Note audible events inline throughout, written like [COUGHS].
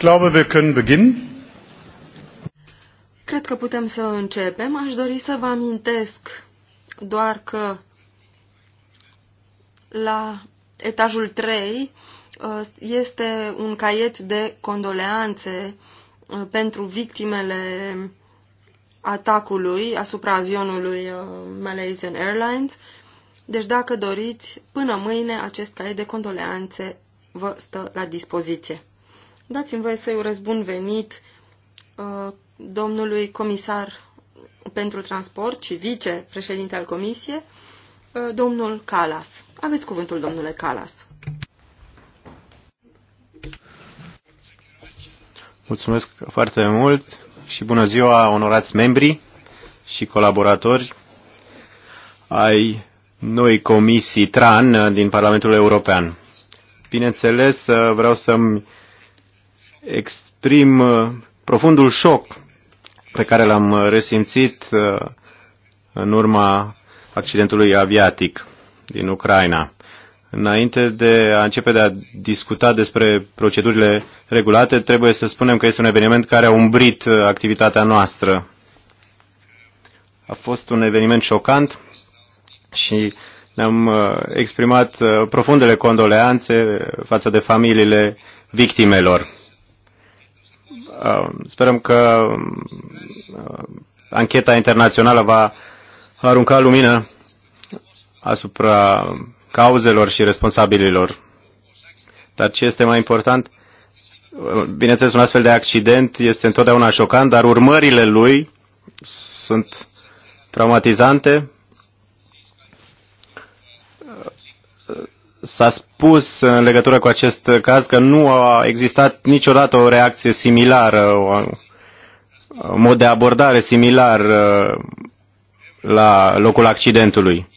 glaube, wir können beginnen. Cred că putem să începem. Aș dori să vă amintesc doar că la etajul 3 uh, este un caiet de condoleanțe uh, pentru victimele atacului asupra avionului uh, Malaysian Airlines. Deci dacă doriți, până mâine acest caiet de condoleanțe vă stă la dispoziție. Dați-mi voie să-i urez bun venit uh, domnului comisar pentru transport și vicepreședinte al comisiei, uh, domnul Calas. Aveți cuvântul, domnule Calas. Mulțumesc foarte mult și bună ziua, onorați membri și colaboratori ai noi comisii TRAN din Parlamentul European. Bineînțeles, uh, vreau să-mi exprim uh, profundul șoc pe care l-am uh, resimțit uh, în urma accidentului aviatic din Ucraina. Înainte de a începe de a discuta despre procedurile regulate, trebuie să spunem că este un eveniment care a umbrit activitatea noastră. A fost un eveniment șocant și ne-am exprimat profundele condoleanțe față de familiile victimelor. Uh, sperăm că um, uh, ancheta internațională va arunca lumină asupra cauzelor și responsabililor. Dar ce este mai important? Uh, bineînțeles, un astfel de accident este întotdeauna șocant, dar urmările lui sunt traumatizante S-a spus în legătură cu acest caz că nu a existat niciodată o reacție similară, un mod de abordare similar uh, la locul accidentului.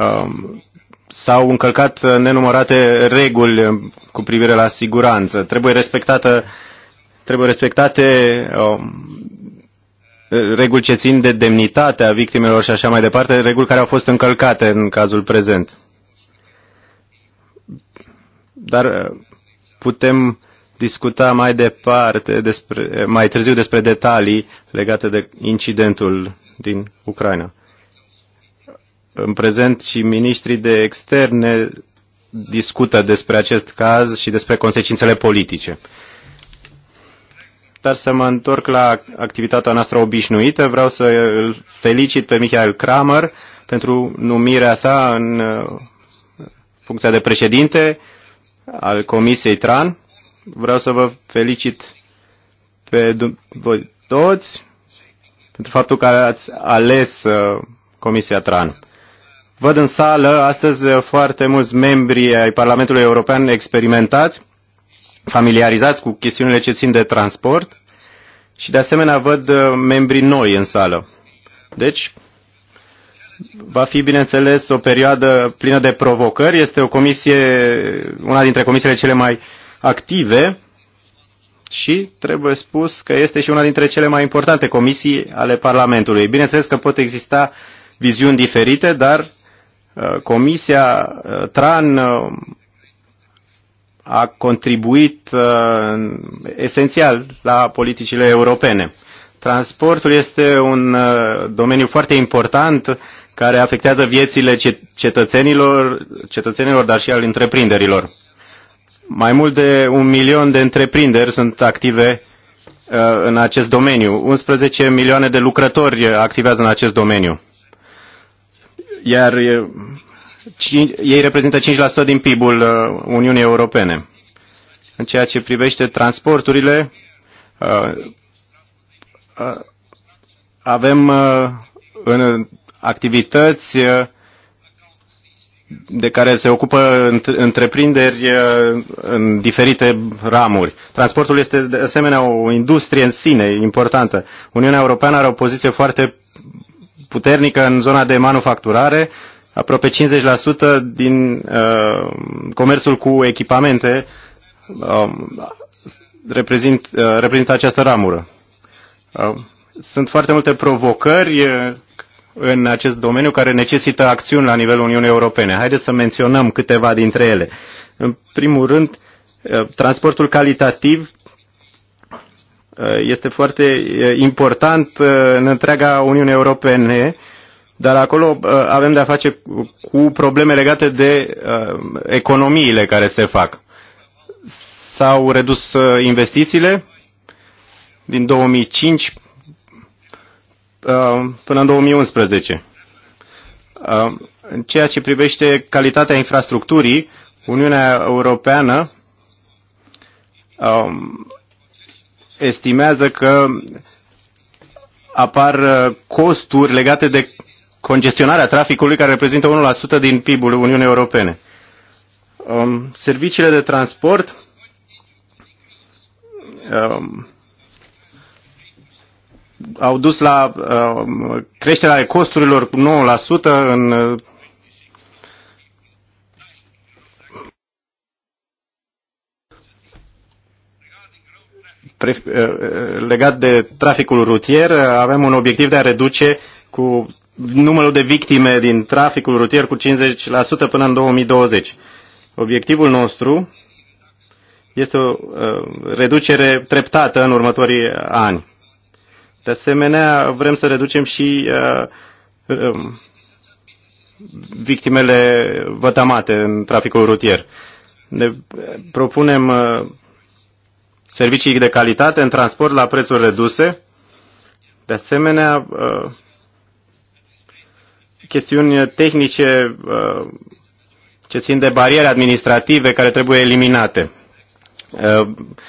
Um, s-au încălcat nenumărate reguli um, cu privire la siguranță. Trebuie, respectată, trebuie respectate um, reguli ce țin de demnitatea victimelor și așa mai departe, reguli care au fost încălcate în cazul prezent dar uh, putem discuta mai departe, despre, uh, mai târziu despre detalii legate de incidentul din Ucraina. În prezent și ministrii de externe discută despre acest caz și despre consecințele politice. Dar să mă întorc la activitatea noastră obișnuită, vreau să îl felicit pe Michael Kramer pentru numirea sa în uh, funcția de președinte al Comisiei TRAN. Vreau să vă felicit pe voi toți pentru faptul că ați ales uh, Comisia TRAN. Văd în sală astăzi uh, foarte mulți membri ai Parlamentului European experimentați, familiarizați cu chestiunile ce țin de transport și de asemenea văd uh, membrii noi în sală. Deci, va fi, bineînțeles, o perioadă plină de provocări. Este o comisie, una dintre comisiile cele mai active și trebuie spus că este și una dintre cele mai importante comisii ale Parlamentului. Bineînțeles că pot exista viziuni diferite, dar uh, Comisia uh, TRAN uh, a contribuit esențial la politicile europene. Transportul este un domeniu foarte important care afectează viețile cetățenilor, cetățenilor, dar și al întreprinderilor. Mai mult de un milion de întreprinderi sunt active uh, în acest domeniu. 11 milioane de lucrători activează în acest domeniu. Iar ei reprezintă 5% din PIB-ul uh, Uniunii Europene. În ceea ce privește transporturile, uh, avem în activități uh, de care se ocupă întreprinderi uh, în diferite ramuri. Transportul este de asemenea o industrie în sine importantă. Uniunea Europeană are o poziție foarte puternică în zona de manufacturare, aproape 50% din uh, comerțul cu echipamente uh, um, reprezintă uh, reprezintă această ramură. Uh, sunt foarte multe provocări uh, în acest domeniu care necesită acțiuni la nivelul Uniunii Europene. Haideți să menționăm câteva dintre ele. În primul rând, eh, transportul calitativ eh, este foarte eh, important în întreaga Uniune Europene, dar acolo avem de-a face cu probleme legate de economiile care se fac. S-au redus investițiile din 2005 Uh, până în 2011. Uh, în ceea ce privește calitatea infrastructurii, Uniunea Europeană um, estimează că apar uh, costuri legate de congestionarea traficului care reprezintă 1% din PIB-ul Uniunii Europene. Um, serviciile de transport um, au dus la uh, creșterea costurilor cu 9% în uh, uh, legat de traficul rutier, avem un obiectiv de a reduce cu numărul de victime din traficul rutier cu 50% până în 2020. Obiectivul nostru este o reducere treptată în următorii ani. De asemenea, vrem să reducem și uh, um, victimele vătamate în traficul rutier. Ne propunem uh, servicii de calitate în transport la prețuri reduse. De asemenea, uh, chestiuni tehnice uh, ce țin de bariere administrative care trebuie eliminate. Uh,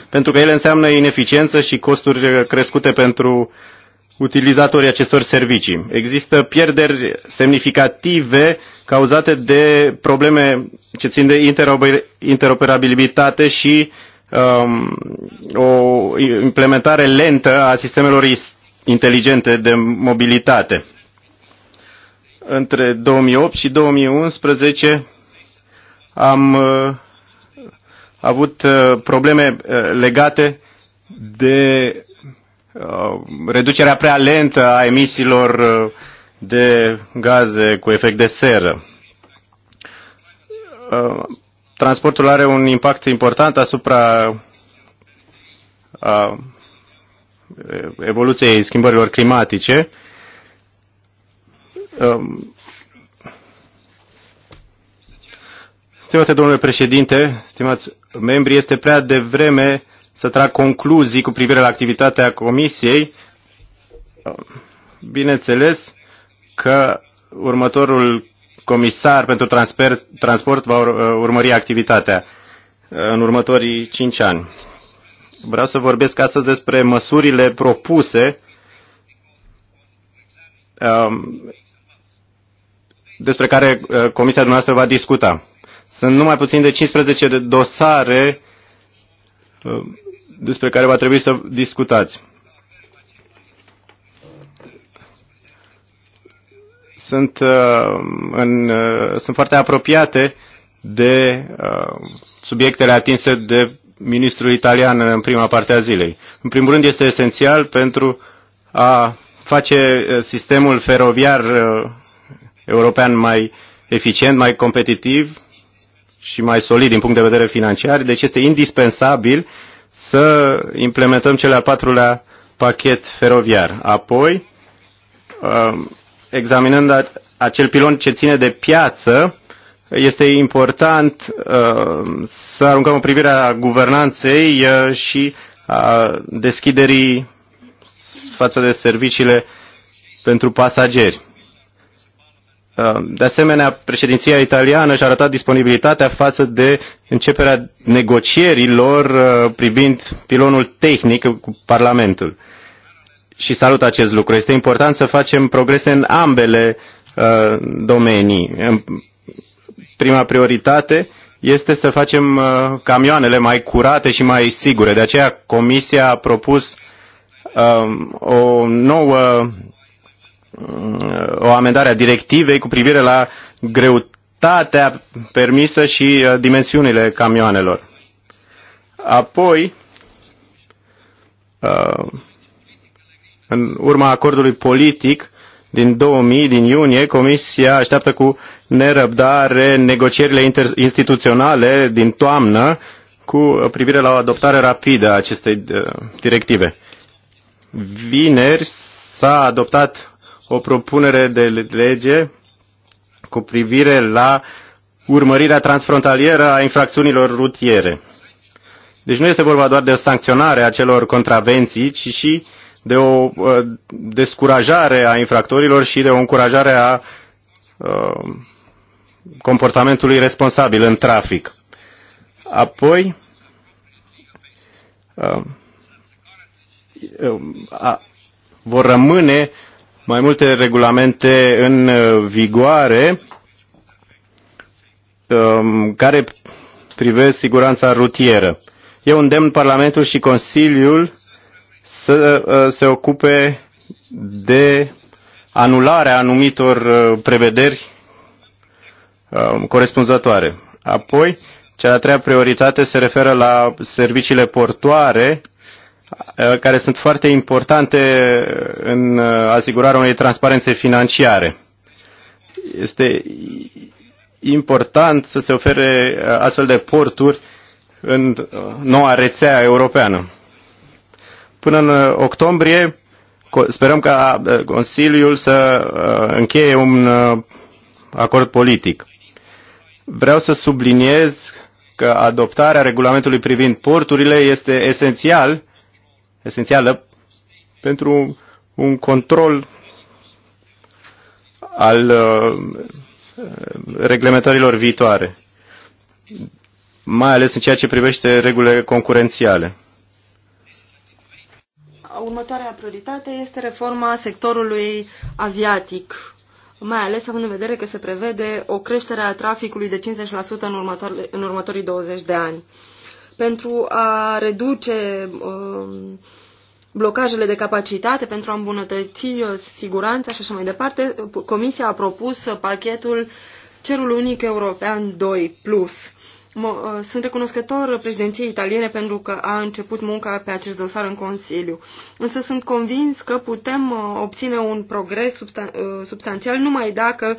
pentru că ele înseamnă ineficiență și costuri crescute pentru utilizatorii acestor servicii. Există pierderi semnificative cauzate de probleme ce țin de interoperabilitate și um, o implementare lentă a sistemelor inteligente de mobilitate. Între 2008 și 2011 am uh, avut uh, probleme uh, legate de uh, reducerea prea lentă a emisiilor de gaze cu efect de seră. Transportul are un impact important asupra evoluției schimbărilor climatice. Stimate domnule președinte, stimați membri este prea devreme să trag concluzii cu privire la activitatea Comisiei. Bineînțeles că următorul comisar pentru transport va urmări activitatea uh, în următorii cinci ani. Vreau să vorbesc astăzi despre măsurile propuse um, despre care uh, Comisia dumneavoastră va discuta. Sunt numai puțin de 15 de dosare uh, despre care va trebui să discutați. Sunt, uh, în, uh, sunt foarte apropiate de subiectele atinse de ministrul italian în prima parte a zilei. În primul rând este esențial pentru a face sistemul feroviar european mai eficient, mai competitiv, și mai solid din punct de vedere financiar, deci este indispensabil să implementăm cel al patrulea pachet feroviar. Apoi, um, examinând acel pilon ce ține de piață, este important um, să aruncăm în privirea guvernanței uh, și a deschiderii față de serviciile pentru pasageri. Uh, de asemenea, președinția italiană și-a arătat disponibilitatea față de începerea negocierilor uh, privind pilonul tehnic cu Parlamentul. Și salut acest lucru. Este important să facem progrese în ambele uh, domenii. Prima prioritate este să facem camioanele mai curate și mai sigure. De aceea Comisia a propus um, o nouă o amendare a directivei cu privire la greutatea permisă și uh, dimensiunile camioanelor. Apoi, uh, în urma acordului politic din 2000, din iunie, Comisia așteaptă cu nerăbdare negocierile instituționale din toamnă cu privire la o adoptare rapidă a acestei uh, directive. Vineri s-a adoptat o propunere de lege cu privire la urmărirea transfrontalieră a infracțiunilor rutiere. Deci nu este vorba doar de o sancționare a celor contravenții, ci și de o uh, descurajare a infractorilor și de o încurajare a uh, comportamentului responsabil în trafic. Apoi, uh, vor rămâne mai multe regulamente în uh, vigoare um, care privesc siguranța rutieră. Eu îndemn Parlamentul și Consiliul să uh, se ocupe de anularea anumitor uh, prevederi um, corespunzătoare. Apoi, cea de-a treia prioritate se referă la serviciile portoare Uh, care sunt foarte importante în uh, asigurarea unei transparențe financiare. Este important să se ofere uh, astfel de porturi în noua rețea europeană. Până în octombrie sperăm ca Consiliul să încheie un acord politic. Vreau să subliniez că adoptarea regulamentului privind porturile este esențial esențială pentru un control al uh, reglementărilor viitoare, mai ales în ceea ce privește regulile concurențiale. Următoarea prioritate este reforma sectorului aviatic, mai ales având în vedere că se prevede o creștere a traficului de 50% în, următoare, în următorii 20 de ani pentru a reduce um, blocajele de capacitate, pentru a îmbunătăți uh, siguranța și așa mai departe, Comisia a propus uh, pachetul Cerul Unic European 2+. Plus. Uh, sunt recunoscător președinției italiene pentru că a început munca pe acest dosar în Consiliu. Însă sunt convins că putem obține un progres substan substanțial numai dacă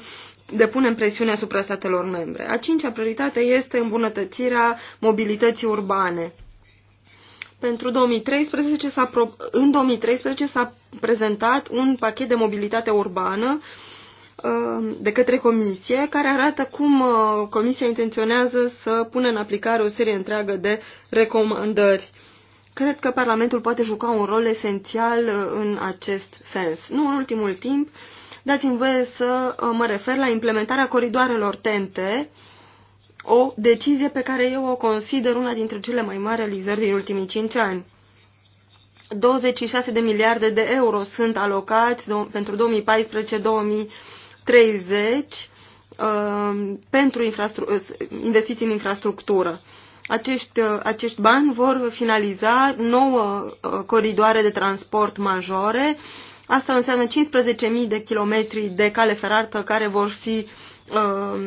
depunem presiune asupra statelor membre. A cincea prioritate este îmbunătățirea mobilității urbane. Pentru 2013 în 2013 s-a prezentat un pachet de mobilitate urbană uh, de către Comisie, care arată cum uh, Comisia intenționează să pună în aplicare o serie întreagă de recomandări. Cred că Parlamentul poate juca un rol esențial uh, în acest sens. Nu în ultimul timp, uh, Dați-mi voie să uh, mă refer la implementarea coridoarelor Tente, o decizie pe care eu o consider una dintre cele mai mari realizări din ultimii 5 ani. 26 de miliarde de euro sunt alocați pentru 2014-2030 uh, pentru uh, investiții în infrastructură. Acești, acești bani vor finaliza nouă coridoare de transport majore, Asta înseamnă 15.000 de kilometri de cale ferată care vor fi uh,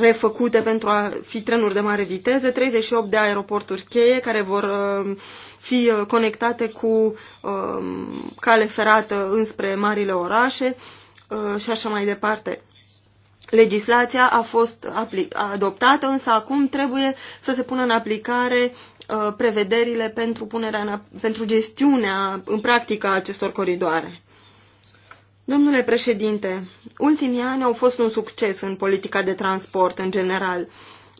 refăcute pentru a fi trenuri de mare viteză, 38 de aeroporturi cheie care vor um, uh, fi conectate cu uh, cale ferată înspre marile orașe uh, și așa mai departe. Legislația a fost adoptată, însă acum trebuie să se pună în aplicare Uh, prevederile pentru, punerea în, pentru gestiunea în practică a acestor coridoare. Domnule președinte, ultimii ani au fost un succes în politica de transport în general.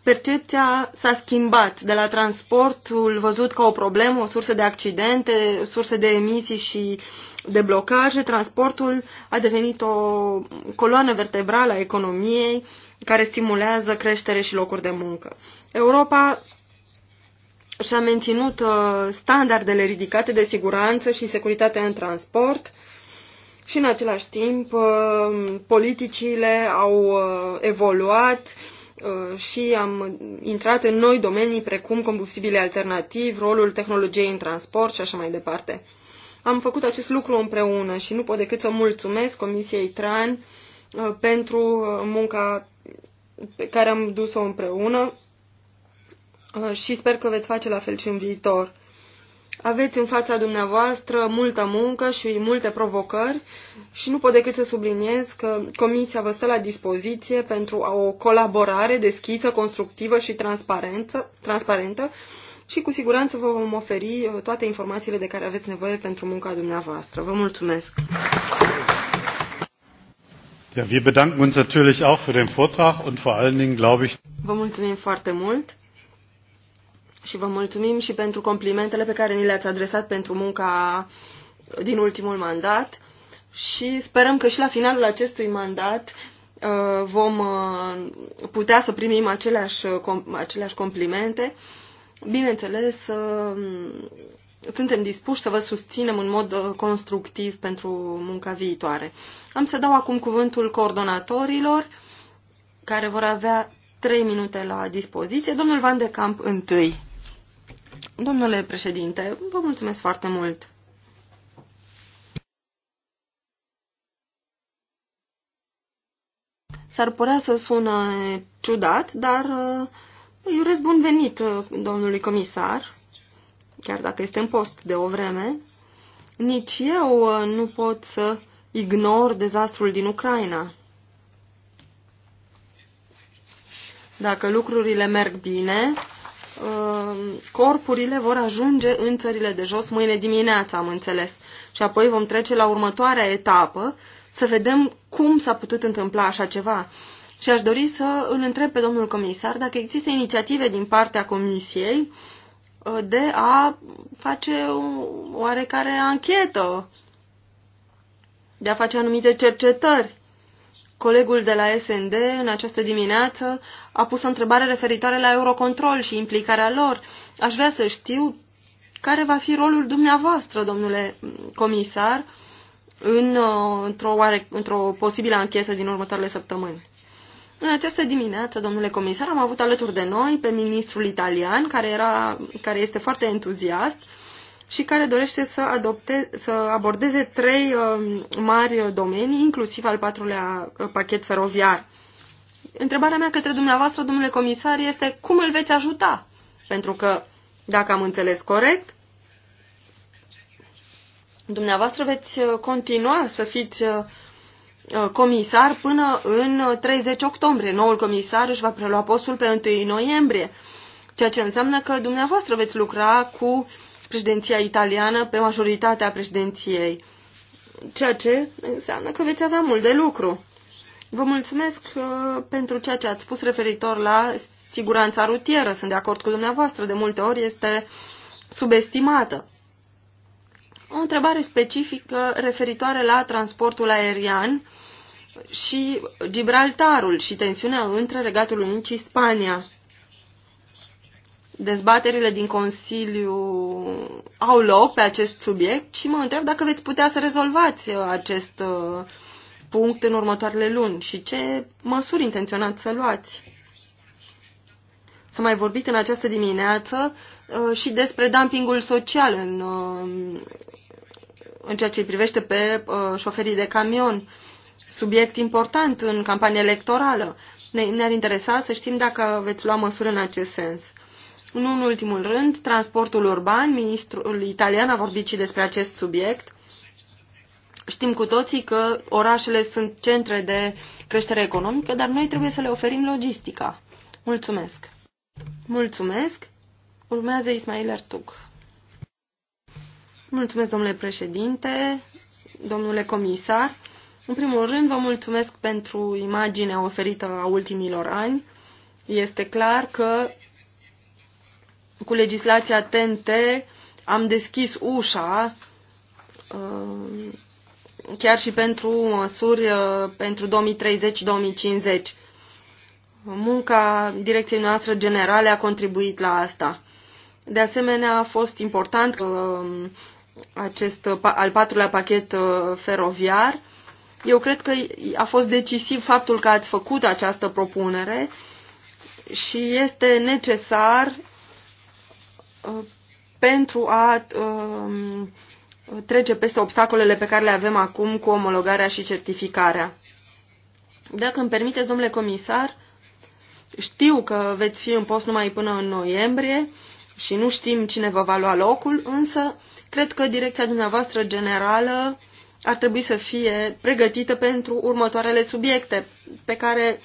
Percepția s-a schimbat de la transportul văzut ca o problemă, o sursă de accidente, surse de emisii și de blocaje. Transportul a devenit o coloană vertebrală a economiei care stimulează creștere și locuri de muncă. Europa și-a menținut uh, standardele ridicate de siguranță și securitate în transport și în același timp uh, politicile au uh, evoluat și am intrat în noi domenii precum combustibile alternativ, rolul tehnologiei în transport și așa mai departe. Am făcut acest lucru împreună și nu pot decât să mulțumesc Comisiei TRAN pentru munca pe care am dus-o împreună Uh, și sper că veți face la fel și în viitor. Aveți în fața dumneavoastră multă muncă și multe provocări și nu pot decât să subliniez că Comisia vă stă la dispoziție pentru o colaborare deschisă, constructivă și transparentă și cu siguranță vă vom oferi uh, toate informațiile de care aveți nevoie pentru munca dumneavoastră. Vă mulțumesc! Ja, wir bedanken uns natürlich auch für den Vortrag und vor allen Dingen, glaube ich, Vă mulțumim foarte mult! și vă mulțumim și pentru complimentele pe care ni le-ați adresat pentru munca din ultimul mandat și sperăm că și la finalul acestui mandat uh, vom uh, putea să primim aceleași, uh, aceleași complimente. Bineînțeles, suntem dispuși să vă susținem în mod constructiv pentru munca viitoare. Am să dau acum cuvântul coordonatorilor care vor avea trei minute la dispoziție. Domnul Van de Camp întâi. Domnule președinte, vă mulțumesc foarte mult. S-ar părea să sună ciudat, dar uh, îi urez bun venit uh, domnului comisar, chiar dacă este în post de o vreme. Nici eu uh, nu pot să ignor dezastrul din Ucraina. Dacă lucrurile merg bine, Uh, corpurile vor ajunge în țările de jos mâine dimineață, am înțeles. Și apoi vom trece la următoarea etapă să vedem cum s-a putut întâmpla așa ceva. Și aș dori să îl întreb pe domnul comisar dacă există inițiative din partea comisiei uh, de a face o oarecare anchetă, de a face anumite cercetări Colegul de la SND în această dimineață a pus o întrebare referitoare la Eurocontrol și implicarea lor. Aș vrea să știu care va fi rolul dumneavoastră, domnule comisar, în, uh, într-o, oare, într-o posibilă anchetă din următoarele săptămâni. În această dimineață, domnule comisar, am avut alături de noi pe ministrul italian, care, era, care este foarte entuziast uh, și care dorește să, adopte, să abordeze trei um, mari domenii, inclusiv al patrulea uh, pachet feroviar. Întrebarea mea către dumneavoastră, domnule comisar, este cum îl veți ajuta? Pentru că, dacă am înțeles corect, dumneavoastră veți uh, continua să fiți uh, comisar până în 30 octombrie. Noul comisar își va prelua postul pe 1 noiembrie, ceea ce înseamnă că dumneavoastră veți lucra cu uh, președinția italiană pe majoritatea președinției, ceea ce înseamnă că veți avea mult de lucru. Vă mulțumesc uh, pentru ceea ce ați spus referitor la siguranța rutieră. Sunt de acord cu dumneavoastră, de multe ori este subestimată. O întrebare specifică referitoare la transportul aerian și Gibraltarul și tensiunea între Regatul Unit și Spania dezbaterile din Consiliu au loc pe acest subiect și mă întreb dacă veți putea să rezolvați uh, acest uh, punct în următoarele luni și ce măsuri intenționați să luați. S-a mai vorbit în această dimineață uh, și despre dumpingul social în, în ceea ce îi privește pe șoferii de camion, subiect important în campanie electorală. Ne-ar interesa să știm dacă veți lua măsuri în acest sens. Nu în ultimul rând, transportul urban, ministrul italian a vorbit și despre acest subiect. Știm cu toții că orașele sunt centre de creștere economică, dar noi trebuie să le oferim logistica. Mulțumesc! Mulțumesc! Urmează Ismail Artuc. Mulțumesc, domnule președinte, domnule comisar. În primul rând, vă mulțumesc pentru imaginea oferită a ultimilor ani. Este clar că cu legislația TNT am deschis ușa uh, chiar și pentru măsuri uh, pentru 2030-2050. Munca direcției noastre generale a contribuit la asta. De asemenea, a fost important uh, acest al patrulea pachet feroviar. Eu cred că a fost decisiv faptul că ați făcut această propunere și este necesar pentru a um, trece peste obstacolele pe care le avem acum cu omologarea și certificarea. Dacă îmi permiteți, domnule comisar, știu că veți fi în post numai până în noiembrie și nu știm cine vă va lua locul, însă cred că direcția dumneavoastră generală ar trebui să fie pregătită pentru următoarele subiecte pe care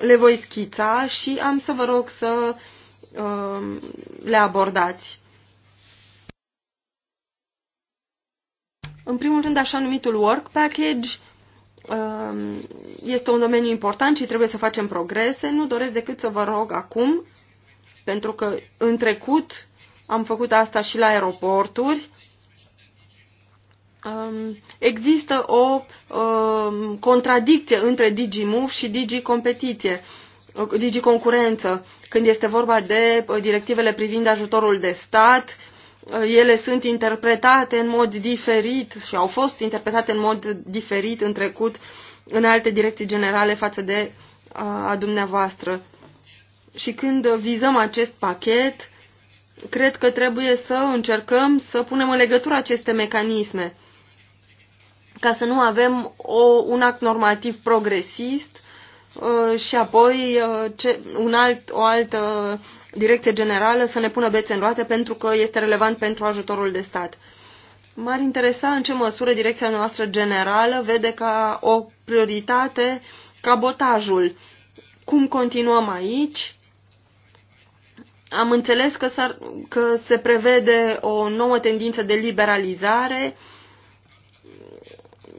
le voi schița și am să vă rog să Um, le abordați. În primul rând, așa numitul work package um, este un domeniu important și trebuie să facem progrese. Nu doresc decât să vă rog acum, pentru că în trecut am făcut asta și la aeroporturi, um, există o contradicție între DigiMove și DigiCompetiție. Competiție digiconcurență. Când este vorba de uh, directivele privind ajutorul de stat, uh, ele sunt interpretate în mod diferit și au fost interpretate în mod diferit în trecut în alte direcții generale față de uh, a dumneavoastră. Și când vizăm acest pachet, cred că trebuie să încercăm să punem în legătură aceste mecanisme ca să nu avem o, un act normativ progresist Uh, și apoi uh, ce, un alt, o altă direcție generală să ne pună bețe în roate pentru că este relevant pentru ajutorul de stat. M-ar interesa în ce măsură direcția noastră generală vede ca o prioritate cabotajul. Cum continuăm aici? Am înțeles că, că se prevede o nouă tendință de liberalizare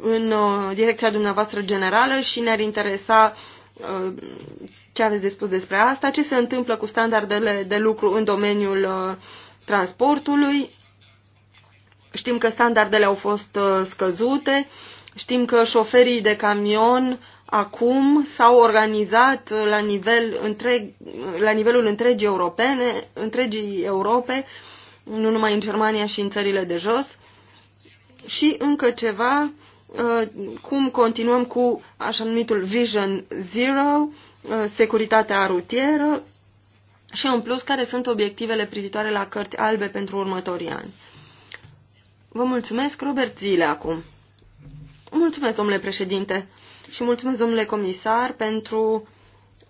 în uh, direcția dumneavoastră generală și ne-ar interesa uh, ce aveți de spus despre asta, ce se întâmplă cu standardele de lucru în domeniul uh, transportului. Știm că standardele au fost uh, scăzute, știm că șoferii de camion acum s-au organizat la, nivel întreg, la nivelul întregii europene, întregii Europe, nu numai în Germania și în țările de jos. Și încă ceva, Uh, cum continuăm cu așa numitul Vision Zero, uh, securitatea rutieră și în plus care sunt obiectivele privitoare la cărți albe pentru următorii ani. Vă mulțumesc, Robert Zile, acum. Mulțumesc, domnule președinte, și mulțumesc, domnule comisar, pentru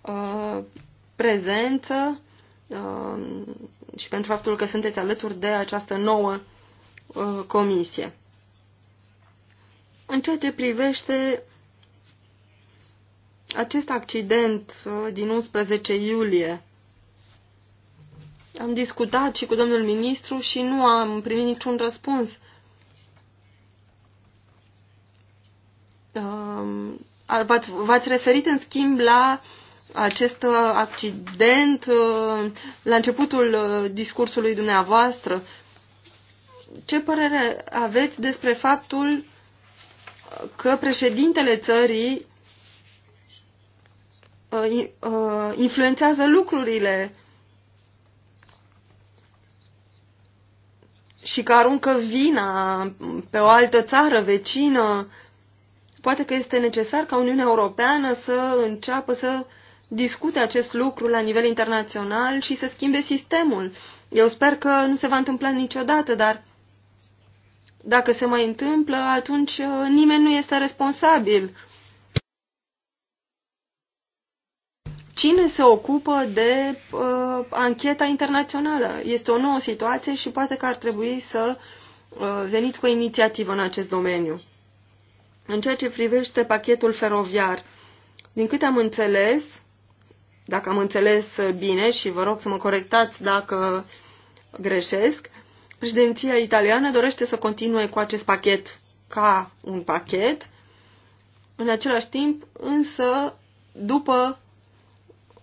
uh, prezență uh, și pentru faptul că sunteți alături de această nouă uh, comisie. În ceea ce privește acest accident uh, din 11 iulie, am discutat și cu domnul ministru și nu am primit niciun răspuns. Um, v-ați referit, în schimb, la acest uh, accident uh, la începutul discursului dumneavoastră. Ce părere aveți despre faptul că președintele țării uh, uh, influențează lucrurile și că aruncă vina pe o altă țară vecină, poate că este necesar ca Uniunea Europeană să înceapă să discute acest lucru la nivel internațional și să schimbe sistemul. Eu sper că nu se va întâmpla niciodată, dar dacă se mai întâmplă, atunci uh, nimeni nu este responsabil. Cine se ocupă de uh, ancheta internațională? Este o nouă situație și poate că ar trebui să uh, veniți cu o inițiativă în acest domeniu. În ceea ce privește pachetul feroviar, din câte am înțeles, dacă am înțeles bine și vă rog să mă corectați dacă greșesc, Președinția italiană dorește să continue cu acest pachet ca un pachet, în același timp, însă, după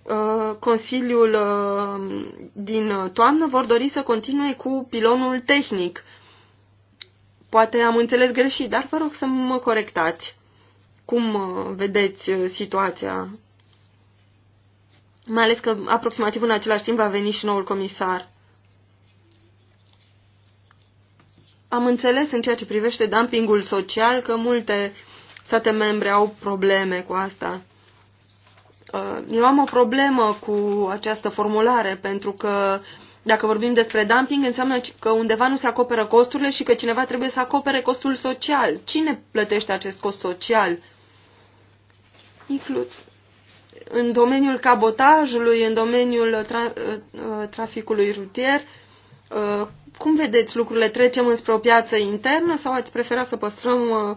uh, Consiliul uh, din toamnă, vor dori să continue cu pilonul tehnic. Poate am înțeles greșit, dar vă rog să mă corectați. Cum uh, vedeți uh, situația? Mai ales că aproximativ în același timp va veni și noul comisar. Am înțeles în ceea ce privește dumpingul social că multe state membre au probleme cu asta. Uh, eu am o problemă cu această formulare, pentru că dacă vorbim despre dumping, înseamnă că undeva nu se acoperă costurile și că cineva trebuie să acopere costul social. Cine plătește acest cost social? Inclus În domeniul cabotajului, în domeniul tra uh, uh, traficului rutier, cum vedeți lucrurile? Trecem înspre o piață internă sau ați prefera să păstrăm uh,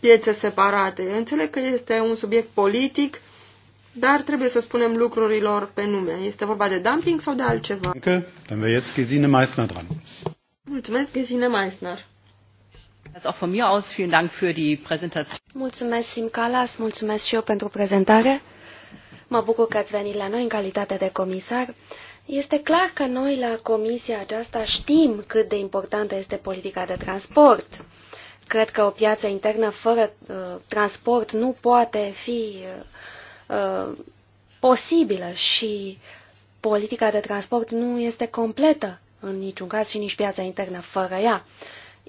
piețe separate? Înțeleg că este un subiect politic, dar trebuie să spunem lucrurilor pe nume. Este vorba de dumping sau de altceva? Danke. Dann wäre jetzt Gesine Meissner dran. Mulțumesc, Gesine Meissner. Auch von mir aus vielen Dank für die Präsentation. Mulțumesc, Simcalas, mulțumesc și eu pentru prezentare. Mă bucur că ați venit la noi în calitate de comisar. Uh, este clar că noi la comisia aceasta știm cât de importantă este politica de transport. Cred că o piață internă fără uh, transport nu poate fi uh, uh posibilă și politica de transport nu este completă în niciun caz și nici piața internă fără ea.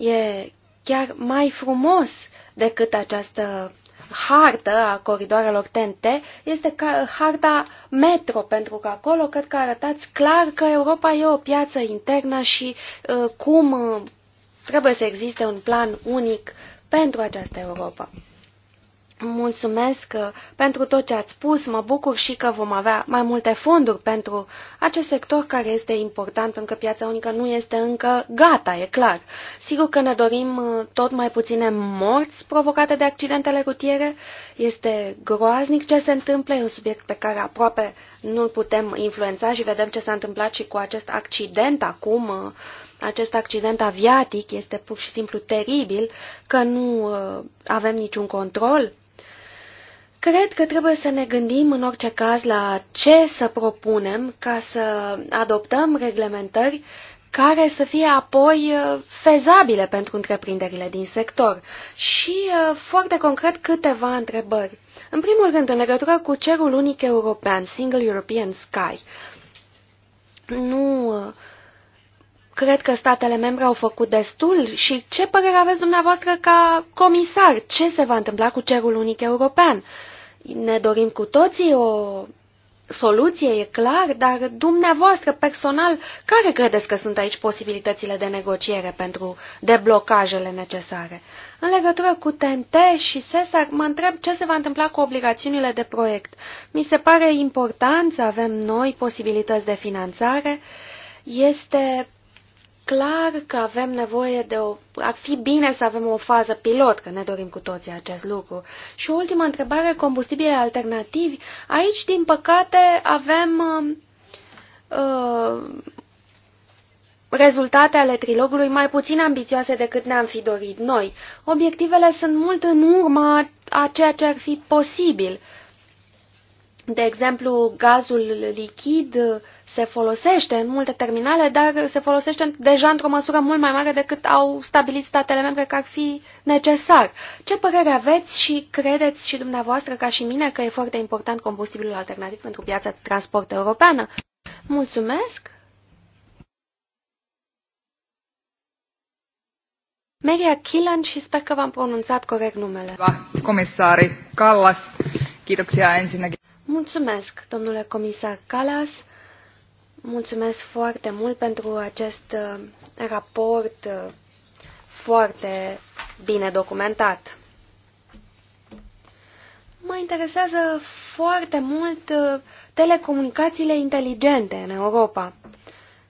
E chiar mai frumos decât această hartă a coridoarelor TNT este ca, harta metro, pentru că acolo cred că arătați clar că Europa e o piață internă și uh, cum uh, trebuie să existe un plan unic pentru această Europa. Mulțumesc uh, pentru tot ce ați spus, mă bucur și că vom avea mai multe fonduri pentru acest sector care este important, pentru că piața unică nu este încă gata, e clar. Sigur că ne dorim uh, tot mai puține morți provocate de accidentele rutiere, este groaznic ce se întâmplă, e un subiect pe care aproape nu putem influența și vedem ce s-a întâmplat și cu acest accident acum, uh, acest accident aviatic, este pur și simplu teribil că nu avem niciun control Cred că trebuie să ne gândim în orice caz la ce să propunem ca să adoptăm reglementări care să fie apoi uh, fezabile pentru întreprinderile din sector. Și uh, foarte concret câteva întrebări. În primul rând, în legătură cu cerul unic european, Single European Sky, nu uh, cred că statele membre au făcut destul și ce părere aveți dumneavoastră ca comisar? Ce se va întâmpla cu cerul unic european? Ne dorim cu toții o soluție, e clar, dar dumneavoastră, personal, care credeți că sunt aici posibilitățile de negociere pentru deblocajele necesare? În legătură cu TNT și SESAR, mă întreb ce se va întâmpla cu obligațiunile de proiect. Mi se pare important să avem noi posibilități de finanțare. Este clar că avem nevoie de o... Ar fi bine să avem o fază pilot, că ne dorim cu toții acest lucru. Și o ultima întrebare, combustibile alternativi. Aici, din păcate, avem um, uh, rezultate ale trilogului mai puțin ambițioase decât ne-am fi dorit noi. Obiectivele sunt mult în urma a ceea ce ar fi posibil. Uh, de exemplu, gazul lichid se folosește în multe terminale, dar se folosește deja într-o măsură mult mai mare decât au stabilit statele membre că ar fi necesar. Ce părere aveți și credeți și dumneavoastră ca și mine că e foarte important combustibilul alternativ pentru piața de transport europeană? Mulțumesc! Maria Killan și sper că v-am pronunțat corect numele. Comisarii. Kallas, chitoxia ensinnäkin. Mulțumesc, domnule comisar Calas. Mulțumesc foarte mult pentru acest uh, raport uh, foarte bine documentat. Mă interesează foarte mult uh, telecomunicațiile inteligente în Europa.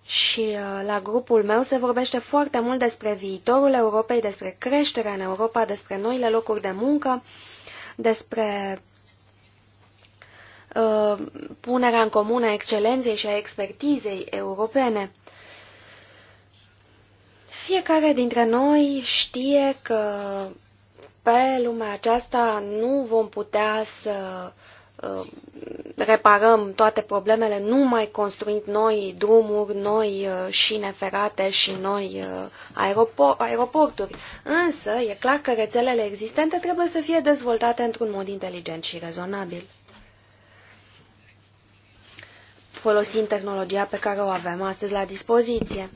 Și la grupul meu se vorbește foarte mult despre viitorul Europei, despre creșterea în Europa, despre noile locuri de muncă, despre Uh, punerea în comună a excelenței și a expertizei europene. Fiecare dintre noi știe că pe lumea aceasta nu vom putea să uh, reparăm toate problemele numai construind noi drumuri, noi uh, șine ferate și noi aeropor aeroporturi. Însă, e clar că rețelele existente trebuie să fie dezvoltate într-un mod inteligent și rezonabil folosind tehnologia pe care o avem astăzi la dispoziție.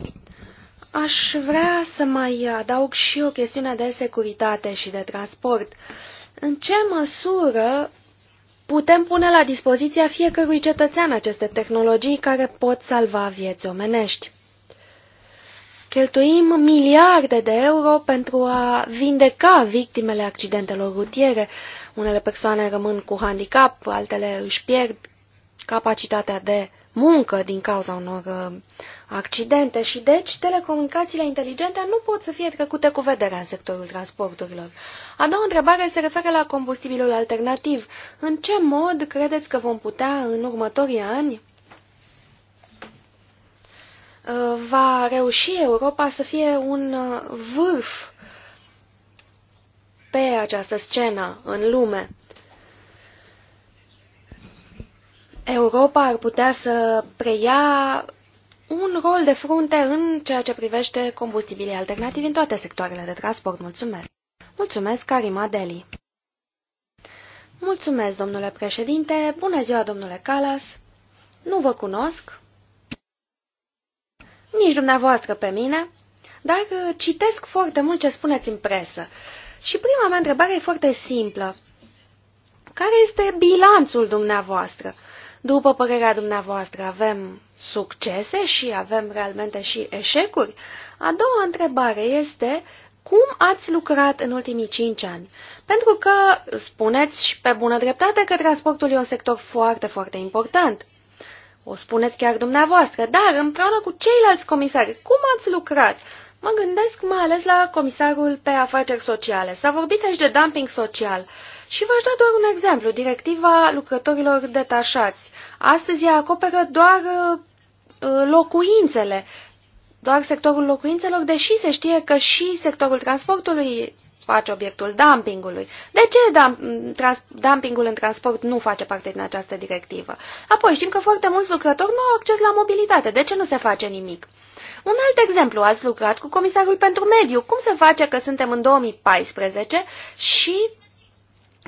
Aș vrea să mai adaug și o chestiune de securitate și de transport. În ce măsură putem pune la dispoziția fiecărui cetățean aceste tehnologii care pot salva vieți omenești? Cheltuim miliarde de euro pentru a vindeca victimele accidentelor rutiere. Unele persoane rămân cu handicap, altele își pierd capacitatea de muncă din cauza unor uh, accidente și deci telecomunicațiile inteligente nu pot să fie trecute cu vederea în sectorul transporturilor. A doua întrebare se referă la combustibilul alternativ. În ce mod credeți că vom putea în următorii ani uh, va reuși Europa să fie un uh, vârf pe această scenă în lume. Europa ar putea să preia un rol de frunte în ceea ce privește combustibilii alternativi în toate sectoarele de transport. Mulțumesc! Mulțumesc, Karima Deli! Mulțumesc, domnule președinte! Bună ziua, domnule Calas! Nu vă cunosc, nici dumneavoastră pe mine, dar citesc foarte mult ce spuneți în presă. Și prima mea întrebare e foarte simplă. Care este bilanțul dumneavoastră? După părerea dumneavoastră, avem succese și avem realmente și eșecuri? A doua întrebare este cum ați lucrat în ultimii cinci ani? Pentru că spuneți și pe bună dreptate că transportul e un sector foarte, foarte important. O spuneți chiar dumneavoastră, dar împreună cu ceilalți comisari, cum ați lucrat? Mă gândesc mai ales la comisarul pe afaceri sociale. S-a vorbit aici de dumping social. Uh, și v-aș da doar un exemplu, directiva lucrătorilor detașați. Astăzi ea acoperă doar uh, uh, locuințele, doar sectorul locuințelor, deși se știe că și sectorul transportului face obiectul dumpingului. De ce dumpingul în transport nu face parte din această directivă? Apoi știm că foarte mulți lucrători nu au acces la mobilitate. De ce nu se face nimic? Un alt exemplu, ați lucrat cu Comisarul pentru Mediu. Cum se face că suntem în 2014 și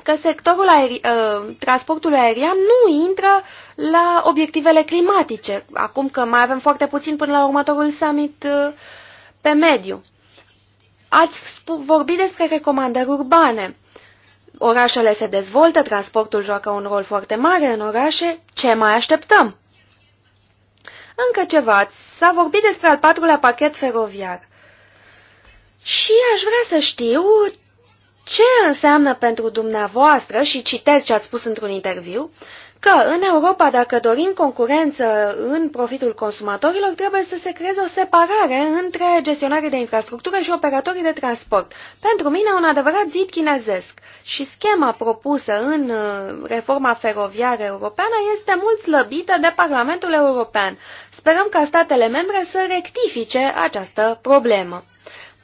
că sectorul aer, uh, ă, transportului aerian nu intră la obiectivele climatice, acum că mai avem foarte puțin până la următorul summit uh, pe mediu. Ați vorbit despre recomandări urbane. Orașele se dezvoltă, transportul joacă un rol foarte mare în orașe. Ce mai așteptăm? Încă ceva, s-a vorbit despre al patrulea pachet feroviar. Și aș vrea să știu ce înseamnă pentru dumneavoastră, și citesc ce ați spus într-un interviu, că în Europa, dacă dorim concurență în profitul consumatorilor, trebuie să se creeze o separare între gestionarii de infrastructură și operatorii de transport. Pentru mine, un adevărat zid chinezesc. Și schema propusă în uh, reforma feroviară europeană este mult slăbită de Parlamentul European. Sperăm ca statele membre să rectifice această problemă.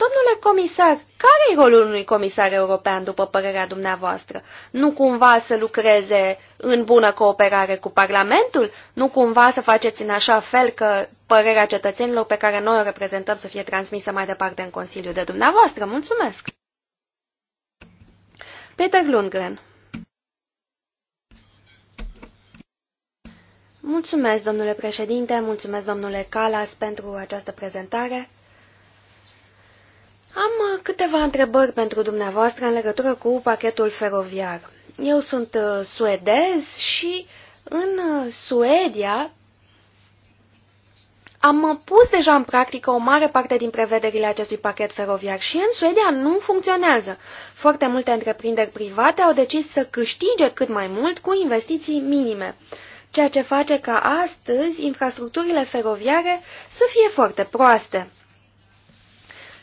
Domnule comisar, care e rolul unui comisar european, după părerea dumneavoastră? Nu cumva să lucreze în bună cooperare cu Parlamentul? Nu cumva să faceți în așa fel că părerea cetățenilor pe care noi o reprezentăm să fie transmisă mai departe în Consiliu de dumneavoastră? Mulțumesc! Peter Lundgren Mulțumesc, domnule președinte, mulțumesc, domnule Calas, pentru această prezentare. Am uh, câteva întrebări pentru dumneavoastră în legătură cu pachetul feroviar. Eu sunt uh, suedez și în uh, Suedia am pus deja în practică o mare parte din prevederile acestui pachet feroviar și în Suedia nu funcționează. Foarte multe întreprinderi private au decis să câștige cât mai mult cu investiții minime, ceea ce face ca astăzi infrastructurile feroviare să fie foarte proaste.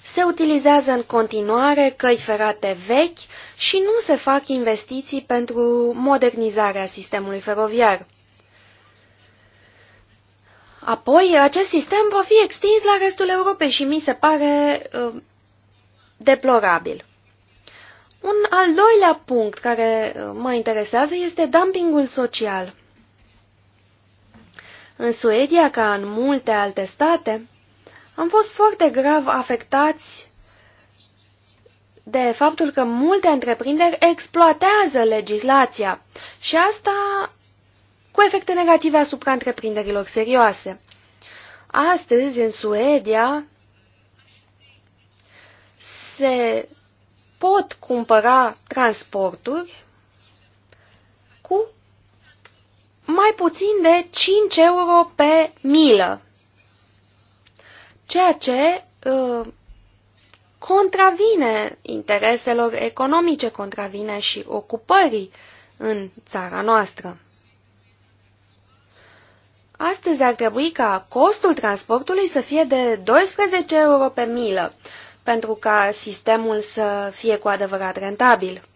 Se utilizează în continuare căi ferate vechi și nu se fac investiții pentru modernizarea sistemului feroviar. Apoi, acest sistem va fi extins la restul Europei și mi se pare uh, deplorabil. Un al doilea punct care uh, mă interesează este dumpingul social. În Suedia, ca în multe alte state, am fost foarte grav afectați de faptul că multe întreprinderi exploatează legislația și asta cu efecte negative asupra întreprinderilor serioase. Astăzi, în Suedia, se pot cumpăra transporturi cu mai puțin de 5 euro pe milă ceea ce uh, contravine intereselor economice, contravine și ocupării în țara noastră. Astăzi ar trebui ca costul transportului să fie de 12 euro pe milă, pentru ca sistemul să fie cu adevărat rentabil.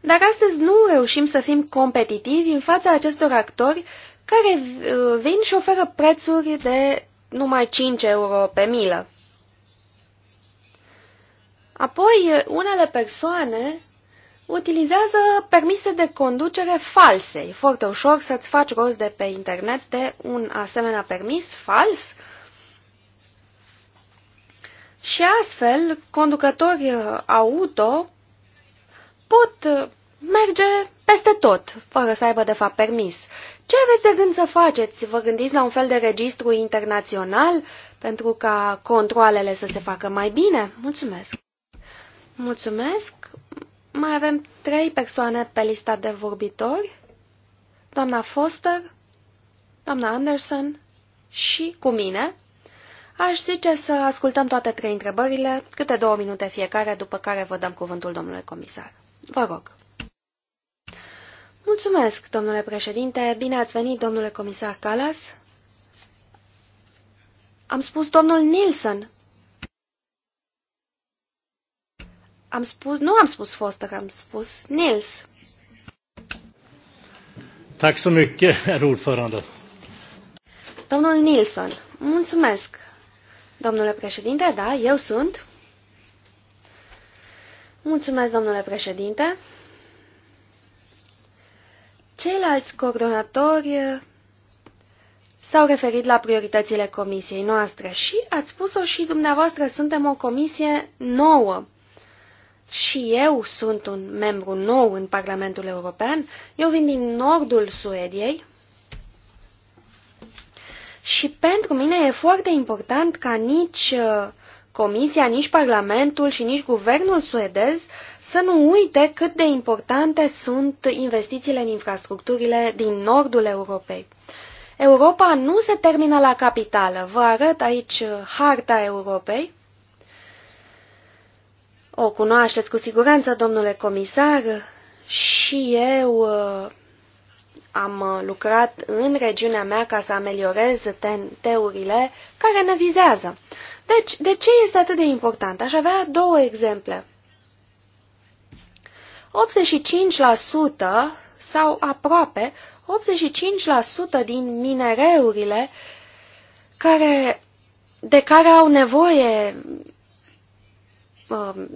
Dar astăzi nu reușim să fim competitivi în fața acestor actori care uh, vin și oferă prețuri de numai 5 euro pe milă. Apoi, unele persoane utilizează permise de conducere false. E foarte ușor să-ți faci rost de pe internet de un asemenea permis fals și astfel conducători auto pot merge peste tot, fără să aibă de fapt permis. Ce aveți de gând să faceți? Vă gândiți la un fel de registru internațional pentru ca controlele să se facă mai bine? Mulțumesc! Mulțumesc! Mai avem trei persoane pe lista de vorbitori. Doamna Foster, doamna Anderson și cu mine. Aș zice să ascultăm toate trei întrebările, câte două minute fiecare, după care vă dăm cuvântul domnului comisar. Vă rog. Mulțumesc, domnule președinte. Bine ați venit, domnule comisar Calas. Am spus domnul Nilsson. Am spus, nu am spus fost, am spus Nils. Tack så mycket, herr ordförande. Domnul Nilsson, mulțumesc. Domnule președinte, da, eu sunt. Mulțumesc, domnule președinte. Ceilalți coordonatori eh, s-au referit la prioritățile comisiei noastre și ați spus-o și dumneavoastră, suntem o comisie nouă. Și eu sunt un membru nou în Parlamentul European, eu vin din nordul Suediei și pentru mine e foarte important ca nici eh, Comisia, nici Parlamentul și nici guvernul suedez să nu uite cât de importante sunt investițiile în infrastructurile din nordul Europei. Europa nu se termină la capitală. Vă arăt aici harta Europei. O cunoașteți cu siguranță, domnule comisar, și eu uh, am lucrat în regiunea mea ca să ameliorez TEN-urile care ne vizează. Deci, de ce este atât de important? Aș avea două exemple. 85% sau aproape 85% din minereurile care, de care au nevoie uh,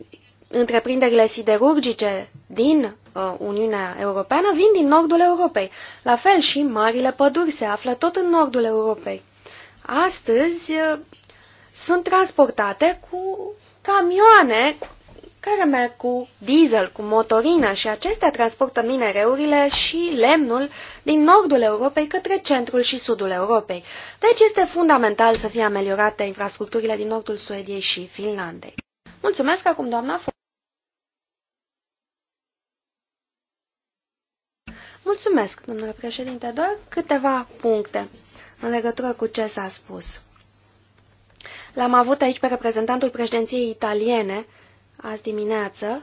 întreprinderile siderurgice din uh, Uniunea Europeană vin din nordul Europei. La fel și marile păduri se află tot în nordul Europei. Astăzi, uh, sunt transportate cu camioane care merg cu diesel, cu motorină și acestea transportă minereurile și lemnul din nordul Europei către centrul și sudul Europei. Deci este fundamental să fie ameliorate infrastructurile din nordul Suediei și Finlandei. Mulțumesc acum, doamna Fo Mulțumesc, domnule președinte, doar câteva puncte în legătură cu ce s-a spus. L-am avut aici pe reprezentantul președinției italiene azi dimineață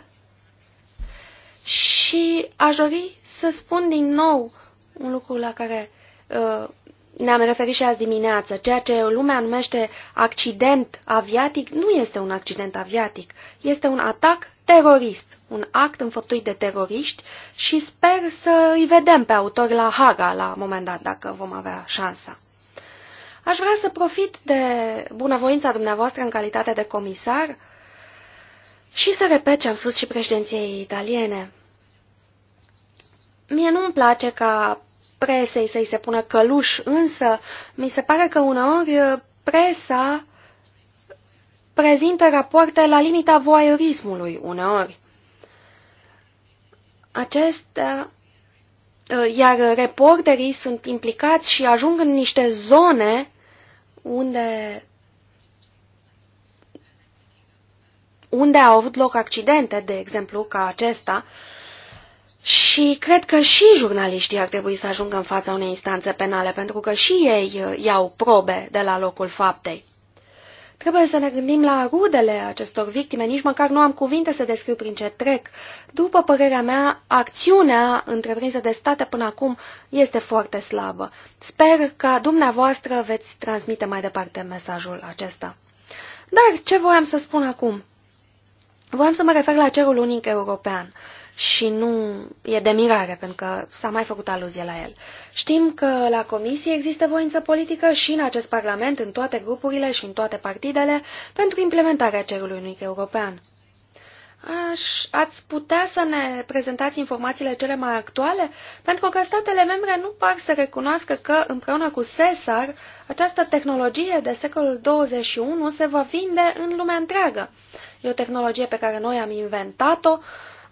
și aș dori să spun din nou un lucru la care uh, ne-am referit și azi dimineață. Ceea ce lumea numește accident aviatic nu este un accident aviatic, este un atac terorist, un act înfăptuit de teroriști și sper să îi vedem pe autori la Haga la un moment dat, dacă vom avea șansa. Aș vrea să profit de bunăvoința dumneavoastră în calitate de comisar și să repet ce am spus și președinției italiene. Mie nu-mi place ca presei să-i se pună căluș, însă mi se pare că uneori presa prezintă rapoarte la limita voyeurismului uneori. Acestea, iar reporterii sunt implicați și ajung în niște zone unde unde au avut loc accidente, de exemplu, ca acesta, și cred că și jurnaliștii ar trebui să ajungă în fața unei instanțe penale, pentru că și ei uh, iau probe de la locul faptei. Trebuie să ne gândim la rudele acestor victime, nici măcar nu am cuvinte să descriu prin ce trec. După părerea mea, acțiunea întreprinsă de state până acum este foarte slabă. Sper că dumneavoastră veți transmite mai departe mesajul acesta. Dar ce voiam să spun acum? Voiam să mă refer la cerul unic european și nu e de mirare, pentru că s-a mai făcut aluzie la el. Știm că la comisie există voință politică și în acest parlament, în toate grupurile și în toate partidele, pentru implementarea cerului unic european. Aș, ați putea să ne prezentați informațiile cele mai actuale? Pentru că statele membre nu par să recunoască că, împreună cu Cesar, această tehnologie de secolul 21 se va vinde în lumea întreagă. E o tehnologie pe care noi am inventat-o, uh,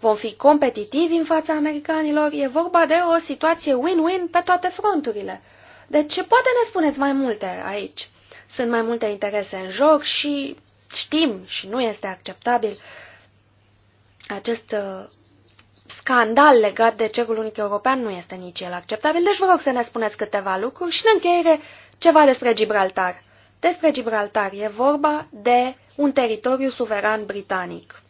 Vom fi competitivi în fața americanilor? E vorba de o situație win-win pe toate fronturile. Deci poate ne spuneți mai multe aici. Sunt mai multe interese în joc și știm și nu este acceptabil acest uh, scandal legat de cerul unic european nu este nici el acceptabil, deci vă rog să ne spuneți câteva lucruri și în încheiere ceva despre Gibraltar. Despre Gibraltar e vorba de un teritoriu suveran britanic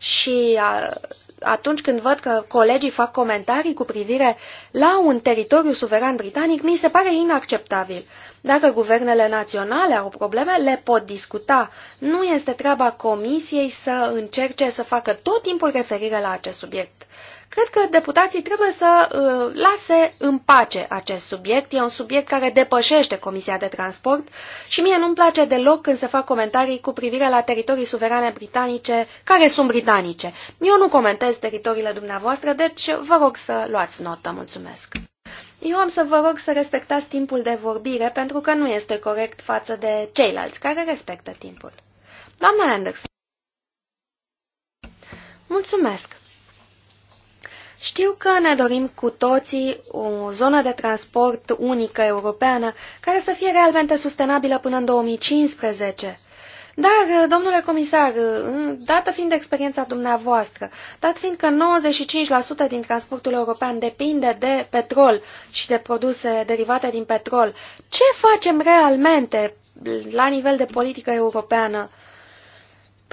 și a, atunci când văd că colegii fac comentarii cu privire la un teritoriu suveran britanic, mi se pare inacceptabil. Dacă guvernele naționale au probleme, le pot discuta. Nu este treaba comisiei să încerce să facă tot timpul referire la acest subiect. Cred că deputații trebuie să uh, lase în pace acest subiect. E un subiect care depășește Comisia de Transport și mie nu-mi place deloc când se fac comentarii cu privire la teritorii suverane britanice care sunt britanice. Eu nu comentez teritoriile dumneavoastră, deci vă rog să luați notă. Mulțumesc! Eu am să vă rog să respectați timpul de vorbire, pentru că nu este corect față de ceilalți care respectă timpul. Doamna Anderson. Mulțumesc. Știu că ne dorim cu toții o zonă de transport unică europeană care să fie realmente sustenabilă până în 2015. Dar, domnule comisar, dată fiind experiența dumneavoastră, dat fiind că 95% din transportul european depinde de petrol și de produse derivate din petrol, ce facem realmente la nivel de politică europeană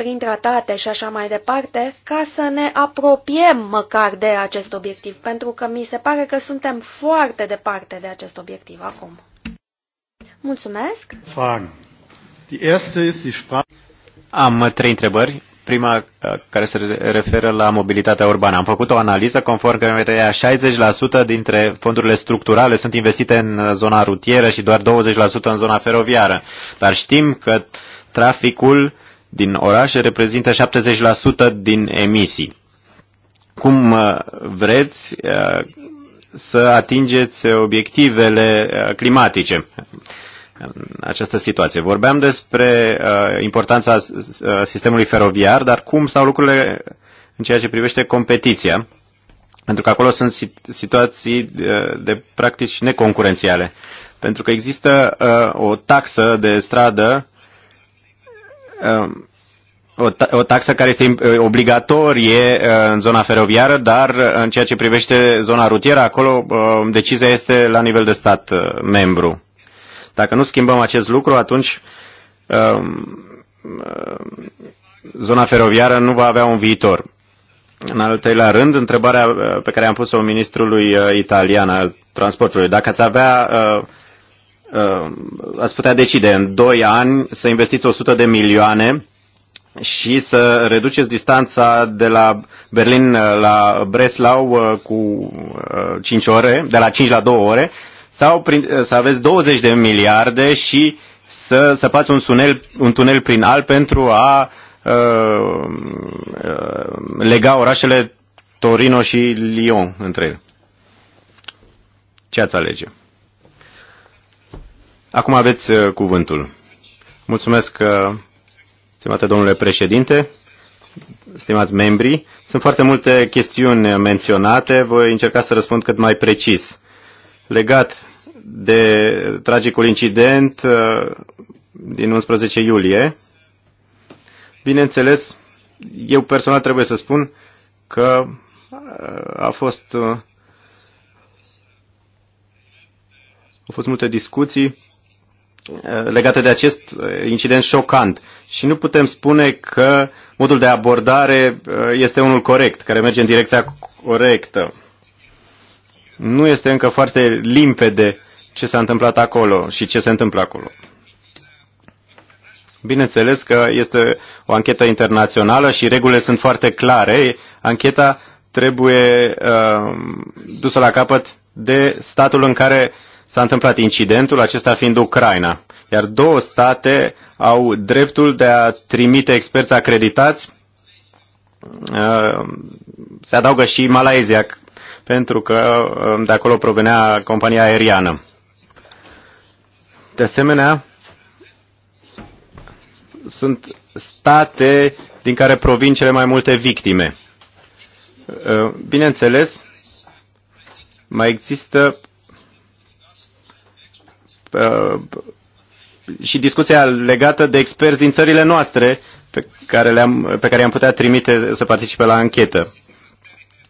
prin tratate și așa mai departe, ca să ne apropiem măcar de acest obiectiv, pentru că mi se pare că suntem foarte departe de acest obiectiv acum. Mulțumesc! Fragen. Die erste ist die Sprache. Am trei întrebări. Prima uh, care se referă la mobilitatea urbană. Am făcut o analiză conform căreia 60% dintre fondurile structurale sunt investite în zona rutieră și doar 20% în zona feroviară. Dar știm că traficul uh, din orașe reprezintă 70% din emisii. Cum uh, vreți uh, să atingeți obiectivele uh, climatice? această situație. Vorbeam despre importanța sistemului feroviar, dar cum stau lucrurile în ceea ce privește competiția? Pentru că acolo sunt situații de, practici neconcurențiale. Pentru că există o taxă de stradă Um, o, ta o taxă care este obligatorie uh, în zona feroviară, dar uh, în ceea ce privește zona rutieră, acolo um, decizia este la nivel de stat uh, membru. Dacă nu schimbăm acest lucru, atunci um, zona feroviară nu va avea un viitor. În al treilea rând, întrebarea pe care am pus-o ministrului italian al transportului, dacă ați avea uh, Uh, ați putea decide în 2 ani să investiți 100 de milioane și să reduceți distanța de la Berlin uh, la Breslau uh, cu 5 ore, de la 5 la 2 ore, sau prin, să aveți 20 de miliarde și să săpați un tunel, un tunel prin Al pentru a uh, lega orașele Torino și Lyon între ele. Ce ați alege? Acum aveți uh, cuvântul. Mulțumesc, uh, stimate domnule președinte, stimați membri. Sunt foarte multe chestiuni menționate. Voi încerca să răspund cât mai precis. Legat de tragicul incident uh, din 11 iulie, bineînțeles, eu personal trebuie să spun că a fost, au fost multe discuții Eh, legate de acest eh, incident șocant și nu putem spune că modul de abordare eh, este unul corect, care merge în direcția corectă. Nu este încă foarte limpede ce s-a întâmplat acolo și ce se întâmplă acolo. Bineînțeles că este o anchetă internațională și regulile sunt foarte clare. Ancheta trebuie uh, dusă la capăt de statul în care uh, s-a întâmplat incidentul, acesta fiind Ucraina. Iar două state au dreptul de a trimite experți acreditați. Se adaugă și Malaezia, pentru că de acolo provenea compania aeriană. De asemenea, sunt state din care provin cele mai multe victime. Bineînțeles, mai există Uh, și discuția legată de experți din țările noastre pe care, le-am, pe care i-am putea trimite să participe la anchetă.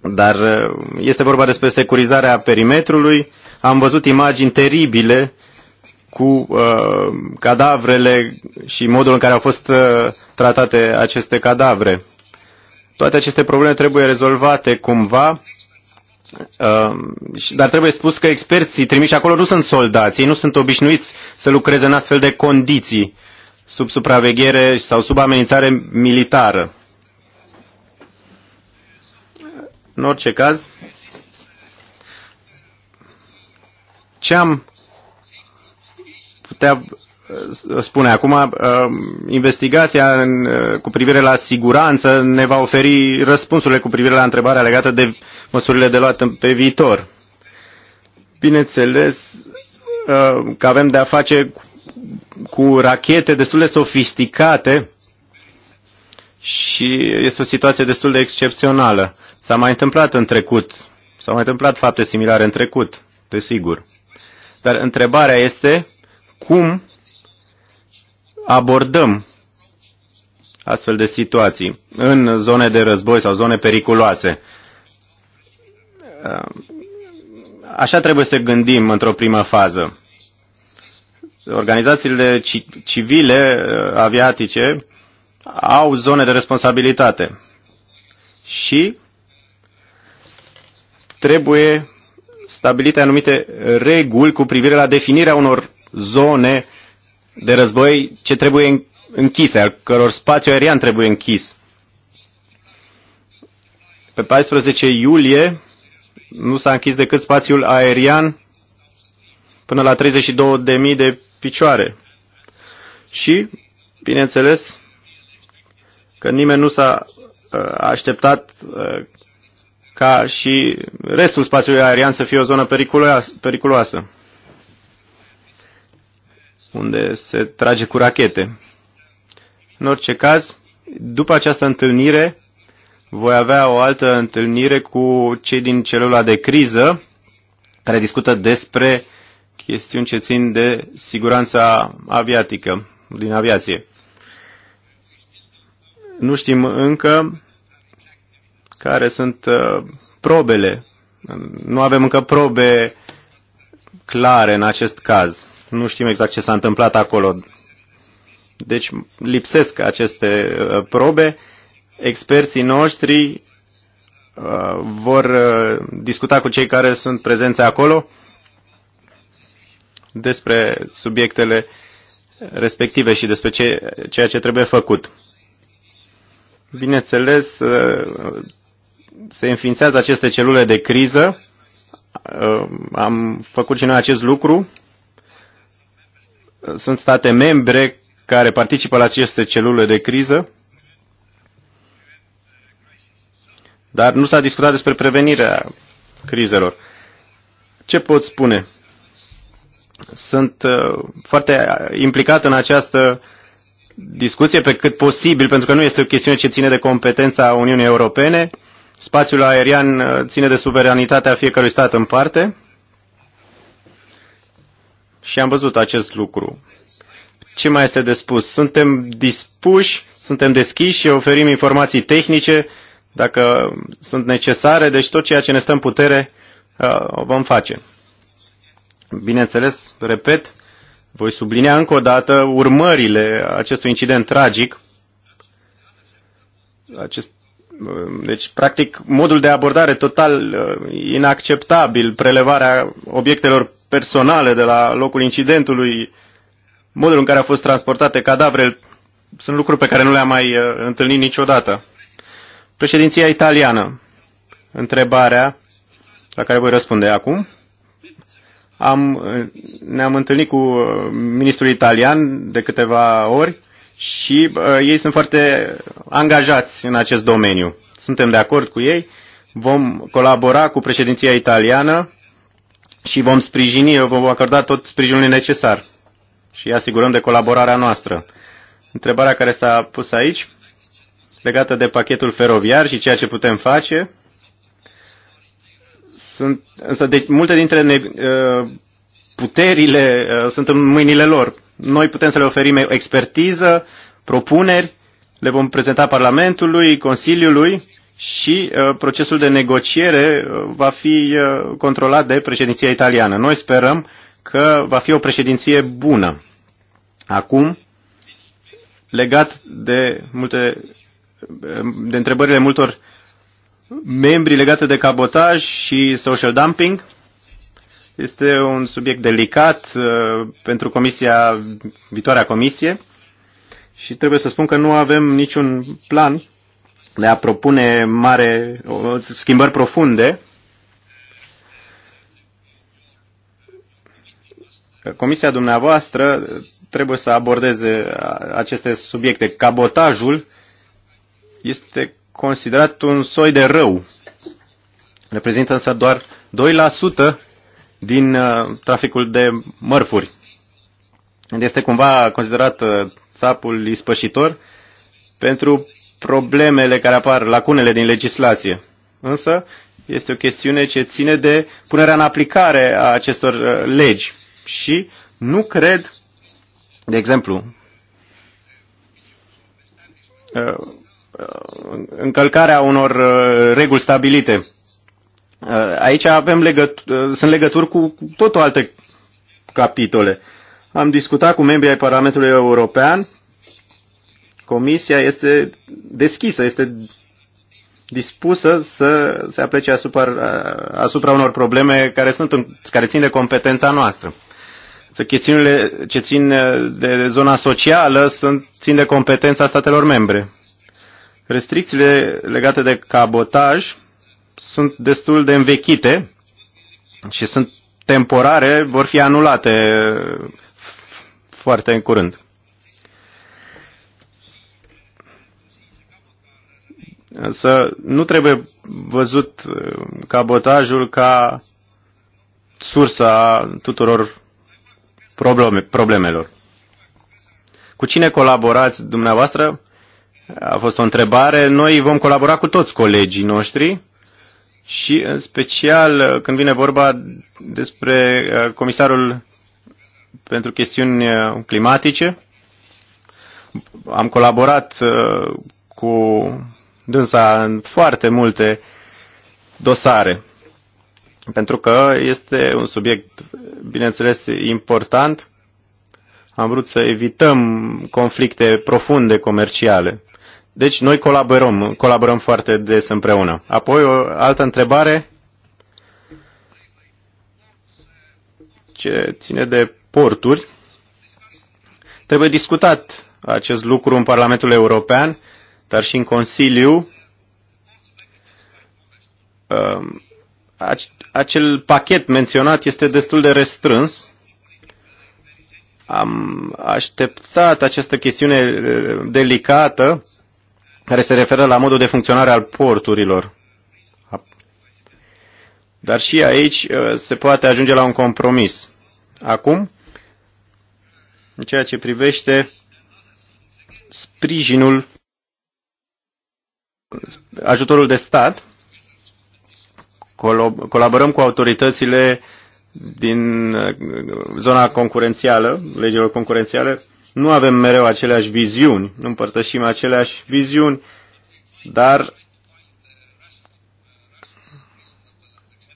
Dar uh, este vorba despre securizarea perimetrului. Am văzut imagini teribile cu uh, cadavrele și modul în care au fost uh, tratate aceste cadavre. Toate aceste probleme trebuie rezolvate cumva Um, dar trebuie spus că experții trimiși acolo nu sunt soldați, ei nu sunt obișnuiți să lucreze în astfel de condiții, sub supraveghere sau sub amenințare militară. În orice caz, ce am putea spune acum, uh, investigația uh, cu privire la siguranță ne va oferi răspunsurile cu privire la întrebarea legată de măsurile de luat pe viitor. Bineînțeles uh, că avem de a face cu rachete destul de sofisticate și este o situație destul de excepțională. S-a mai întâmplat în trecut, s-au mai întâmplat fapte similare în trecut, desigur. Dar întrebarea este cum abordăm astfel de situații în zone de război sau zone periculoase. Uh, așa trebuie să gândim într-o primă fază. Organizațiile civile uh, aviatice au zone de responsabilitate și trebuie stabilite anumite reguli cu privire la definirea unor zone de război ce trebuie închise, al căror spațiu aerian trebuie închis. Pe 14 iulie nu s-a închis decât spațiul aerian până la 32.000 de picioare. Și, bineînțeles, că nimeni nu s-a uh, așteptat uh, ca și restul spațiului aerian să fie o zonă periculoasă unde se trage cu rachete. În orice caz, după această întâlnire, voi avea o altă întâlnire cu cei din celula de criză, care discută despre chestiuni ce țin de siguranța aviatică, din aviație. Nu știm încă care sunt uh, probele. Nu avem încă probe clare în acest caz nu știm exact ce s-a întâmplat acolo. Deci lipsesc aceste uh, probe. Experții noștri uh, vor uh, discuta cu cei care sunt prezenți acolo despre subiectele respective și despre ce, ceea ce trebuie făcut. Bineînțeles, se înființează aceste celule de criză. Am făcut și noi acest lucru sunt state membre care participă la aceste celule de criză, dar nu s-a discutat despre prevenirea crizelor. Ce pot spune? Sunt uh, foarte implicat în această discuție pe cât posibil, pentru că nu este o chestiune ce ține de competența Uniunii Europene. Spațiul aerian uh, ține de suveranitatea fiecărui stat în parte și am văzut acest lucru. Ce mai este de spus? Suntem dispuși, suntem deschiși și oferim informații tehnice dacă sunt necesare, deci tot ceea ce ne stă în putere uh, o vom face. Bineînțeles, repet, voi sublinea încă o dată urmările acestui incident tragic. Acest deci, practic, modul de abordare total uh, inacceptabil, prelevarea obiectelor personale de la locul incidentului, modul în care au fost transportate cadavrele, sunt lucruri pe care nu le-am mai uh, întâlnit niciodată. Președinția italiană. Întrebarea la care voi răspunde acum. Am, uh, ne-am întâlnit cu ministrul italian de câteva ori și uh, ei sunt foarte angajați în acest domeniu. Suntem de acord cu ei, vom colabora cu președinția italiană și vom sprijini, vom acorda tot sprijinul necesar și asigurăm de colaborarea noastră. Întrebarea care s-a pus aici, legată de pachetul feroviar și ceea ce putem face, sunt, însă de, deci, multe dintre ne, uh, puterile uh, sunt în mâinile lor noi putem să le oferim expertiză, propuneri, le vom prezenta Parlamentului, Consiliului și uh, procesul de negociere uh, va fi uh, controlat de președinția italiană. Noi sperăm că va fi o președinție bună. Acum, legat de multe de întrebările multor membri legate de cabotaj și social dumping, este un subiect delicat uh, pentru comisia, viitoarea comisie și trebuie să spun că nu avem niciun plan de a propune mare schimbări profunde. Comisia dumneavoastră trebuie să abordeze aceste subiecte. Cabotajul este considerat un soi de rău. Reprezintă însă doar 2% din uh, traficul de mărfuri. Este cumva considerat uh, țapul ispășitor pentru problemele care apar, lacunele din legislație. Însă este o chestiune ce ține de punerea în aplicare a acestor uh, legi și nu cred, de exemplu, încălcarea unor reguli stabilite Uh, aici avem legăt- uh, sunt legături cu tot o alte capitole. Am discutat cu membrii ai Parlamentului European. Comisia este deschisă, este dispusă să se aplece asupra, uh, asupra unor probleme care, sunt, care țin de competența noastră. Să chestiunile ce țin de zona socială sunt, țin de competența statelor membre. Restricțiile legate de cabotaj sunt destul de învechite și sunt temporare, vor fi anulate foarte în curând. Să nu trebuie văzut uh, cabotajul ca sursa tuturor probleme, problemelor. Cu cine colaborați dumneavoastră? A fost o întrebare. Noi vom colabora cu toți colegii noștri și în special când vine vorba despre uh, comisarul pentru chestiuni uh, climatice. Am colaborat uh, cu dânsa în foarte multe dosare, pentru că este un subiect, bineînțeles, important. Am vrut să evităm conflicte profunde comerciale. Deci noi colaborăm, colaborăm foarte des împreună. Apoi o altă întrebare ce ține de porturi. Trebuie discutat acest lucru în Parlamentul European, dar și în Consiliu. Ehm, acel pachet menționat este destul de restrâns. Am așteptat această chestiune ehm, delicată care se referă la modul de funcționare al porturilor. Dar și aici uh, se poate ajunge la un compromis. Acum, în ceea ce privește sprijinul, ajutorul de stat, colaborăm cu autoritățile din uh, zona concurențială, legilor concurențiale, nu avem mereu aceleași viziuni, nu împărtășim aceleași viziuni, dar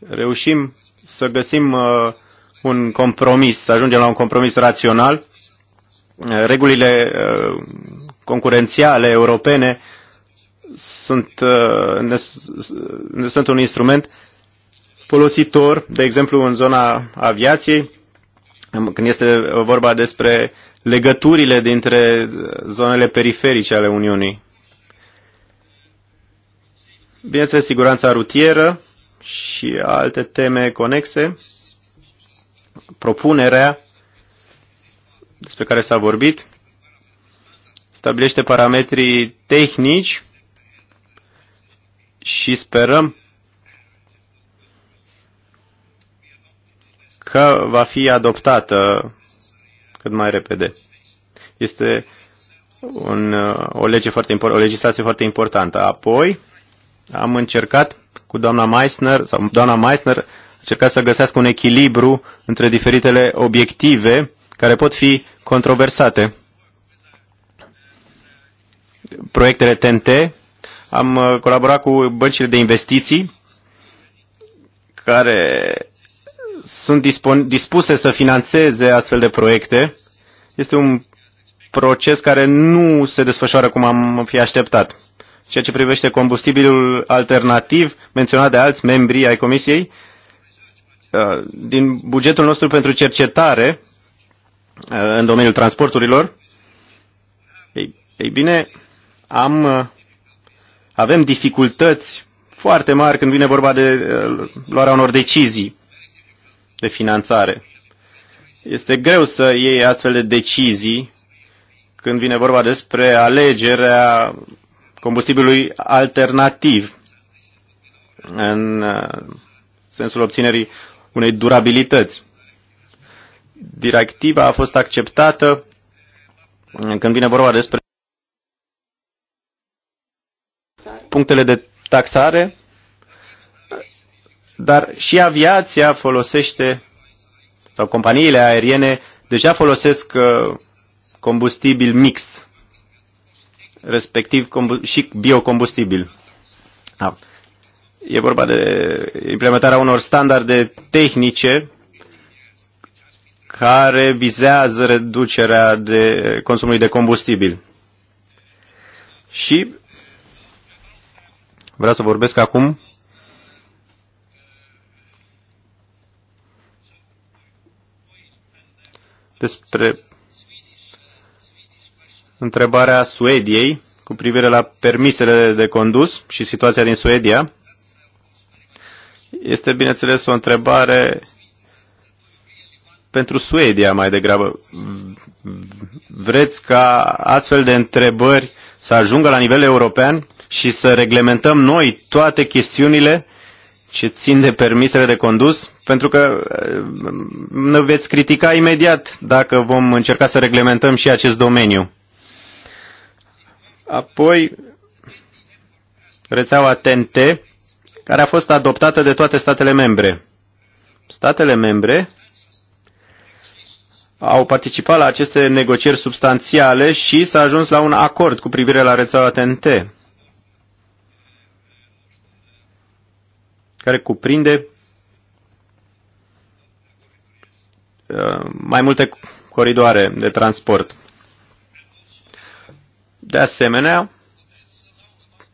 reușim să găsim uh, un compromis, să ajungem la un compromis rațional. Uh, regulile uh, concurențiale europene sunt, uh, ne, ne sunt un instrument folositor, de exemplu, în zona aviației, când este vorba despre legăturile dintre zonele periferice ale Uniunii. Bineînțeles, siguranța rutieră și alte teme conexe. Propunerea despre care s-a vorbit stabilește parametrii tehnici și sperăm că va fi adoptată cât mai repede. Este un, o lege foarte o legislație foarte importantă. Apoi am încercat cu doamna Meissner, sau doamna Meissner a încercat să găsească un echilibru între diferitele obiective care pot fi controversate. Proiectele TNT, am uh, colaborat cu băncile de investiții care sunt dispuse să financeze astfel de proiecte. Este un proces care nu se desfășoară cum am fi așteptat. Ceea ce privește combustibilul alternativ menționat de alți membri ai Comisiei, uh, din bugetul nostru pentru cercetare uh, în domeniul transporturilor, ei, ei bine, am, uh, avem dificultăți foarte mari când vine vorba de luarea unor decizii de finanțare. Este greu să iei astfel de decizii când vine vorba despre alegerea combustibilului alternativ în uh, sensul obținerii unei durabilități. Directiva a fost acceptată când vine vorba despre punctele de taxare dar și aviația folosește, sau companiile aeriene deja folosesc uh, combustibil mixt, respectiv și biocombustibil. Da. E vorba de implementarea unor standarde tehnice care vizează reducerea de consumului de combustibil. Și vreau să vorbesc acum despre întrebarea Suediei cu privire la permisele de condus și situația din Suedia. Este, bineînțeles, o întrebare pentru Suedia mai degrabă. Vreți ca astfel de întrebări să ajungă la nivel european și să reglementăm noi toate chestiunile ce țin de permisele de condus, pentru că uh, ne veți critica imediat dacă vom încerca să reglementăm și acest domeniu. Apoi, rețeaua TNT, care a fost adoptată de toate statele membre. Statele membre au participat la aceste negocieri substanțiale și s-a ajuns la un acord cu privire la rețeaua TNT. care cuprinde uh, mai multe coridoare de transport. De asemenea,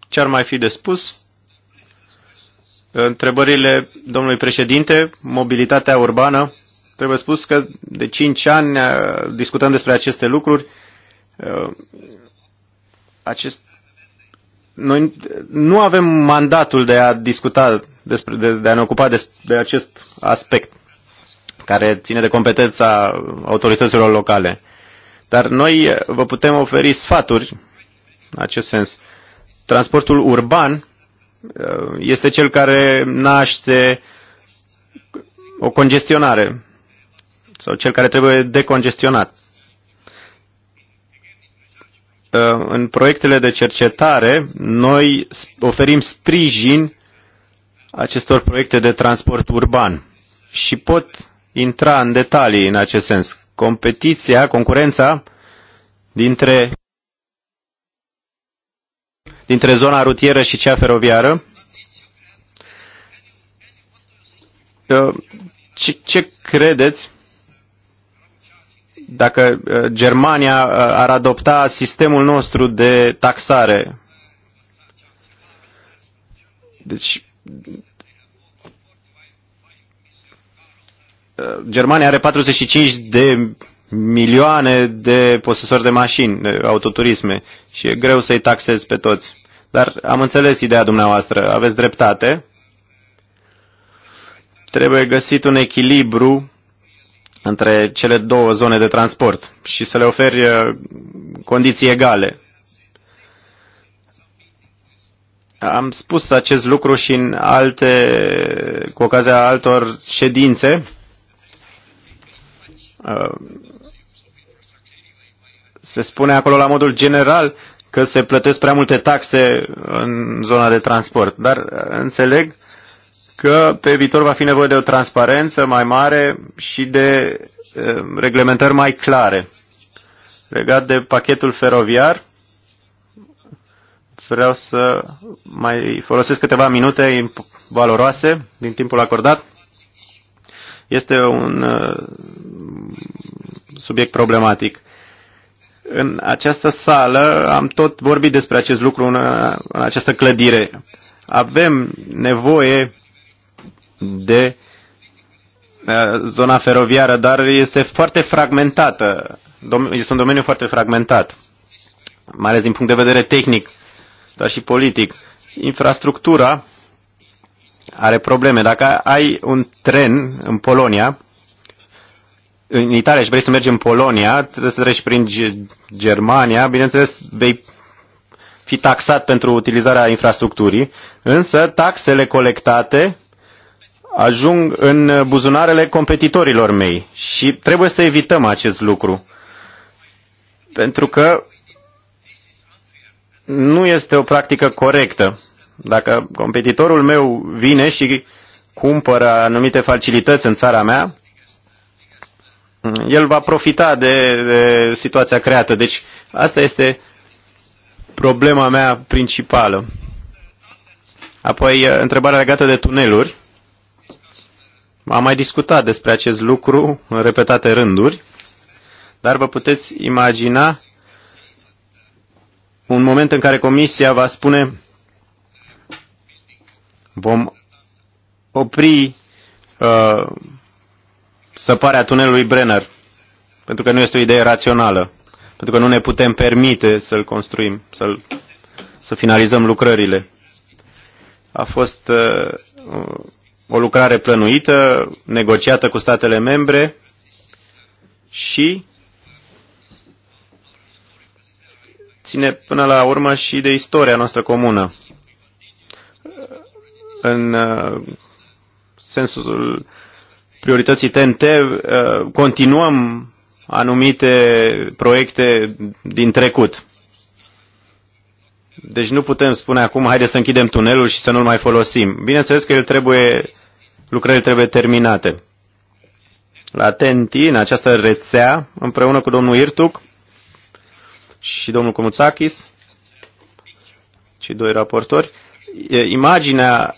ce ar mai fi de spus? Întrebările domnului președinte, mobilitatea urbană, trebuie spus că de 5 ani uh, discutăm despre aceste lucruri. Uh, acest... Noi nu avem mandatul de a discuta despre, de, de a ne ocupa de, de acest aspect care ține de competența autorităților locale. Dar noi vă putem oferi sfaturi în acest sens. Transportul urban uh, este cel care naște o congestionare sau cel care trebuie decongestionat. Uh, în proiectele de cercetare, noi oferim sprijin acestor proiecte de transport urban și pot intra în detalii în acest sens. Competiția, concurența dintre, dintre zona rutieră și cea feroviară. Ă, ce, ce credeți dacă ă, Germania ă, ar adopta sistemul nostru de taxare? Deci, Uh, Germania are 45 de milioane de posesori de mașini, de autoturisme și e greu să-i taxezi pe toți. Dar am înțeles ideea dumneavoastră, aveți dreptate. Trebuie găsit un echilibru între cele două zone de transport și să le oferi uh, condiții egale. Am spus acest lucru și în alte, cu ocazia altor ședințe Uh, se spune acolo la modul general că se plătesc prea multe taxe în zona de transport, dar înțeleg că pe viitor va fi nevoie de o transparență mai mare și de uh, reglementări mai clare. Legat de pachetul feroviar, vreau să mai folosesc câteva minute valoroase din timpul acordat este un uh, subiect problematic. În această sală am tot vorbit despre acest lucru în, uh, în această clădire. Avem nevoie de uh, zona feroviară, dar este foarte fragmentată. Este un domeniu foarte fragmentat, mai ales din punct de vedere tehnic, dar și politic. Infrastructura are probleme. Dacă ai un tren în Polonia, în Italia și vrei să mergi în Polonia, trebuie să treci prin Germania, bineînțeles vei fi taxat pentru utilizarea infrastructurii, însă taxele colectate ajung în buzunarele competitorilor mei și trebuie să evităm acest lucru. Pentru că nu este o practică corectă. Dacă competitorul meu vine și cumpără anumite facilități în țara mea, el va profita de, de situația creată. Deci asta este problema mea principală. Apoi, întrebarea legată de tuneluri. Am mai discutat despre acest lucru în repetate rânduri, dar vă puteți imagina un moment în care Comisia va spune Vom opri uh, săparea tunelului Brenner, pentru că nu este o idee rațională, pentru că nu ne putem permite să-l construim, să-l, să finalizăm lucrările. A fost uh, o lucrare plănuită, negociată cu statele membre și ține până la urmă și de istoria noastră comună în uh, sensul priorității TNT, uh, continuăm anumite proiecte din trecut. Deci nu putem spune acum, haideți să închidem tunelul și să nu-l mai folosim. Bineînțeles că el trebuie, lucrările trebuie terminate. La TNT, în această rețea, împreună cu domnul Irtuc și domnul Comuțachis, cei doi raportori, imaginea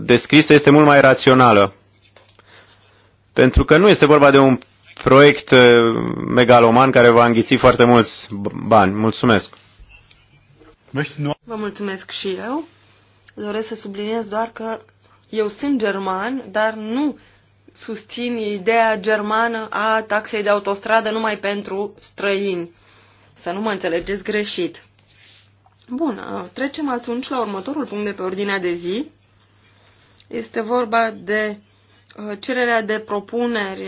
descrisă este mult mai rațională. Pentru că nu este vorba de un proiect uh, megaloman care va înghiți foarte mulți bani. Mulțumesc! Vă mulțumesc și eu. Doresc să subliniez doar că eu sunt german, dar nu susțin ideea germană a taxei de autostradă numai pentru străini. Să nu mă înțelegeți greșit. Bun, uh, trecem atunci la următorul punct de pe ordinea de zi. Este vorba de cererea de propuneri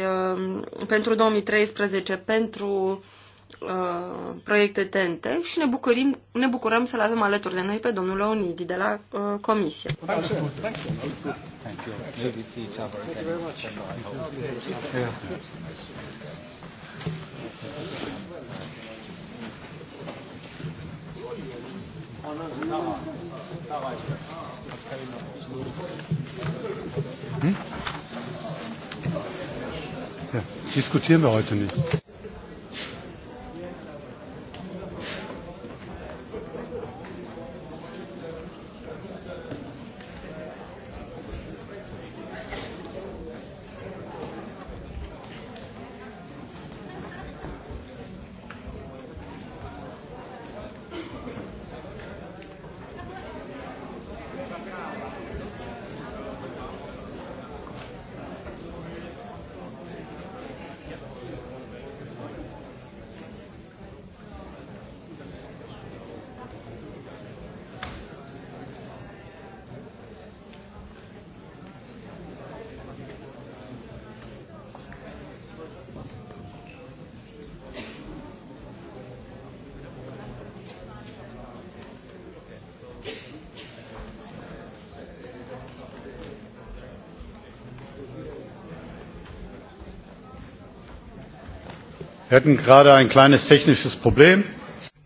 pentru 2013 pentru proiecte tente și ne, bucurim, ne bucurăm să-l avem alături de noi pe domnul Leonidi de la Comisie. Thank you. diskutieren wir heute nicht.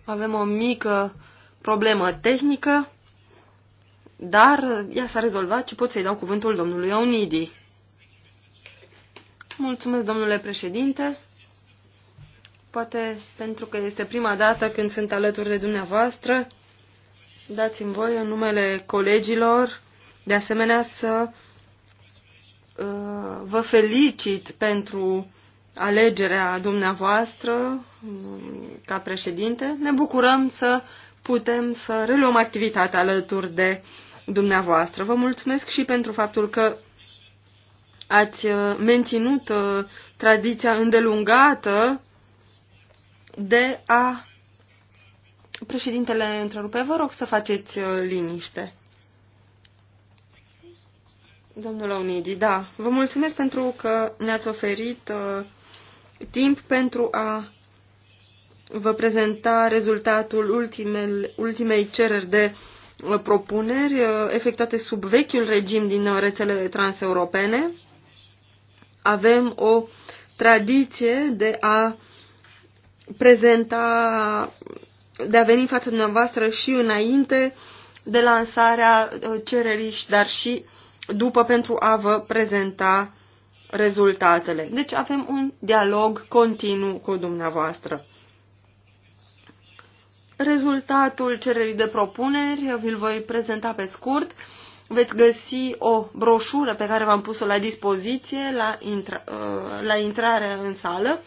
Avem o mică problemă tehnică, dar ea s-a rezolvat și pot să-i dau cuvântul domnului Aunidi. Mulțumesc, domnule președinte. Poate pentru că este prima dată când sunt alături de dumneavoastră, dați-mi voi în numele colegilor, de asemenea să uh, vă felicit pentru alegerea dumneavoastră um, ca președinte. Ne bucurăm să putem să reluăm activitatea alături de dumneavoastră. Vă mulțumesc și pentru faptul că ați uh, menținut uh, tradiția îndelungată de a... Președintele întrerupe, vă rog să faceți uh, liniște. Domnul Onidi, da, vă mulțumesc pentru că ne-ați oferit uh, timp pentru a vă prezenta rezultatul ultimel, ultimei cereri de uh, propuneri uh, efectuate sub vechiul regim din uh, rețelele transeuropene. Avem o tradiție de a prezenta, de a veni în fața dumneavoastră și înainte de lansarea cererii, dar și după pentru a vă prezenta rezultatele. Deci avem un dialog continuu cu dumneavoastră. Rezultatul cererii de propuneri vi-l voi prezenta pe scurt. Veți găsi o broșură pe care v-am pus-o la dispoziție la, intra, uh, la intrare în sală.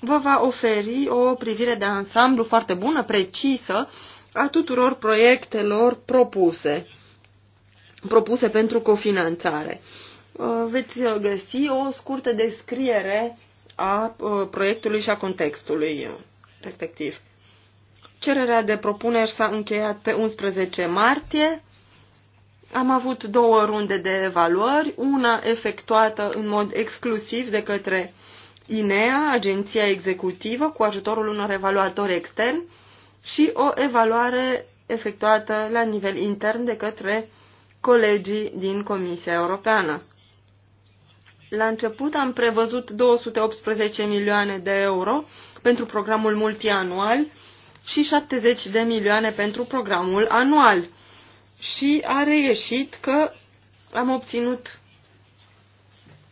Vă va oferi o privire de ansamblu foarte bună, precisă, a tuturor proiectelor propuse, propuse pentru cofinanțare. Uh, veți găsi o scurtă descriere a uh, proiectului și a contextului respectiv. Cererea de propuneri s-a încheiat pe 11 martie. Am avut două runde de evaluări, una efectuată în mod exclusiv de către INEA, agenția executivă, cu ajutorul unor evaluatori externi, și o evaluare efectuată la nivel intern de către colegii din Comisia Europeană. La început am prevăzut 218 milioane de euro pentru programul multianual și 70 de milioane pentru programul anual. Și a reieșit că am obținut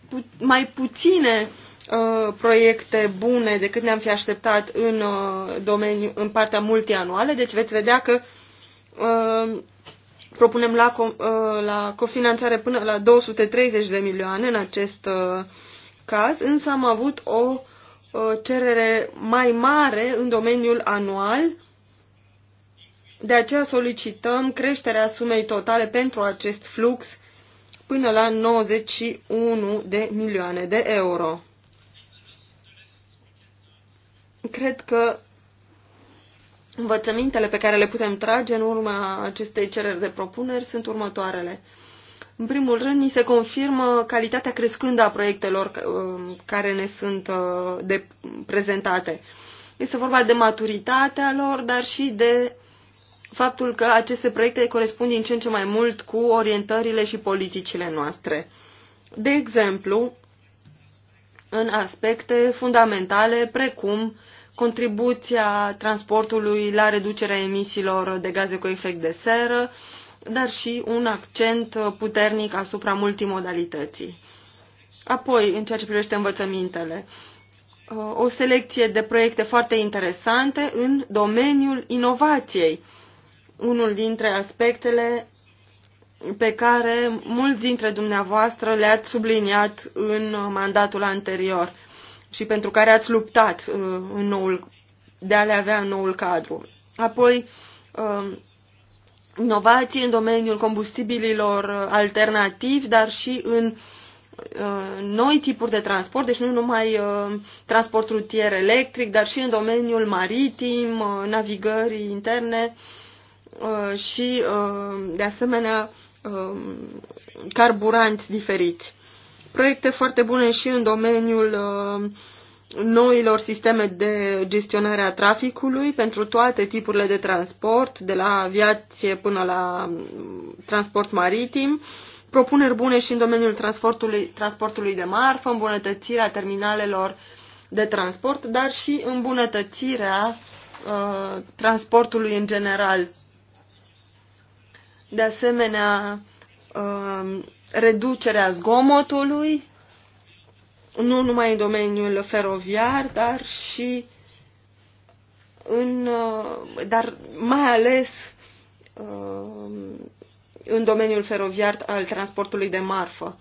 pu mai puține uh, proiecte bune decât ne-am fi așteptat în, uh, domeniu, în partea multianuală, deci veți vedea că uh, propunem la, uh, la cofinanțare până la 230 de milioane în acest uh, caz, însă am avut o uh, cerere mai mare în domeniul anual, de aceea solicităm creșterea sumei totale pentru acest flux până la 91 de milioane de euro. Cred că Învățămintele pe care le putem trage în urma acestei cereri de propuneri sunt următoarele. În primul rând, ni se confirmă calitatea crescândă a proiectelor uh, care ne sunt uh, de prezentate. Este vorba de maturitatea lor, dar și de faptul că aceste proiecte corespund din ce în ce mai mult cu orientările și politicile noastre. De exemplu, în aspecte fundamentale precum uh, contribuția transportului la reducerea emisiilor de gaze cu efect de seră, dar și un accent puternic asupra multimodalității. Apoi, în ceea ce privește învățămintele, o selecție de proiecte foarte interesante în domeniul inovației, unul dintre aspectele pe care mulți dintre dumneavoastră le-ați subliniat în mandatul anterior și pentru care ați luptat uh, în noul, de a le avea în noul cadru. Apoi, um, inovații în domeniul combustibililor uh, alternativi, dar și în uh, noi tipuri de transport, deci nu numai transport rutier electric, dar și în domeniul maritim, navigării interne și, de asemenea, carburanți diferiți proiecte foarte bune și în domeniul uh, noilor sisteme de gestionare a traficului pentru toate tipurile de transport, de la aviație până la mm, transport maritim, propuneri bune și în domeniul transportului, transportului de marfă, îmbunătățirea terminalelor de transport, dar și îmbunătățirea uh, transportului în general. De asemenea, uh, reducerea zgomotului, nu numai în domeniul feroviar, dar și în, uh, dar mai ales uh, în domeniul feroviar al transportului de marfă.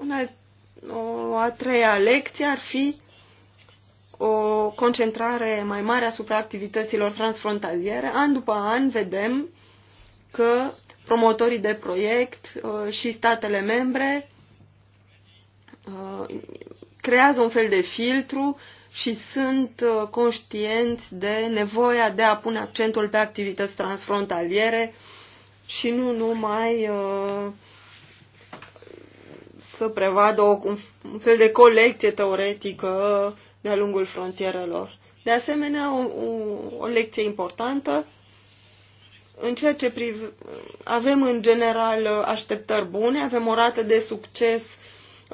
Una, o a treia lecție ar fi o concentrare mai mare asupra activităților transfrontaliere. An după an vedem că promotorii de proiect uh, și statele membre uh, creează un fel de filtru și sunt uh, conștienți de nevoia de a pune accentul pe activități transfrontaliere și nu numai să prevadă un fel de colecție teoretică de-a lungul frontierelor. De asemenea, o, o, o lecție importantă în ceea ce priv... avem în general așteptări bune, avem o rată de succes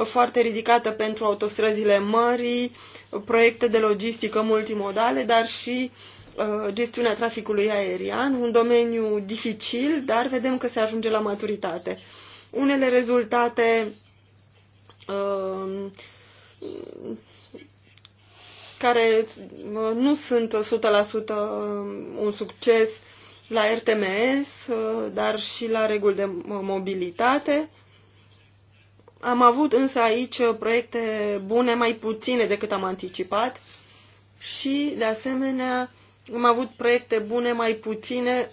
foarte ridicată pentru autostrăzile mării, proiecte de logistică multimodale, dar și uh, gestiunea traficului aerian, un domeniu dificil, dar vedem că se ajunge la maturitate. Unele rezultate uh, care uh, nu sunt 100% uh, un succes la RTMS, uh, dar și la reguli de mobilitate. Am avut însă aici proiecte bune mai puține decât am anticipat și, de asemenea, am avut proiecte bune mai puține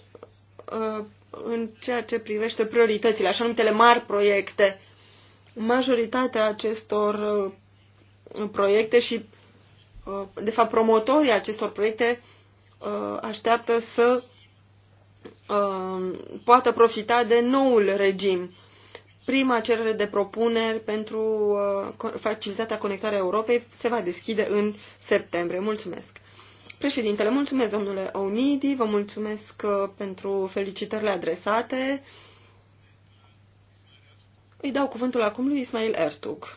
în ceea ce privește prioritățile, așa numitele mari proiecte. Majoritatea acestor proiecte și Uh, de fapt, promotorii acestor proiecte uh, așteaptă să uh, poată profita de noul regim. Prima cerere de propuneri pentru facilitatea conectarea Europei se va deschide în septembrie. Mulțumesc! Președintele, mulțumesc domnule Onidi, vă mulțumesc pentru felicitările adresate. Îi dau cuvântul acum lui Ismail Ertug.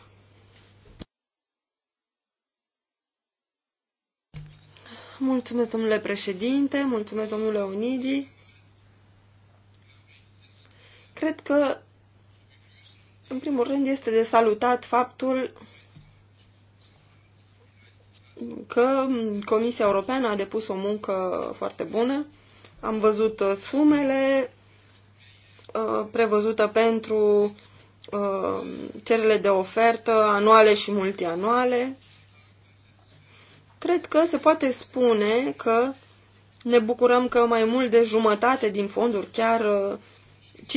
Mulțumesc, domnule președinte, mulțumesc, domnule Onidi. Cred că, în primul rând, este de salutat faptul că Comisia Europeană a depus o muncă foarte bună. Am văzut uh, sumele uh, prevăzută pentru uh, cerele de ofertă anuale și multianuale. Cred că se poate spune că ne bucurăm că mai mult de jumătate din fonduri, chiar 57%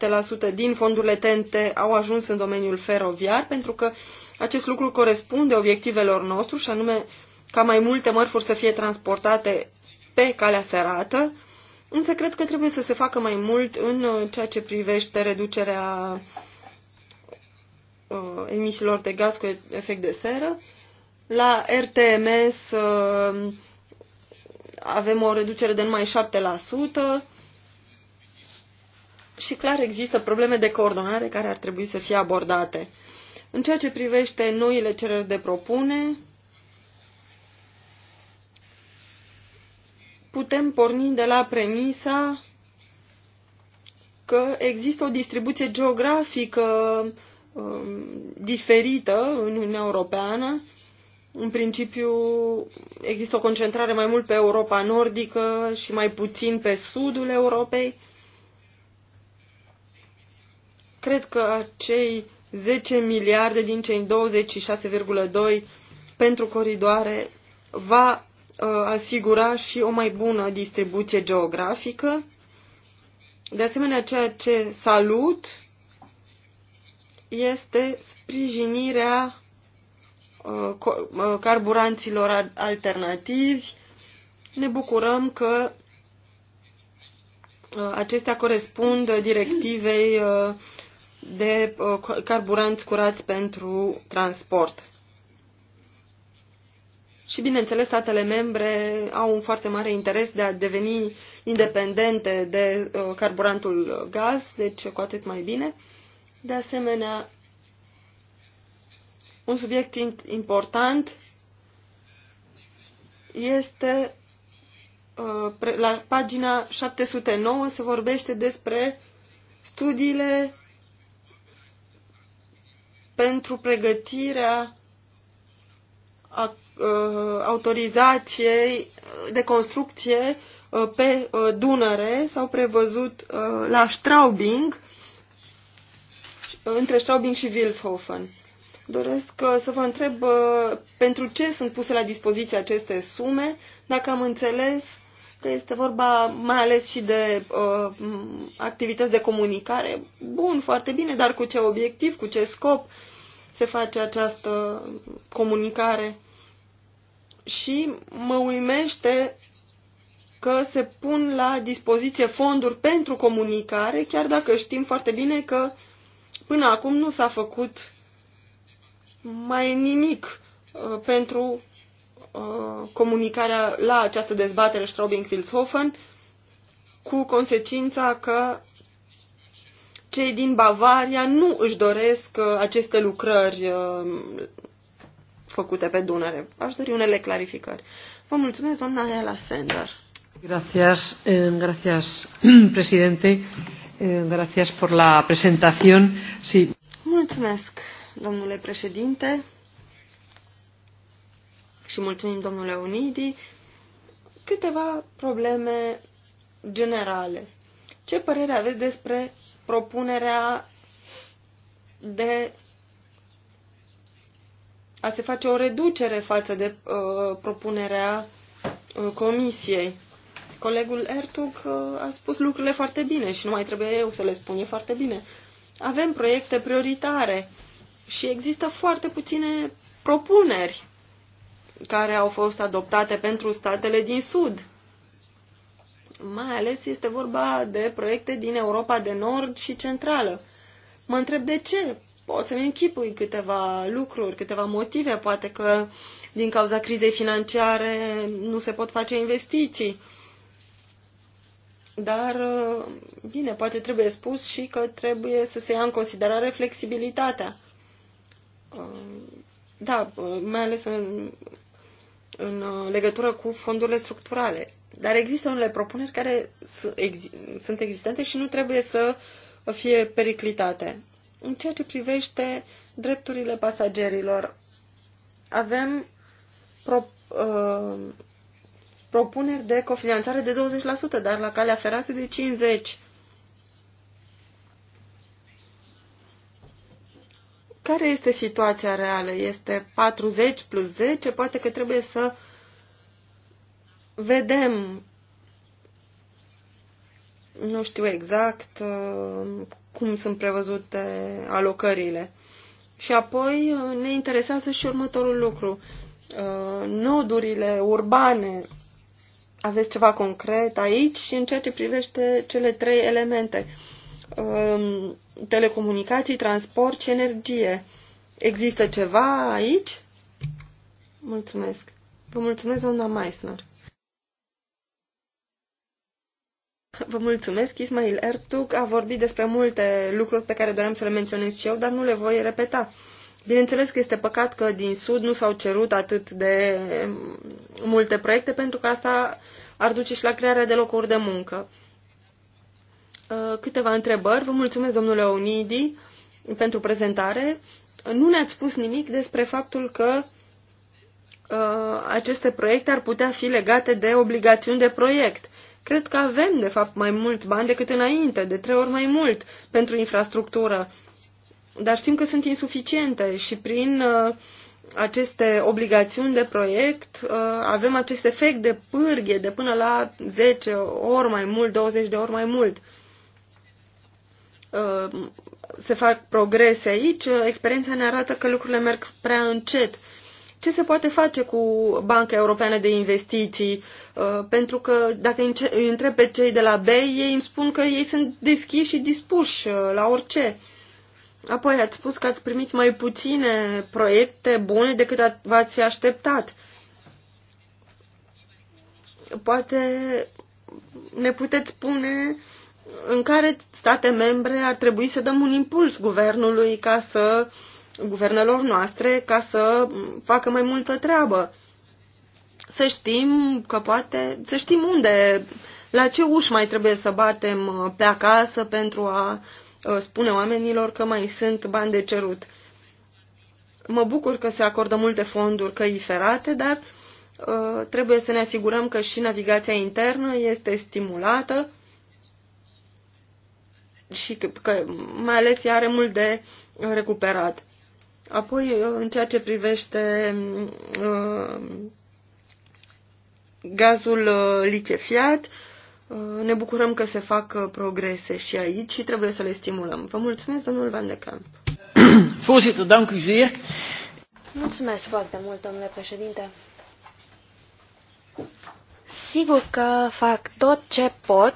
uh, din fondurile TNT au ajuns în domeniul feroviar, pentru că acest lucru corespunde obiectivelor nostru și anume ca mai multe mărfuri să fie transportate pe calea ferată, însă cred că trebuie să se facă mai mult în uh, ceea ce privește reducerea uh, emisiilor de gaz cu efect de seră la RTMS uh, avem o reducere de numai 7% și clar există probleme de coordonare care ar trebui să fie abordate. În ceea ce privește noile cereri de propune, putem porni de la premisa că există o distribuție geografică um, diferită în Uniunea Europeană în principiu, există o concentrare mai mult pe Europa nordică și mai puțin pe sudul Europei. Cred că acei 10 miliarde din cei 26,2 pentru coridoare va uh, asigura și o mai bună distribuție geografică. De asemenea, ceea ce salut este sprijinirea Uh, uh, carburanților alternativi. Ne bucurăm că uh, acestea corespund directivei de carburanți curați pentru transport. Și, bineînțeles, statele membre au un foarte mare interes de a deveni independente de carburantul gaz, deci cu atât mai bine. De asemenea, un subiect important este uh, la pagina 709 se vorbește despre studiile pentru pregătirea uh, autorizației de construcție uh, pe Dunăre s-au prevăzut la Straubing, între Straubing și Wilshofen. Doresc uh, să vă întreb uh, pentru ce sunt puse la dispoziție aceste sume, dacă am înțeles că este vorba mai ales și de uh, activități de comunicare. Bun, foarte bine, dar cu ce obiectiv, cu ce scop se face această comunicare? Și mă uimește că se pun la dispoziție fonduri pentru comunicare, chiar dacă știm foarte bine că până acum nu s-a făcut mai nimic uh, pentru uh, comunicarea la această dezbatere Straubing-Wilshofen cu consecința că cei din Bavaria nu își doresc uh, aceste lucrări făcute pe Dunăre. Aș dori unele clarificări. Vă mulțumesc, doamna Ela Sender. Gracias, eh, gracias, [CLEARS THROAT] presidente. Eh, gracias por la presentación. Sí. Mulțumesc, domnule președinte, și mulțumim domnule Unidi. Câteva probleme generale. Ce părere aveți despre propunerea de a se face o reducere față de uh, propunerea uh, comisiei? Colegul Ertug uh, a spus lucrurile foarte bine și nu mai trebuie eu să le spun, e foarte bine. Avem proiecte prioritare. Uh, și există foarte puține propuneri care au fost adoptate pentru statele din Sud. Mai ales este vorba de proiecte din Europa de Nord și Centrală. Mă întreb de ce. Pot să-mi închipui câteva lucruri, câteva motive. Poate că din cauza crizei financiare nu se pot face investiții. Dar, bine, poate trebuie spus și că trebuie să se ia în considerare flexibilitatea Um, da, mai ales în, în uh, legătură cu fondurile structurale. Dar există unele propuneri care sunt existente și nu trebuie să fie periclitate. În ceea ce privește drepturile pasagerilor, avem pro, uh, propuneri de cofinanțare de 20%, dar la calea ferată de care este situația reală? Este 40 plus 10? Poate că trebuie să vedem, nu știu exact, uh, cum sunt prevăzute alocările. Și apoi uh, ne interesează și următorul lucru. Uh, nodurile urbane, aveți ceva concret aici și în ceea ce privește cele trei elemente Um, telecomunicații, transport și energie. Există ceva aici? Mulțumesc. Vă mulțumesc, doamna Meissner. Vă mulțumesc, Ismail Ertug a vorbit despre multe lucruri pe care doream să le menționez și eu, dar nu le voi repeta. Bineînțeles că este păcat că din Sud nu s-au cerut atât de um, multe proiecte, pentru că asta ar duce și la crearea de locuri de muncă. Uh, câteva întrebări. Vă mulțumesc, domnule Onidi, pentru prezentare. Nu ne-ați spus nimic despre faptul că uh, aceste proiecte ar putea fi legate de obligațiuni de proiect. Cred că avem, de fapt, mai mult bani decât înainte, de trei ori mai mult pentru infrastructură. Dar știm că sunt insuficiente și prin uh, aceste obligațiuni de proiect, uh, avem acest efect de pârghie de până la 10 ori mai mult, 20 de ori mai mult. Uh, Uh, se fac progrese aici, uh, experiența ne arată că lucrurile merg prea încet. Ce se poate face cu Banca Europeană de Investiții? Uh, pentru că dacă îi întreb pe cei de la BEI, ei îmi spun că ei sunt deschiși și dispuși la orice. Apoi ați spus că ați primit mai puține proiecte bune decât v-ați fi așteptat. Poate ne puteți spune uh, în care state membre ar trebui să dăm un impuls guvernului ca să guvernelor noastre ca să facă mai multă treabă. Să știm că poate, să știm unde, la ce uși mai trebuie să batem uh, pe acasă pentru a uh, spune oamenilor că mai sunt bani de cerut. Mă bucur că se acordă multe fonduri căi ferate, dar uh, trebuie să ne asigurăm că și navigația internă este stimulată și că, mai ales ea are mult de recuperat. Apoi, în ceea ce privește uh, gazul uh, licefiat, uh, ne bucurăm că se fac progrese și aici și trebuie să le stimulăm. Vă mulțumesc, domnul Van de Camp. [COUGHS] Voorzitter, dank Mulțumesc foarte mult, domnule președinte. Sigur că fac tot ce pot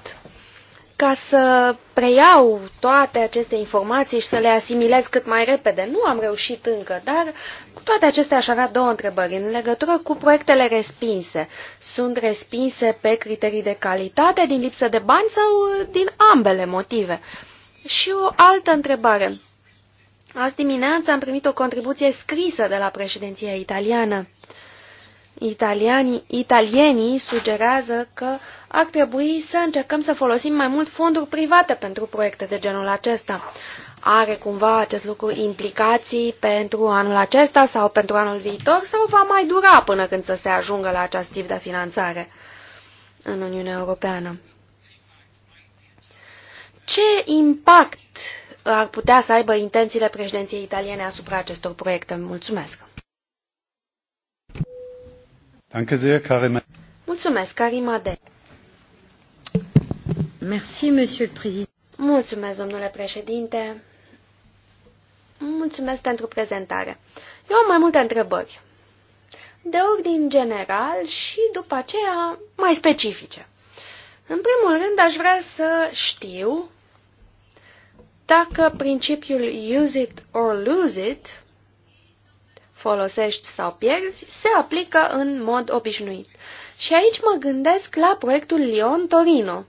ca să preiau toate aceste informații și să le asimilez cât mai repede. Nu am reușit încă, dar cu toate acestea aș avea două întrebări. În legătură cu proiectele respinse, sunt respinse pe criterii de calitate, din lipsă de bani sau din ambele motive? Și o altă întrebare. Azi dimineață am primit o contribuție scrisă de la președinția italiană. Italianii, italienii sugerează că ar trebui să încercăm să folosim mai mult fonduri private pentru proiecte de genul acesta. Are cumva acest lucru implicații pentru anul acesta sau pentru anul viitor sau va mai dura până când să se ajungă la acest tip de finanțare în Uniunea Europeană? Ce impact ar putea să aibă intențiile președinției italiene asupra acestor proiecte? Mulțumesc! Mulțumesc, Karima De. Monsieur le Mulțumesc, domnule președinte. Mulțumesc pentru prezentare. Eu am mai multe întrebări. De ordin general și după aceea mai specifice. În primul rând, aș vrea să știu dacă principiul use it or lose it, folosești sau pierzi, se aplică în mod obișnuit. Și aici mă gândesc la proiectul Lyon-Torino.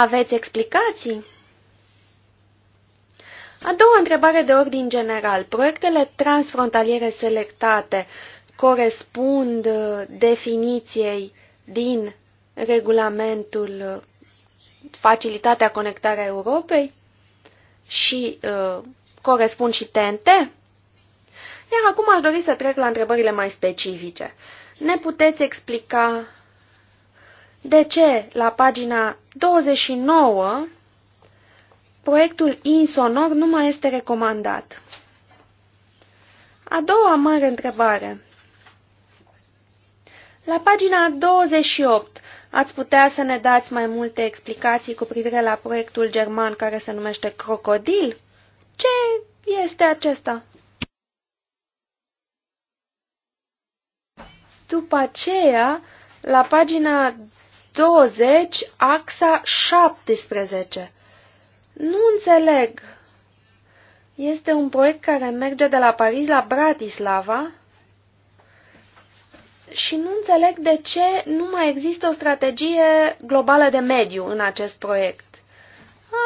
Aveți explicații? A doua întrebare de ordin general. Proiectele transfrontaliere selectate corespund uh, definiției din regulamentul uh, Facilitatea Conectarea Europei și uh, corespund și TNT? Iar acum aș dori să trec la întrebările mai specifice. Ne puteți explica de ce la pagina 29 proiectul insonor nu mai este recomandat. A doua mare întrebare. La pagina 28 ați putea să ne dați mai multe explicații cu privire la proiectul german care se numește Crocodil? Ce este acesta? După aceea, la pagina 20, axa 17. Nu înțeleg. Este un proiect care merge de la Paris la Bratislava și nu înțeleg de ce nu mai există o strategie globală de mediu în acest proiect.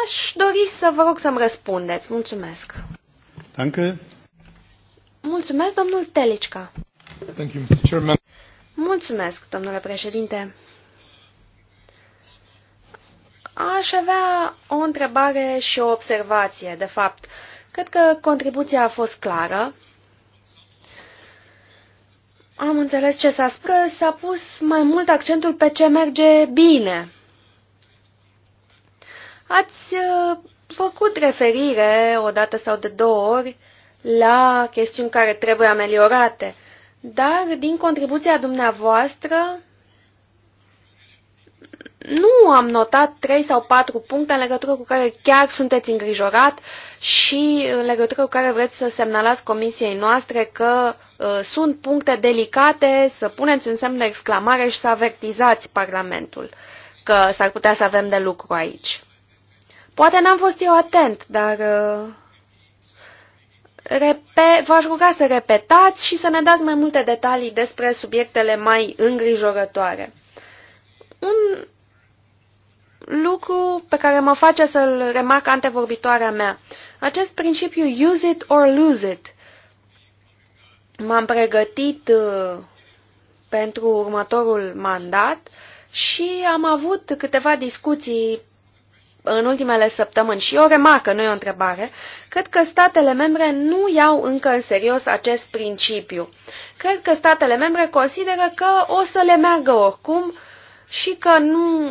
Aș dori să vă rog să-mi răspundeți. Mulțumesc. Danke. Mulțumesc, domnul Telicca. Thank you, Mr. Chairman. Mulțumesc, domnule președinte. Aș avea o întrebare și o observație, de fapt. Cred că contribuția a fost clară. Am înțeles ce s-a spus, s-a pus mai mult accentul pe ce merge bine. Ați uh, făcut referire o dată sau de două ori la chestiuni care trebuie ameliorate, dar din contribuția dumneavoastră nu am notat trei sau patru puncte în legătură cu care chiar sunteți îngrijorat și în legătură cu care vreți să semnalați comisiei noastre că uh, sunt puncte delicate, să puneți un semn de exclamare și să avertizați Parlamentul că s-ar putea să avem de lucru aici. Poate n-am fost eu atent, dar uh, v-aș ruga să repetați și să ne dați mai multe detalii despre subiectele mai îngrijorătoare. Un lucru pe care mă face să-l remarc antevorbitoarea mea. Acest principiu use it or lose it. M-am pregătit uh, pentru următorul mandat și am avut câteva discuții în ultimele săptămâni și o remarcă, nu e o întrebare, cred că statele membre nu iau încă în serios acest principiu. Cred că statele membre consideră că o să le meargă oricum și că nu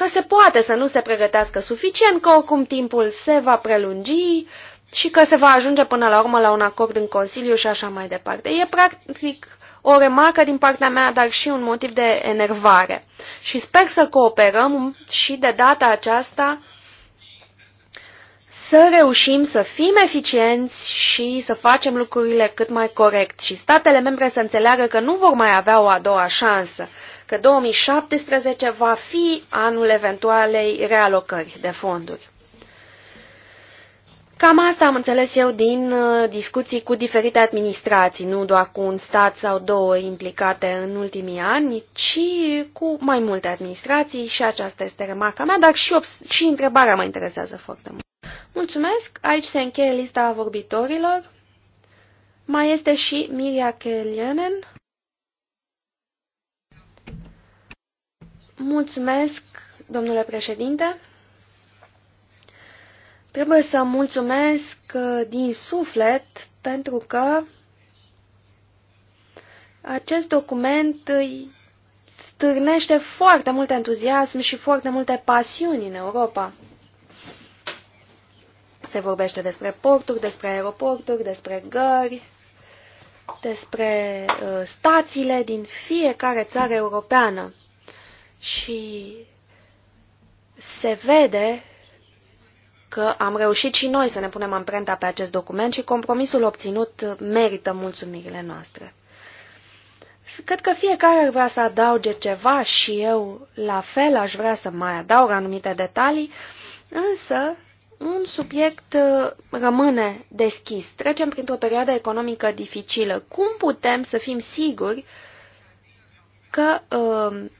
că se poate să nu se pregătească suficient, că oricum timpul se va prelungi și că se va ajunge până la urmă la un acord în Consiliu și așa mai departe. E practic o remarcă din partea mea, dar și un motiv de enervare. Și sper să cooperăm și de data aceasta să reușim să fim eficienți și să facem lucrurile cât mai corect și statele membre să înțeleagă că nu vor mai avea o a doua șansă că 2017 va fi anul eventualei realocări de fonduri. Cam asta am înțeles eu din uh, discuții cu diferite administrații, nu doar cu un stat sau două implicate în ultimii ani, ci cu mai multe administrații și aceasta este remarca mea, dar și, și întrebarea mă interesează foarte mult. Mulțumesc, aici se încheie lista vorbitorilor. Mai este și Miria Kelienen. Mulțumesc, domnule președinte. Trebuie să mulțumesc uh, din suflet pentru că acest document uh, stârnește foarte mult entuziasm și foarte multe pasiuni în Europa. Se vorbește despre porturi, despre aeroporturi, despre gări, despre uh, stațiile din fiecare țară europeană. Și se vede că am reușit și noi să ne punem amprenta pe acest document și compromisul obținut merită mulțumirile noastre. Cred că fiecare ar vrea să adauge ceva și eu la fel aș vrea să mai adaug anumite detalii, însă un subiect uh, rămâne deschis. Trecem printr-o perioadă economică dificilă. Cum putem să fim siguri că uh,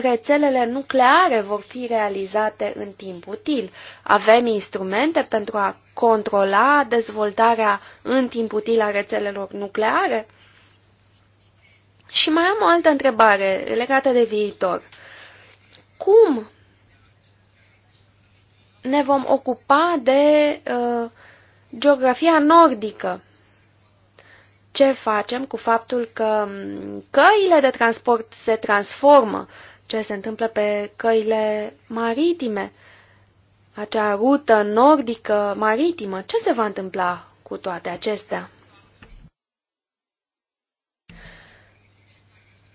rețelele nucleare vor fi realizate în timp util. Avem instrumente pentru a controla dezvoltarea în timp util a rețelelor nucleare? Și mai am o altă întrebare legată de viitor. Cum ne vom ocupa de uh, geografia nordică? Ce facem cu faptul că mm, căile de transport se transformă? Uh, ce se întâmplă pe căile maritime, acea rută nordică maritimă, ce se va întâmpla cu toate acestea?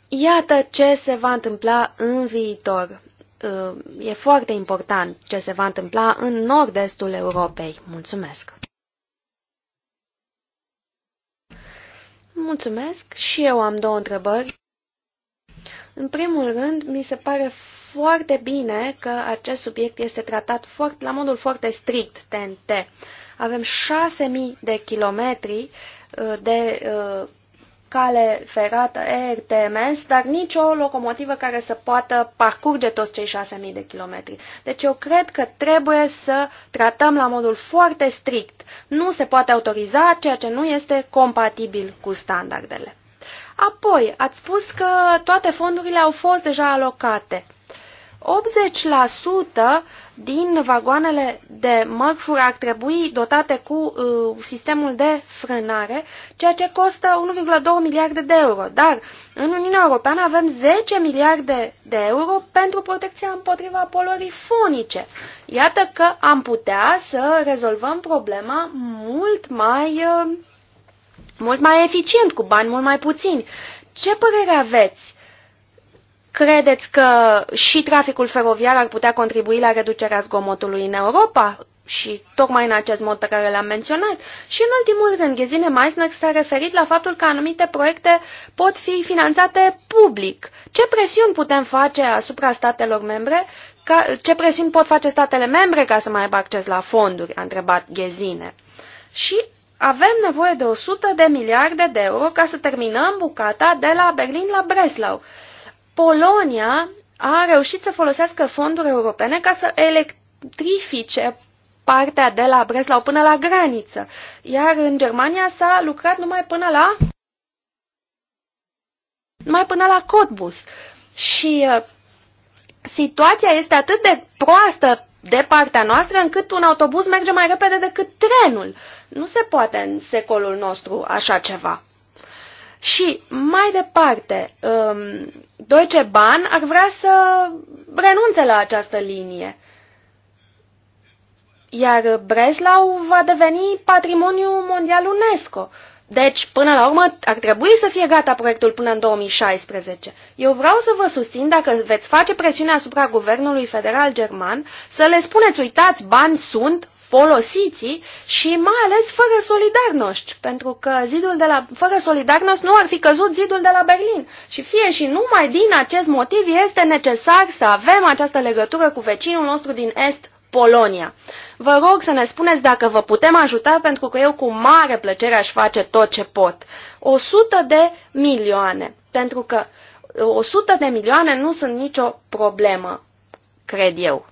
Iată ce se va întâmpla în viitor. Uh, e foarte important ce se va întâmpla în nord-estul Europei. Mulțumesc! Mulțumesc și eu am două întrebări. În primul rând, mi se pare foarte bine că acest subiect este tratat foarte, la modul foarte strict TNT. Avem 6.000 de kilometri uh, de uh, cale ferată ERTMS, dar nicio locomotivă care să poată parcurge toți cei 6.000 de kilometri. Deci eu cred că trebuie să tratăm la modul foarte strict. Nu se poate autoriza ceea ce nu este compatibil cu standardele. Apoi, ați spus că toate fondurile au fost deja alocate. 80% din vagoanele de mărfuri ar trebui dotate cu uh, sistemul de frânare, ceea ce costă 1,2 miliarde de euro. Dar în Uniunea Europeană avem 10 miliarde de euro pentru protecția împotriva polorii fonice. Iată că am putea să rezolvăm problema mult mai uh, mult mai eficient, cu bani mult mai puțini. Ce părere aveți? Credeți că și traficul feroviar ar putea contribui la reducerea zgomotului în Europa? și tocmai în acest mod pe care l-am menționat. Și în ultimul rând, Ghezine Meissner s-a referit la faptul că anumite proiecte pot fi finanțate public. Ce presiuni putem face asupra statelor membre? Ca, ce presiuni pot face statele membre ca să mai aibă acces la fonduri? A întrebat Ghezine. Și avem nevoie de 100 de miliarde de euro ca să terminăm bucata de la Berlin la Breslau. Polonia a reușit să folosească fonduri europene ca să electrifice partea de la Breslau până la graniță, iar în Germania s-a lucrat numai până la numai până la Cottbus. Și uh, situația este atât de proastă de partea noastră încât un autobuz merge mai repede decât trenul. Nu se poate în secolul nostru așa ceva. Și mai departe, um, Deutsche Bahn ar vrea să renunțe la această linie. Iar Breslau va deveni patrimoniu mondial UNESCO. Deci, până la urmă, ar trebui să fie gata proiectul până în 2016. Eu vreau să vă susțin dacă veți face presiune asupra guvernului federal german să le spuneți, uitați, bani sunt, folosiți și mai ales fără solidarnoști, pentru că zidul de la, fără solidarnoști nu ar fi căzut zidul de la Berlin. Și fie și numai din acest motiv este necesar să avem această legătură cu vecinul nostru din Est, Polonia. Vă rog să ne spuneți dacă vă putem ajuta, pentru că eu cu mare plăcere aș face tot ce pot. 100 de milioane, pentru că 100 de milioane nu sunt nicio problemă, cred eu.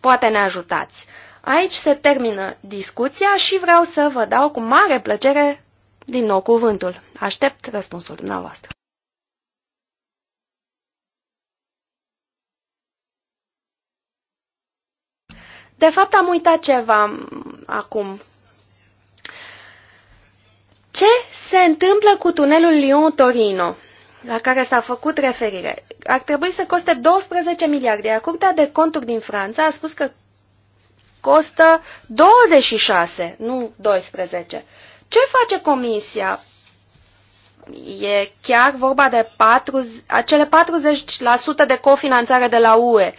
Poate ne ajutați. Aici se termină discuția și vreau să vă dau cu mare plăcere din nou cuvântul. Aștept răspunsul dumneavoastră. De fapt, am uitat ceva acum. Ce se întâmplă cu tunelul Lyon-Torino, la care s-a făcut referire? Ar trebui să coste 12 miliarde, iar Curtea de Conturi din Franța a spus că costă 26, nu 12. Ce face Comisia? E chiar vorba de 40, acele 40% de cofinanțare de la UE.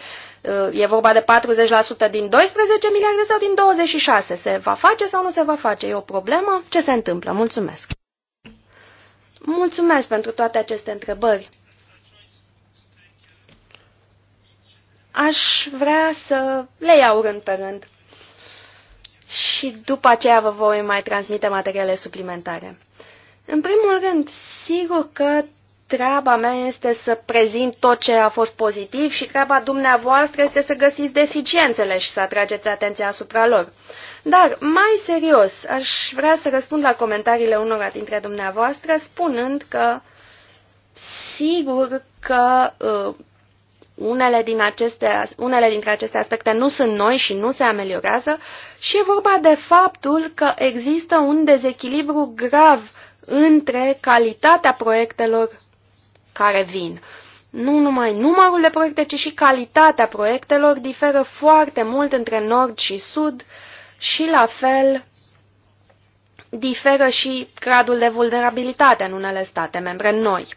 Uh, e vorba de 40% din 12 miliarde sau din 26? Se va face sau nu se va face? E o problemă? Ce se întâmplă? Mulțumesc! Mulțumesc pentru toate aceste întrebări. Aș vrea să le iau rând pe rând și după aceea vă voi mai transmite materiale suplimentare. În primul rând, sigur că treaba mea este să prezint tot ce a fost pozitiv și treaba dumneavoastră este să găsiți deficiențele și să atrageți atenția asupra lor. Dar, mai serios, aș vrea să răspund la comentariile unora dintre dumneavoastră spunând că sigur că uh, unele, din aceste, unele dintre aceste aspecte nu sunt noi și nu se ameliorează și e vorba de faptul că există un dezechilibru grav între calitatea proiectelor care vin. Nu numai numărul de proiecte, ci și calitatea proiectelor diferă foarte mult între nord și sud și la fel diferă și gradul de vulnerabilitate în unele state membre noi.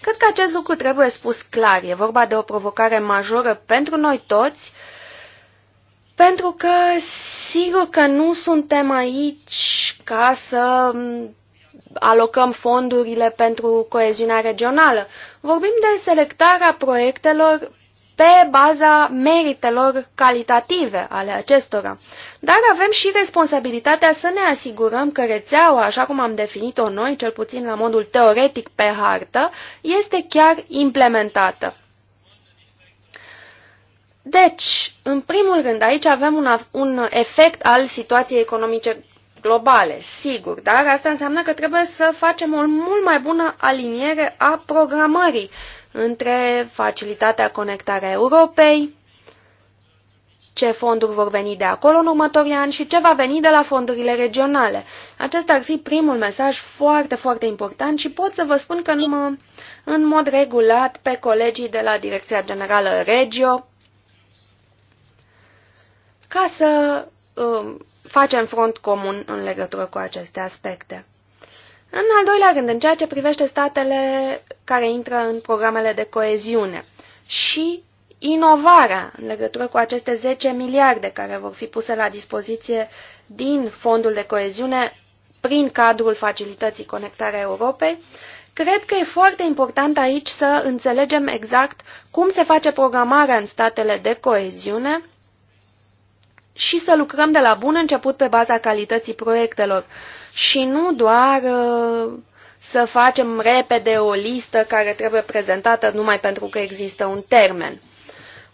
Cred că acest lucru trebuie spus clar. E vorba de o provocare majoră pentru noi toți, pentru că sigur că nu suntem aici ca să alocăm fondurile pentru coeziunea regională. Vorbim de selectarea proiectelor pe baza meritelor calitative ale acestora. Dar avem și responsabilitatea să ne asigurăm că rețeaua, așa cum am definit-o noi, cel puțin la modul teoretic pe hartă, este chiar implementată. Deci, în primul rând, aici avem un, un efect al situației economice globale, sigur, dar asta înseamnă că trebuie să facem o mult mai bună aliniere a programării între facilitatea conectarea Europei, ce fonduri vor veni de acolo în următorii ani și ce va veni de la fondurile regionale. Acesta ar fi primul mesaj foarte, foarte important și pot să vă spun că în mod regulat pe colegii de la Direcția Generală Regio ca să uh, facem front comun în legătură cu aceste aspecte. În al doilea rând, în ceea ce privește statele care intră în programele de coeziune și inovarea în legătură cu aceste 10 miliarde care vor fi puse la dispoziție din fondul de coeziune prin cadrul facilității conectarea Europei, cred că e foarte important aici să înțelegem exact cum se face programarea în statele de coeziune și să lucrăm de la bun început pe baza calității proiectelor și nu doar uh, să facem repede o listă care trebuie prezentată numai pentru că există un termen.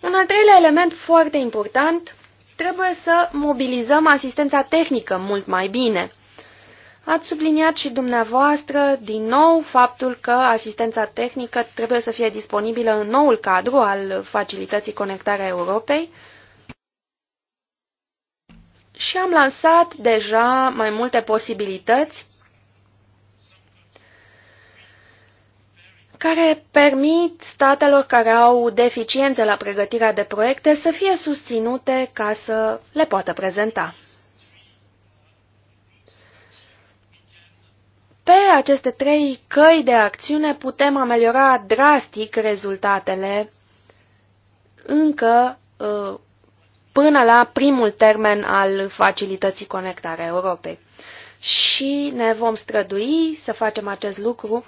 Un al treilea element foarte important, trebuie să mobilizăm asistența tehnică mult mai bine. Ați subliniat și dumneavoastră din nou faptul că asistența tehnică trebuie să fie disponibilă în noul cadru al Facilității Conectarea Europei, și am lansat deja mai multe posibilități care permit statelor care au deficiențe la pregătirea de proiecte să fie susținute ca să le poată prezenta. Pe aceste trei căi de acțiune putem ameliora drastic rezultatele încă uh, până la primul termen al facilității conectare Europei. Și ne vom strădui să facem acest lucru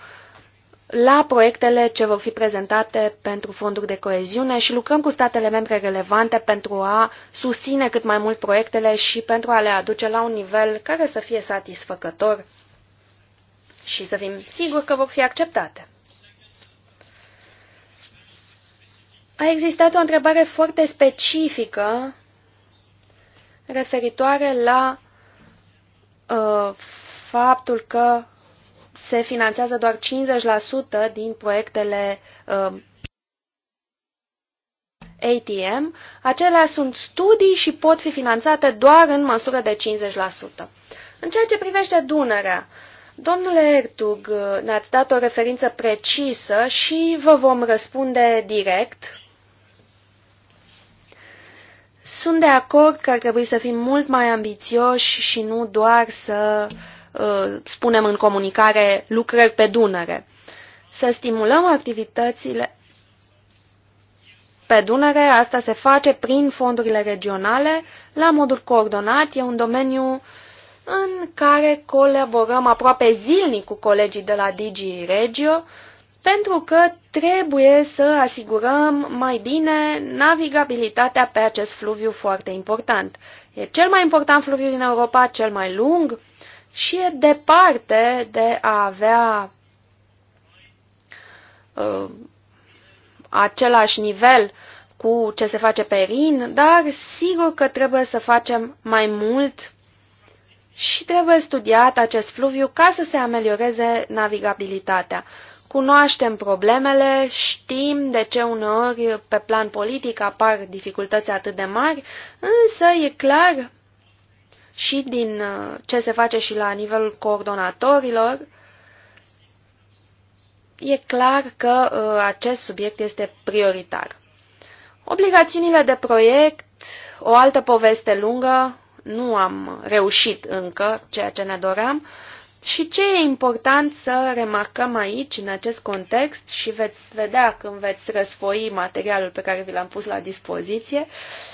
la proiectele ce vor fi prezentate pentru fonduri de coeziune și lucrăm cu statele membre relevante pentru a susține cât mai mult proiectele și pentru a le aduce la un nivel care să fie satisfăcător și să fim siguri că vor fi acceptate. A existat o întrebare foarte specifică referitoare la uh, faptul că se finanțează doar 50% din proiectele uh, ATM. Acelea sunt studii și pot fi finanțate doar în măsură de 50%. În ceea ce privește Dunărea, domnule Ertug, ne-ați dat o referință precisă și vă vom răspunde direct sunt de acord că ar trebui să fim mult mai ambițioși și nu doar să uh, spunem în comunicare lucrări pe Dunăre. Să stimulăm activitățile pe Dunăre, asta se face prin fondurile regionale, la modul coordonat, e un domeniu în care colaborăm aproape zilnic cu colegii de la Digi Regio, pentru că Trebuie să asigurăm mai bine navigabilitatea pe acest fluviu foarte important. E cel mai important fluviu din Europa, cel mai lung și e departe de a avea uh, același nivel cu ce se face pe Rin, dar sigur că trebuie să facem mai mult și trebuie studiat acest fluviu ca să se amelioreze navigabilitatea. Cunoaștem problemele, știm de ce uneori pe plan politic apar dificultăți atât de mari, însă e clar și din uh, ce se face și la nivelul coordonatorilor, e clar că uh, acest subiect este prioritar. Obligațiunile de proiect, o altă poveste lungă, nu am reușit încă ceea ce ne doream, și ce e important să remarcăm aici, în acest context, și veți vedea când veți răsfoi materialul pe care vi l-am pus la dispoziție,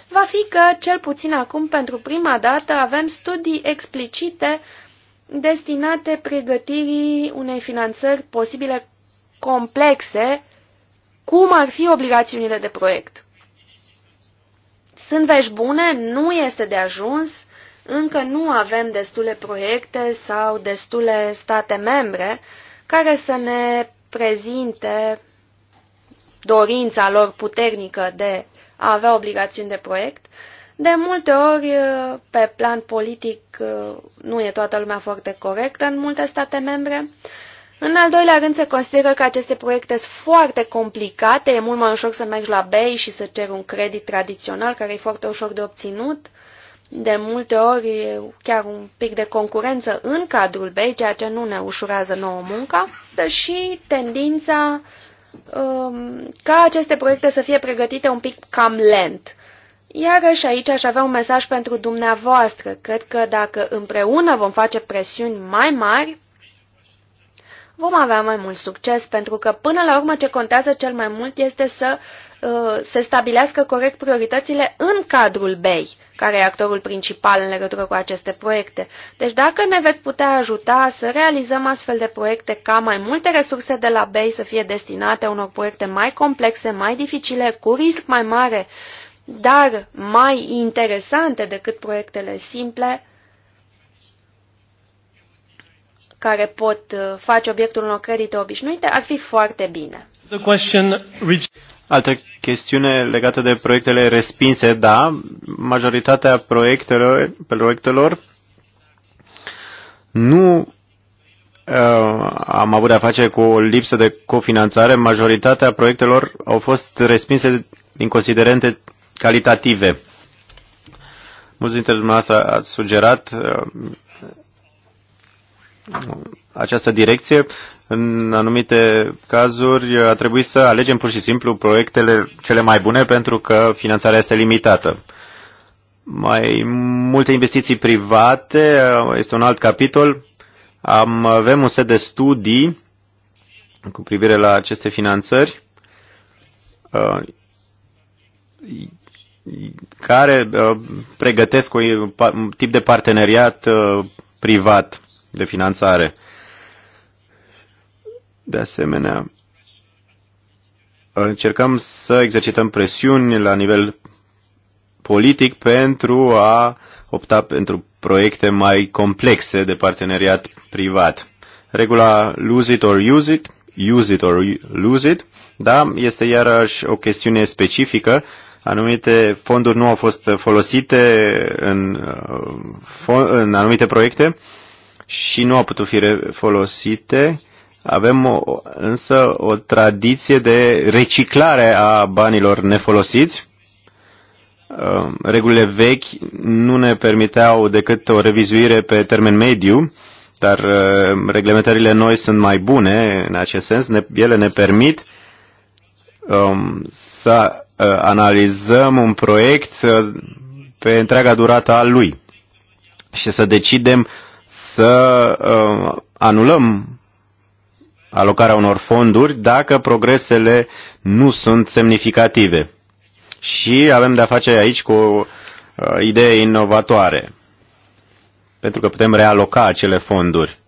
va fi că, cel puțin acum, pentru prima dată, avem studii explicite destinate pregătirii unei finanțări posibile complexe, cum ar fi obligațiunile de proiect. Sunt vești bune, nu este de ajuns, încă nu avem destule proiecte sau destule state membre care să ne prezinte dorința lor puternică de a avea obligațiuni de proiect. De multe ori, pe plan politic, nu e toată lumea foarte corectă în multe state membre. În al doilea rând, se consideră că aceste proiecte sunt foarte complicate, e mult mai ușor să mergi la BEI și să ceri un credit tradițional, care e foarte ușor de obținut de multe ori chiar un pic de concurență în cadrul BEI, ceea ce nu ne ușurează nouă munca, dar și tendința um, ca aceste proiecte să fie pregătite un pic cam lent. Iarăși aici aș avea un mesaj pentru dumneavoastră. Cred că dacă împreună vom face presiuni mai mari, vom avea mai mult succes, pentru că până la urmă ce contează cel mai mult este să uh, Uh, se stabilească corect prioritățile în cadrul BEI, care e actorul principal în legătură cu aceste proiecte. Deci dacă ne veți putea ajuta să realizăm astfel de proiecte ca mai multe resurse de la BEI să fie destinate unor proiecte mai complexe, mai dificile, cu risc mai mare, dar mai interesante decât proiectele simple, care pot uh, face obiectul unor credite obișnuite, ar fi foarte bine. Altă chestiune legată de proiectele respinse, da, majoritatea proiectelor, proiectelor nu uh, am avut de-a face cu o lipsă de cofinanțare, majoritatea proiectelor au fost respinse din considerente calitative. Mulți dintre dumneavoastră ați sugerat uh, această direcție. În anumite cazuri a trebuit să alegem pur și simplu proiectele cele mai bune pentru că finanțarea este limitată. Mai multe investiții private este un alt capitol. Am, avem un set de studii cu privire la aceste finanțări uh, care uh, pregătesc un tip de parteneriat uh, privat de finanțare. De asemenea, încercăm să exercităm presiuni la nivel politic pentru a opta pentru proiecte mai complexe de parteneriat privat. Regula lose it or use it, use it or lose it, da, este iarăși o chestiune specifică. Anumite fonduri nu au fost folosite în, uh, în anumite proiecte și nu au putut fi folosite avem o, însă o tradiție de reciclare a banilor nefolosiți. Uh, regulile vechi nu ne permiteau decât o revizuire pe termen mediu, dar uh, reglementările noi sunt mai bune în acest sens. Ne, ele ne permit um, să uh, analizăm un proiect pe întreaga durată a lui și să decidem să anulăm alocarea unor fonduri dacă progresele nu sunt semnificative. Și avem de-a face aici cu o uh, idee inovatoare, pentru că putem realoca acele fonduri.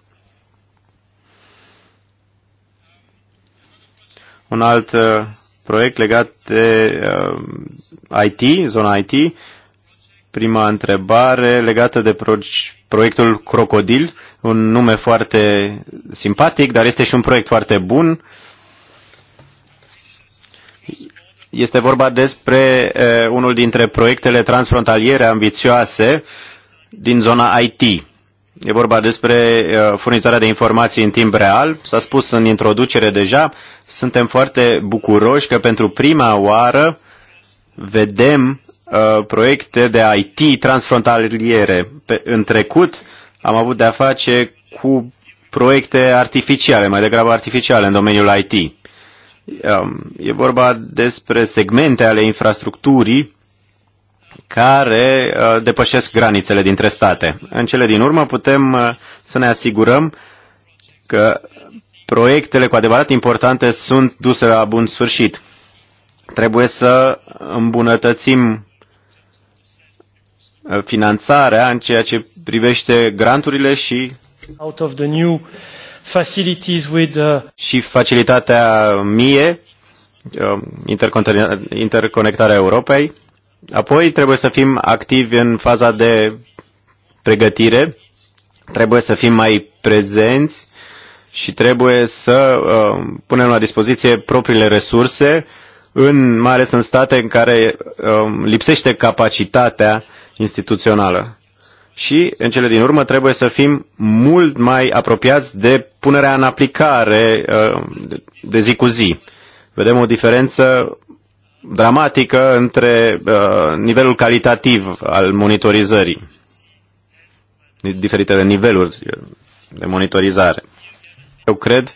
Un alt uh, proiect legat de uh, IT, zona IT, prima întrebare legată de proiectul Crocodil, un nume foarte simpatic, dar este și un proiect foarte bun. Este vorba despre uh, unul dintre proiectele transfrontaliere ambițioase din zona IT. E vorba despre uh, furnizarea de informații în timp real. S-a spus în introducere deja, suntem foarte bucuroși că pentru prima oară vedem uh, proiecte de IT transfrontaliere. Pe, în trecut, uh, am avut de-a face cu proiecte artificiale, mai degrabă artificiale în domeniul IT. Um, e vorba despre segmente ale infrastructurii care uh, depășesc granițele dintre state. În cele din urmă putem uh, să ne asigurăm că proiectele cu adevărat importante sunt duse la bun sfârșit. Trebuie să îmbunătățim uh, finanțarea în ceea ce privește granturile și out of the new facilities with the... Uh, și facilitatea MIE, um, interconectarea Europei. Apoi trebuie să fim activi în faza de pregătire, trebuie să fim mai prezenți și trebuie să uh, punem la dispoziție propriile resurse, în, mai ales în state în care uh, lipsește capacitatea instituțională și, în cele din urmă, trebuie să fim mult mai apropiați de punerea în aplicare uh, de zi cu zi. Vedem o diferență dramatică între uh, nivelul calitativ al monitorizării, diferitele niveluri de monitorizare. Eu cred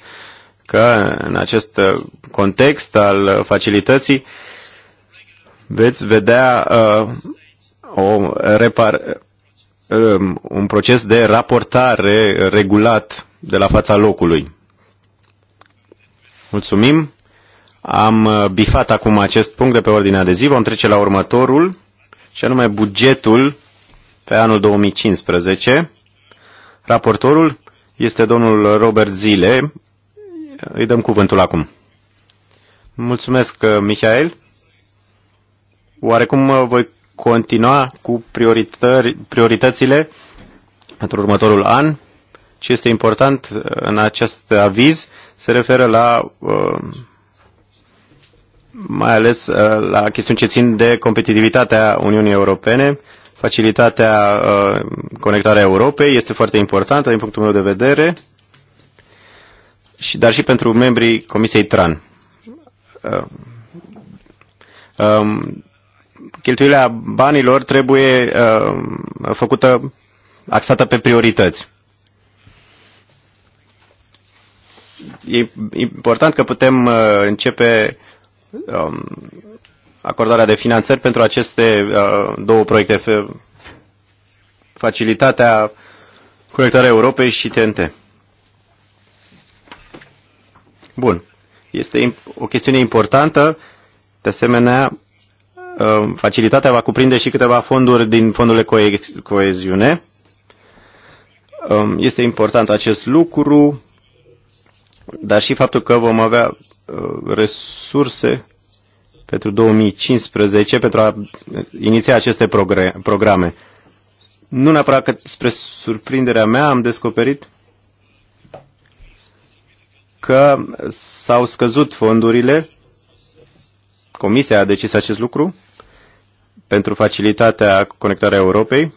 că în acest uh, context al facilității veți vedea uh, o repar Um, un proces de raportare regulat de la fața locului. Mulțumim. Am uh, bifat acum acest punct de pe ordinea de zi. Vom trece la următorul, și anume bugetul pe anul 2015. Raportorul este domnul Robert Zile. Îi dăm cuvântul acum. Mulțumesc, uh, Mihail. Oarecum uh, voi continua cu prioritățile pentru următorul an. Ce este important uh, în acest aviz se referă la uh, mai ales uh, la chestiuni ce țin de competitivitatea Uniunii Europene. Facilitatea conectarea Europei este foarte importantă din punctul meu de vedere, și, dar și pentru membrii Comisiei TRAN. Um, cheltuirea banilor trebuie uh, făcută, axată pe priorități. E important că putem uh, începe um, acordarea de finanțări pentru aceste uh, două proiecte, facilitatea colectarea Europei și TNT. Bun. Este o chestiune importantă. De asemenea, Ehm, facilitatea va cuprinde și câteva fonduri din fondurile coeziune. Ehm, este important acest lucru, dar și faptul că vom avea ehm, resurse pentru 2015 pentru a iniția aceste programe. Nu neapărat că spre surprinderea mea am descoperit că s-au scăzut fondurile Comisia a decis acest lucru pentru facilitatea conectarea Europei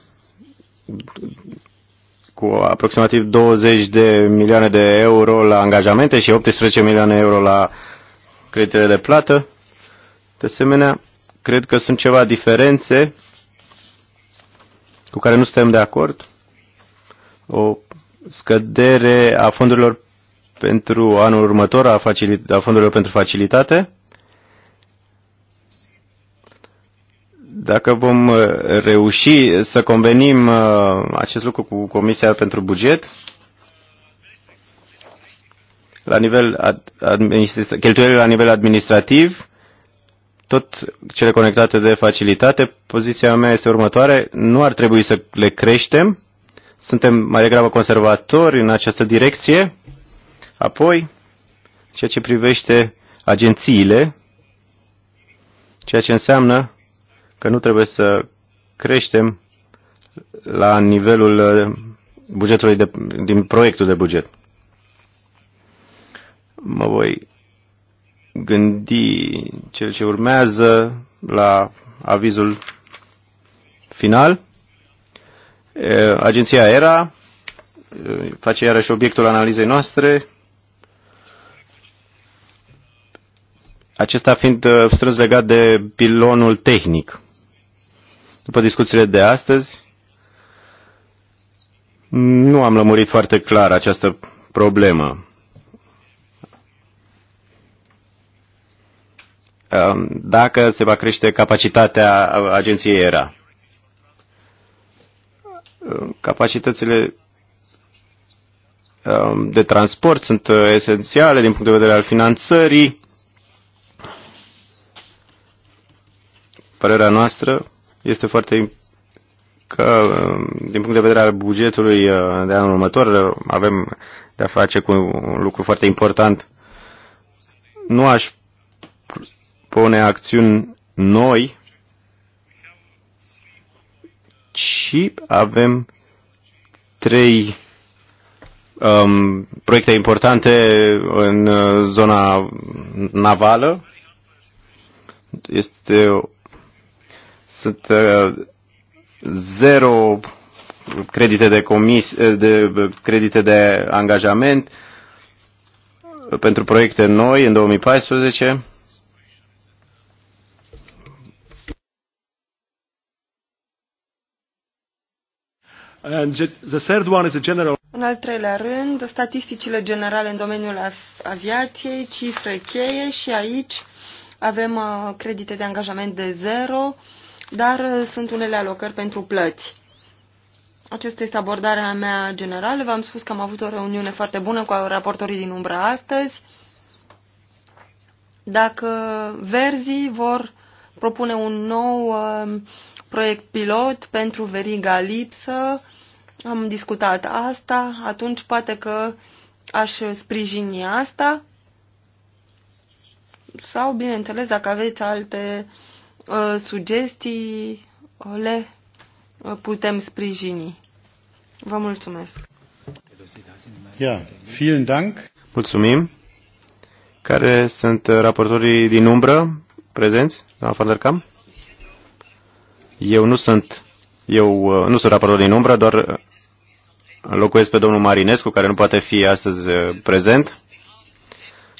cu aproximativ 20 de milioane de euro la angajamente și 18 milioane de euro la creditele de plată. De asemenea, cred că sunt ceva diferențe cu care nu suntem de acord. O scădere a fondurilor pentru anul următor, a, facilit- a fondurilor pentru facilitate Dacă vom uh, reuși să convenim uh, acest lucru cu Comisia pentru Buget, la nivel cheltuielile la nivel administrativ, tot cele conectate de facilitate, poziția mea este următoare, nu ar trebui să le creștem, suntem mai degrabă conservatori în această direcție, apoi, ceea ce privește agențiile, ceea ce înseamnă că nu trebuie să creștem la nivelul uh, bugetului de, din proiectul de buget. Mă voi gândi cel ce urmează la avizul final. Uh, agenția ERA uh, face iarăși obiectul analizei noastre, acesta fiind strâns legat de pilonul tehnic. După discuțiile de astăzi, nu am lămurit foarte clar această problemă. Dacă se va crește capacitatea agenției ERA. Capacitățile de transport sunt esențiale din punct de vedere al finanțării. Părerea noastră este foarte că, um, din punct de vedere al bugetului uh, de anul următor, uh, avem de-a face cu un lucru foarte important. Nu aș pune acțiuni noi, ci avem trei um, proiecte importante în uh, zona navală. Este sunt uh, zero credite de, comis, uh, de uh, credite de angajament pentru proiecte noi în 2014. And the third one is a general... În al treilea rând, statisticile generale în domeniul aviației, cifre cheie și aici avem credite de angajament de zero, dar uh, sunt unele alocări pentru plăți. Aceasta este abordarea mea generală. V-am spus că am avut o reuniune foarte bună cu raportorii din umbra astăzi. Dacă verzii vor propune un nou uh, proiect pilot pentru veriga lipsă, am discutat asta, atunci poate că aș sprijini asta. Sau, bineînțeles, dacă aveți alte uh, Uh, sugestii le uh, putem sprijini. Vă mulțumesc. Ja, vielen Dank. Mulțumim. Care sunt raportorii din umbră prezenți, la Van der Eu nu sunt, eu uh, nu sunt raportor din umbră, doar locuiesc pe domnul Marinescu, care nu poate fi astăzi prezent.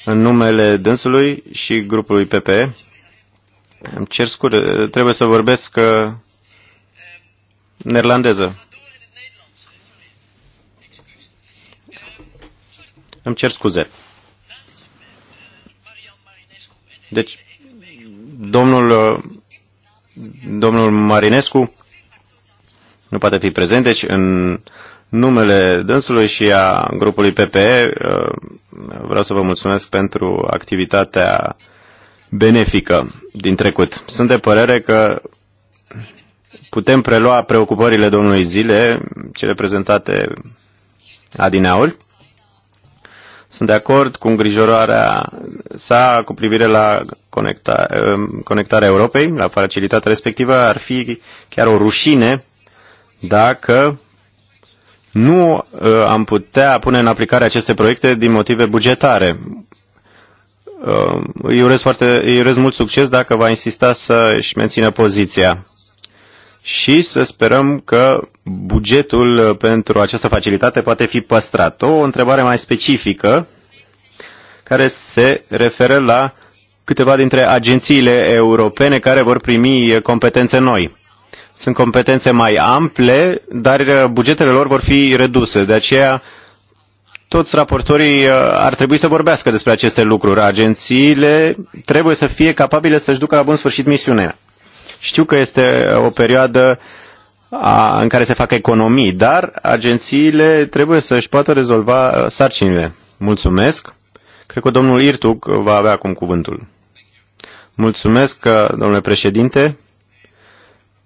În numele dânsului și grupului PPE, îmi cer scure, trebuie să vorbesc uh, neerlandeză. Îmi cer scuze. Deci, domnul, uh, domnul Marinescu nu poate fi prezent, deci în numele dânsului și a grupului PPE uh, vreau să vă mulțumesc pentru activitatea benefică din trecut. Sunt de părere că putem prelua preocupările domnului Zile, cele prezentate adineauri. Sunt de acord cu îngrijorarea sa cu privire la conecta, ehm, conectarea Europei, la facilitatea respectivă. Ar fi chiar o rușine dacă nu ă, am putea pune în aplicare aceste proiecte din motive bugetare. Uh, îi urez, foarte, îi urez mult succes dacă va insista să își mențină poziția. Și să sperăm că bugetul uh, pentru această facilitate poate fi păstrat. O întrebare mai specifică care se referă la câteva dintre agențiile europene care vor primi uh, competențe noi. Sunt competențe mai ample, dar bugetele lor vor fi reduse. De aceea toți raportorii uh, ar trebui să vorbească despre aceste lucruri. Agențiile trebuie să fie capabile să-și ducă la bun sfârșit misiunea. Știu că este o perioadă a, în care se fac economii, dar agențiile trebuie să-și poată rezolva uh, sarcinile. Mulțumesc. Cred că domnul Irtuc va avea acum cuvântul. Mulțumesc, uh, domnule președinte.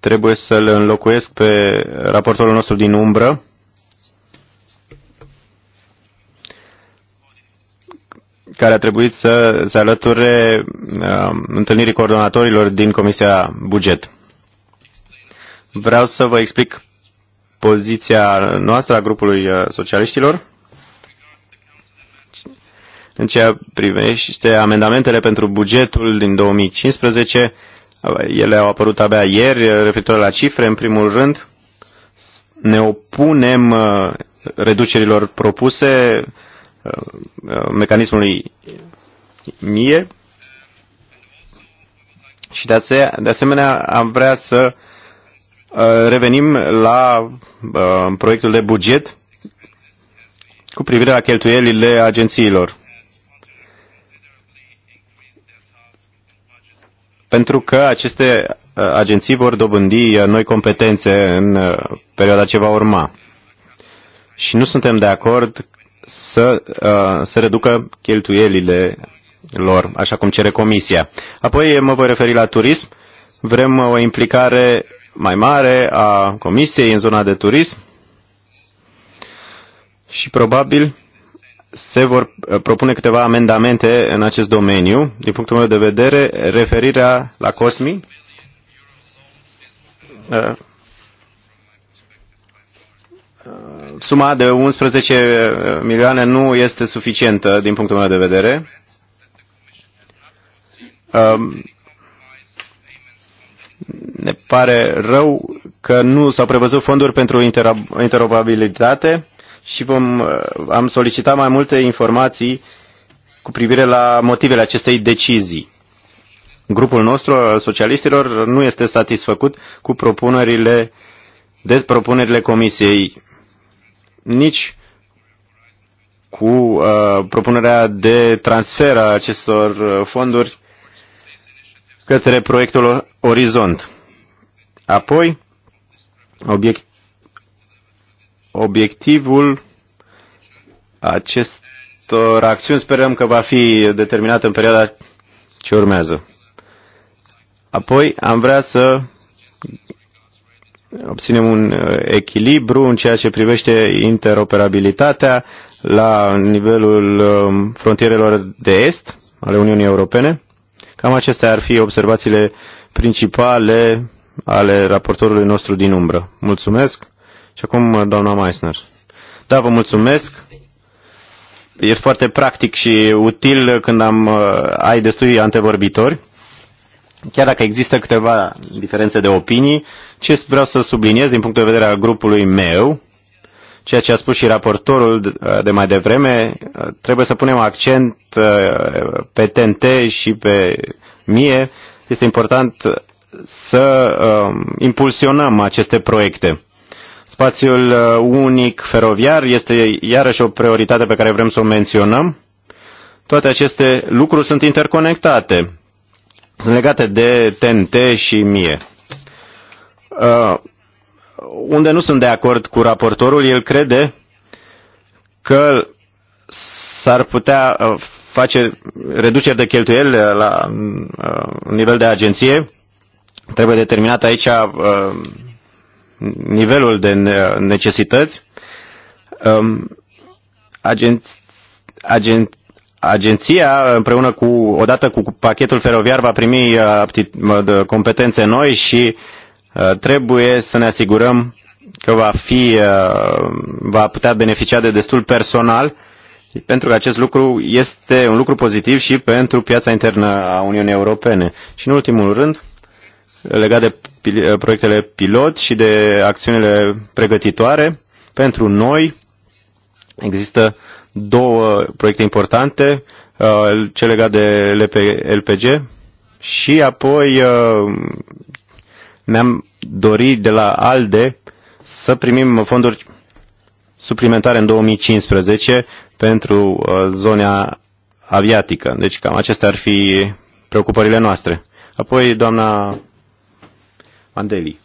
Trebuie să-l înlocuiesc pe raportorul nostru din umbră care a trebuit să se alăture uh, întâlnirii coordonatorilor din Comisia Buget. Vreau să vă explic poziția noastră a grupului uh, socialiștilor în ceea privește amendamentele pentru bugetul din 2015. Ele au apărut abia ieri, uh, referitor la cifre, în primul rând. Ne opunem uh, reducerilor propuse Uh, uh, mecanismului mie și de asemenea am vrea să uh, revenim la proiectul de buget cu privire la cheltuielile agențiilor. Pentru că aceste agenții vor dobândi noi competențe în perioada ce va urma. Și nu suntem de acord să uh, se reducă cheltuielile lor, așa cum cere Comisia. Apoi mă voi referi la turism. Vrem o implicare mai mare a Comisiei în zona de turism și probabil se vor uh, propune câteva amendamente în acest domeniu. Din punctul meu de vedere, referirea la COSMI uh, suma de 11 uh, milioane nu este suficientă din punctul meu de vedere. Um, ne pare rău că nu s-au prevăzut fonduri pentru interoperabilitate și vom, uh, am solicitat mai multe informații cu privire la motivele acestei decizii. Grupul nostru al socialiștilor nu este satisfăcut cu propunerile, de propunerile Comisiei nici cu uh, propunerea de transfer a acestor uh, fonduri către proiectul Orizont. Apoi, obiect, obiectivul acestor acțiuni sperăm că va fi determinat în perioada ce urmează. Apoi am vrea să obținem un uh, echilibru în ceea ce privește interoperabilitatea la nivelul um, frontierelor de est ale Uniunii Europene. Cam acestea ar fi observațiile principale ale raportorului nostru din umbră. Mulțumesc. Și acum uh, doamna Meissner. Da, vă mulțumesc. E foarte practic și util când am, uh, ai destui antevorbitori. Chiar dacă există câteva diferențe de opinii, ce vreau să subliniez din punctul de vedere al grupului meu, ceea ce a spus și raportorul de mai devreme, trebuie să punem accent uh, pe TNT și pe mie. Este important să um, impulsionăm aceste proiecte. Spațiul uh, unic feroviar este iarăși o prioritate pe care vrem să o menționăm. Toate aceste lucruri sunt interconectate sunt legate de TNT și mie. Uh, unde nu sunt de acord cu raportorul, el crede că s-ar putea uh, face reduceri de cheltuieli la uh, nivel de agenție. Trebuie determinat aici uh, nivelul de necesități. Agenț, um, agenț, agenția împreună cu, odată cu pachetul feroviar va primi uh, competențe noi și uh, trebuie să ne asigurăm că va, fi, uh, va putea beneficia de destul personal pentru că acest lucru este un lucru pozitiv și pentru piața internă a Uniunii Europene. Și în ultimul rând, legat de proiectele pilot și de acțiunile pregătitoare, pentru noi există două proiecte importante, uh, cel legat de LPG și apoi uh, ne-am dorit de la ALDE să primim fonduri suplimentare în 2015 pentru uh, zona aviatică. Deci cam acestea ar fi preocupările noastre. Apoi doamna Mandeli.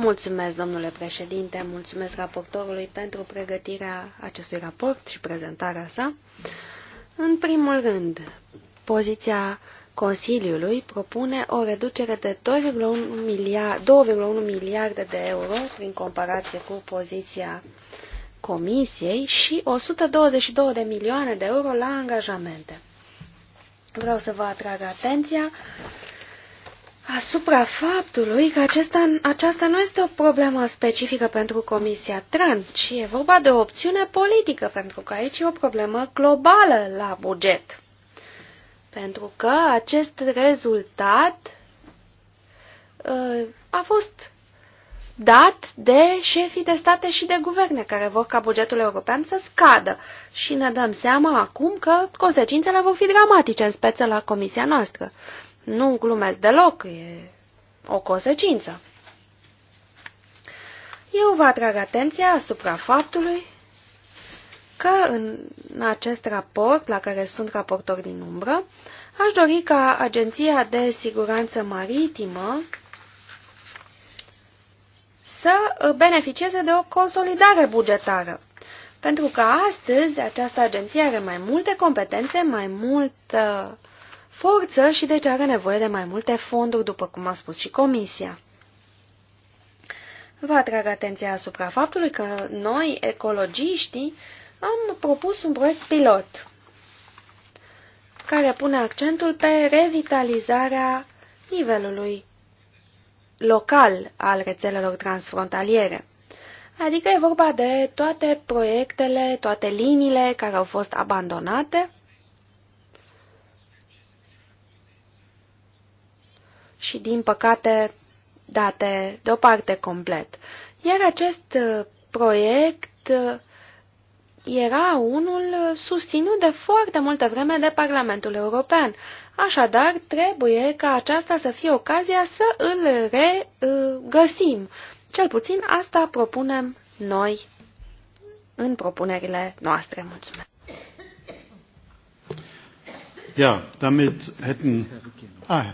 Mulțumesc, domnule președinte, mulțumesc raportorului pentru pregătirea acestui raport și prezentarea sa. În primul rând, poziția Consiliului propune o reducere de 2,1 miliarde, miliarde de euro prin comparație cu poziția Comisiei și 122 de milioane de euro la angajamente. Vreau să vă atrag atenția asupra faptului că acesta, aceasta nu este o problemă specifică pentru Comisia Tran, ci e vorba de o opțiune politică, pentru că aici e o problemă globală la buget. Pentru că acest rezultat uh, a fost dat de șefii de state și de guverne care vor ca bugetul european să scadă. Și ne dăm seama acum că consecințele vor fi dramatice, în speță la comisia noastră. Nu glumesc deloc, e o consecință. Eu vă atrag atenția asupra faptului că în acest raport, la care sunt raportor din umbră, aș dori ca Agenția de Siguranță Maritimă să beneficieze de o consolidare bugetară. Pentru că astăzi această agenție are mai multe competențe, mai multă forță și deci are nevoie de mai multe fonduri, după cum a spus și Comisia. Vă atrag atenția asupra faptului că noi, ecologiștii, am propus un proiect pilot care pune accentul pe revitalizarea nivelului local al rețelelor transfrontaliere. Adică e vorba de toate proiectele, toate liniile care au fost abandonate și, din păcate, date deoparte complet. Iar acest uh, proiect uh, era unul susținut de foarte multă vreme de Parlamentul European. Așadar, trebuie ca aceasta să fie ocazia să îl regăsim. Cel puțin asta propunem noi în propunerile noastre. Mulțumesc! damit Ah,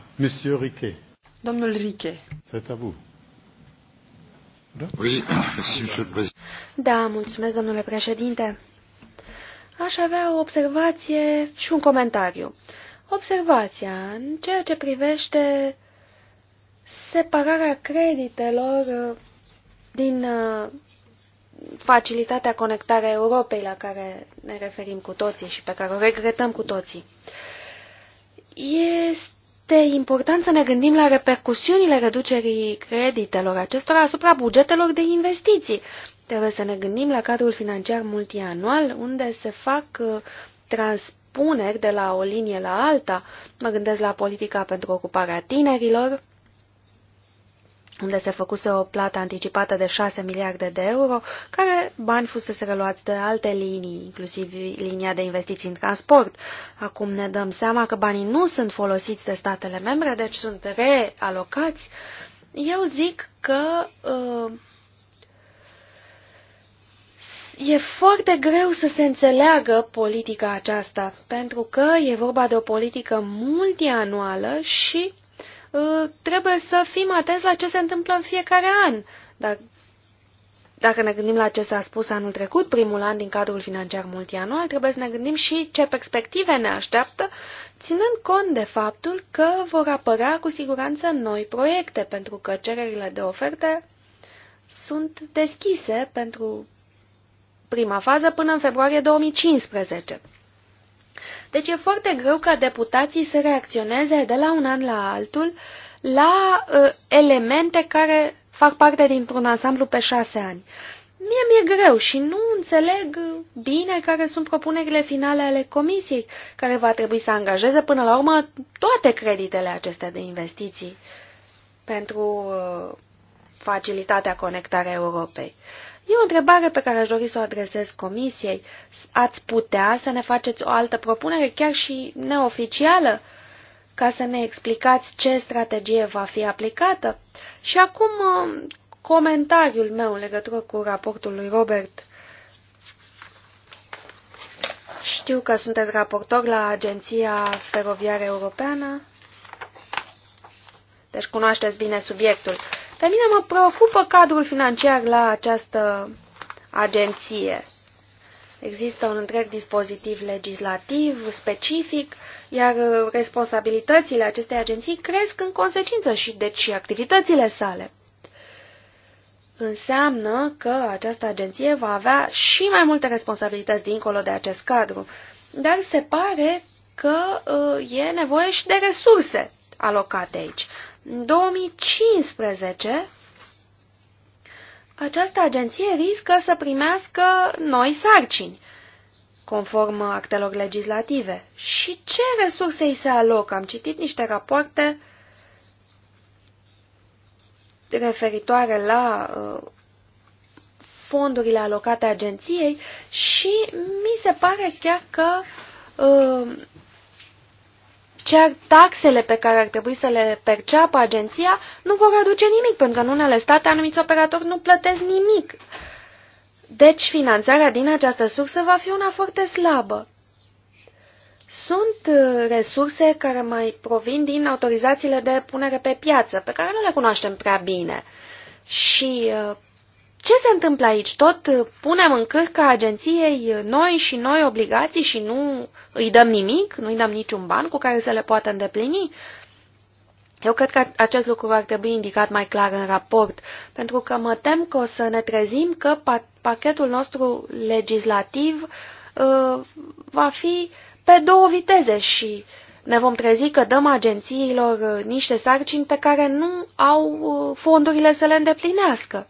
Domnul Riquet. Da, mulțumesc, domnule președinte. Aș avea o observație și un comentariu. Observația în ceea ce privește separarea creditelor uh, din uh, facilitatea conectarea Europei la care ne referim cu toții și pe care o regretăm cu toții. Uh, este important să ne gândim la repercusiunile reducerii creditelor acestora asupra bugetelor de investiții. Trebuie să ne gândim la cadrul financiar multianual, unde se fac uh, transpuneri de la o linie la alta. Mă gândesc la politica pentru ocuparea tinerilor, unde se făcuse o plată anticipată de 6 miliarde de euro, care bani fusese reluați de alte linii, inclusiv linia de investiții în transport. Acum ne dăm seama că banii nu sunt folosiți de statele membre, deci sunt realocați. Eu zic că uh, e foarte greu să se înțeleagă politica aceasta, pentru că e vorba de o politică multianuală și Uh, trebuie să fim atenți la ce se întâmplă în fiecare an. Dar dacă ne gândim la ce s-a spus anul trecut, primul an din cadrul financiar multianual, trebuie să ne gândim și ce perspective ne așteaptă, ținând cont de faptul că vor apărea cu siguranță noi proiecte, pentru că cererile de oferte sunt deschise pentru prima fază până în februarie 2015. Deci e foarte greu ca deputații să reacționeze de la un an la altul la uh, elemente care fac parte dintr-un ansamblu pe șase ani. Mie mi-e greu și nu înțeleg bine care sunt propunerile finale ale comisiei, care va trebui să angajeze până la urmă toate creditele acestea de investiții pentru ă, facilitatea conectarea Europei. E o întrebare pe care aș dori să o adresez comisiei. Ați putea să ne faceți o altă propunere, chiar și neoficială, ca să ne explicați ce strategie va fi aplicată? Și acum uh, comentariul meu în legătură cu raportul lui Robert. Știu că sunteți raportor la Agenția Feroviară Europeană, deci cunoașteți bine subiectul. Pe mine mă preocupă cadrul financiar la această agenție. Există un întreg dispozitiv legislativ specific, iar responsabilitățile acestei agenții cresc în consecință și deci și activitățile sale. Înseamnă că această agenție va avea și mai multe responsabilități dincolo de acest cadru, dar se pare că uh, e nevoie și de resurse alocate aici. În 2015, această agenție riscă să primească noi sarcini, conform actelor legislative. Și ce resurse îi se alocă? Am citit niște rapoarte referitoare la uh, fondurile alocate agenției și mi se pare chiar că uh, Chiar taxele pe care ar trebui să le perceapă agenția nu vor aduce nimic, pentru că în unele state anumiți operatori nu plătesc nimic. Deci finanțarea din această sursă va fi una foarte slabă. Sunt uh, resurse care mai provin din autorizațiile de punere pe piață, pe care nu le cunoaștem prea bine. Și uh, ce se întâmplă aici? Tot uh, punem în cârca agenției uh, noi și noi obligații și nu îi dăm nimic, nu îi dăm niciun ban cu care să le poată îndeplini? Eu cred că acest lucru ar trebui indicat mai clar în raport, pentru că mă tem că o să ne trezim că pachetul nostru legislativ uh, va fi pe două viteze și ne vom trezi că dăm agențiilor uh, niște sarcini pe care nu au fondurile să le îndeplinească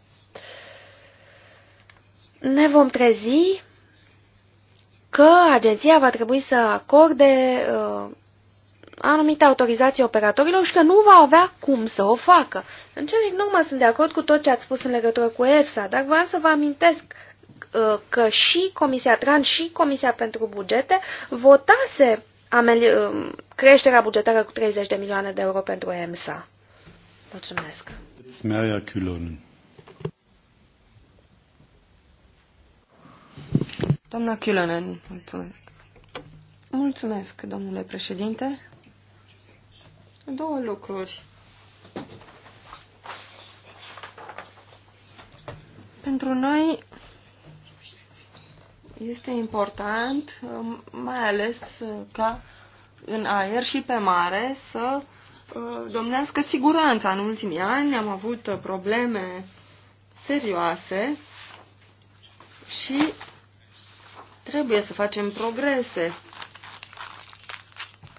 ne vom trezi că agenția va trebui să acorde uh, anumite autorizații operatorilor și că nu va avea cum să o facă. În cele din urmă sunt de acord cu tot ce ați spus în legătură cu EFSA, dar vreau să vă amintesc uh, că și Comisia Tran și Comisia pentru Bugete votase uh, creșterea bugetară cu 30 de milioane de euro pentru EMSA. Mulțumesc. Smeria Doamna Chiulenen, mulțumesc. Mulțumesc, domnule președinte. Două lucruri. Pentru noi este important, um, mai ales uh, ca în aer și pe mare, să uh, domnească siguranța. În ultimii ani am avut uh, probleme serioase și Trebuie să facem progrese,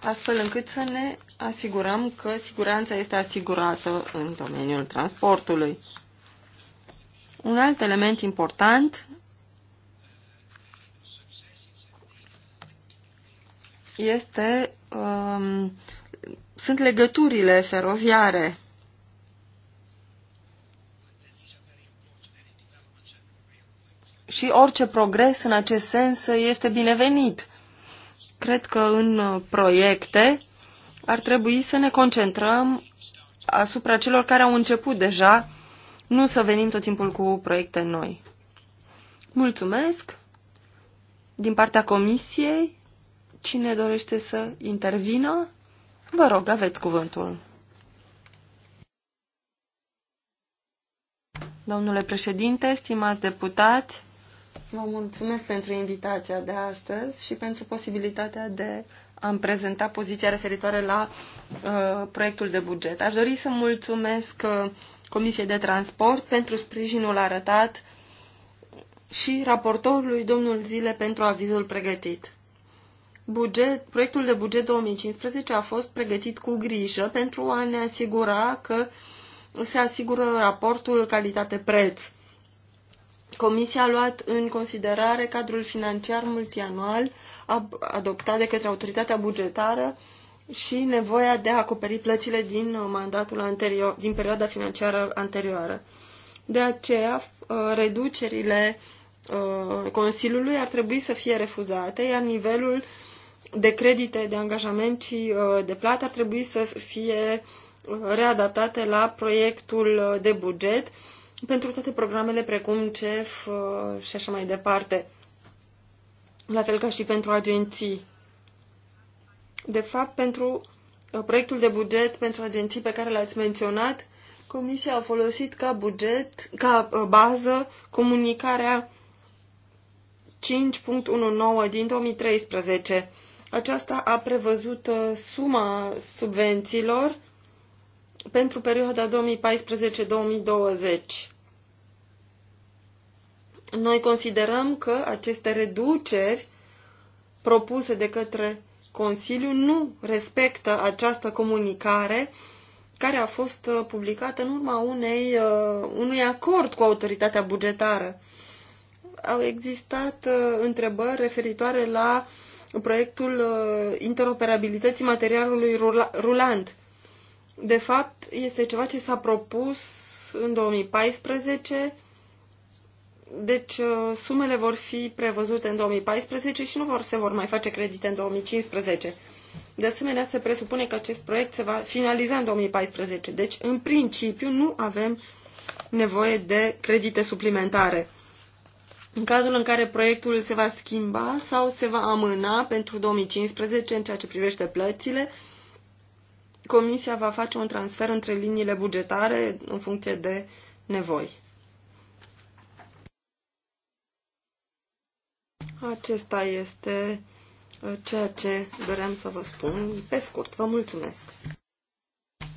astfel încât să ne asigurăm că siguranța este asigurată în domeniul transportului. Un alt element important este um, sunt legăturile feroviare. și orice progres în acest sens este binevenit. Cred că în uh, proiecte ar trebui să ne concentrăm asupra celor care au început deja, nu să venim tot timpul cu proiecte noi. Mulțumesc! Din partea comisiei, cine dorește să intervină, vă rog, aveți cuvântul. Domnule președinte, stimați deputați, Vă mulțumesc pentru invitația de astăzi și pentru posibilitatea de a-mi prezenta poziția referitoare la uh, proiectul de buget. Aș dori să mulțumesc uh, Comisiei de Transport pentru sprijinul arătat și raportorului domnul Zile pentru avizul pregătit. Buget, proiectul de buget 2015 a fost pregătit cu grijă pentru a ne asigura că se asigură raportul calitate-preț Comisia a luat în considerare cadrul financiar multianual adoptat de către autoritatea bugetară și nevoia de a acoperi plățile din mandatul anterior, din perioada financiară anterioară. De aceea, uh, reducerile uh, Consiliului ar trebui să fie refuzate, iar nivelul de credite, de angajament și uh, de plată ar trebui să fie readaptate la proiectul de buget pentru toate programele precum CEF uh, și așa mai departe, la fel ca și pentru agenții. De fapt, pentru uh, proiectul de buget pentru agenții pe care l-ați menționat, Comisia a folosit ca buget, ca uh, bază, comunicarea 5.19 din 2013. Aceasta a prevăzut suma subvențiilor pentru perioada 2014-2020. Noi considerăm că aceste reduceri propuse de către Consiliu nu respectă această comunicare care a fost uh, publicată în urma unei, uh, unui acord cu autoritatea bugetară. Au existat uh, întrebări referitoare la proiectul interoperabilității materialului rulant. De fapt, este ceva ce s-a propus în 2014 deci uh, sumele vor fi prevăzute în 2014 și nu vor, se vor mai face credite în 2015. De asemenea, se presupune că acest proiect se va finaliza în 2014. Deci, în principiu, nu avem nevoie de credite suplimentare. În cazul în care proiectul se va schimba sau se va amâna pentru 2015 în ceea ce privește plățile, Comisia va face un transfer între liniile bugetare în funcție de nevoi. Acesta este uh, ceea ce doream să vă spun pe scurt. Vă mulțumesc!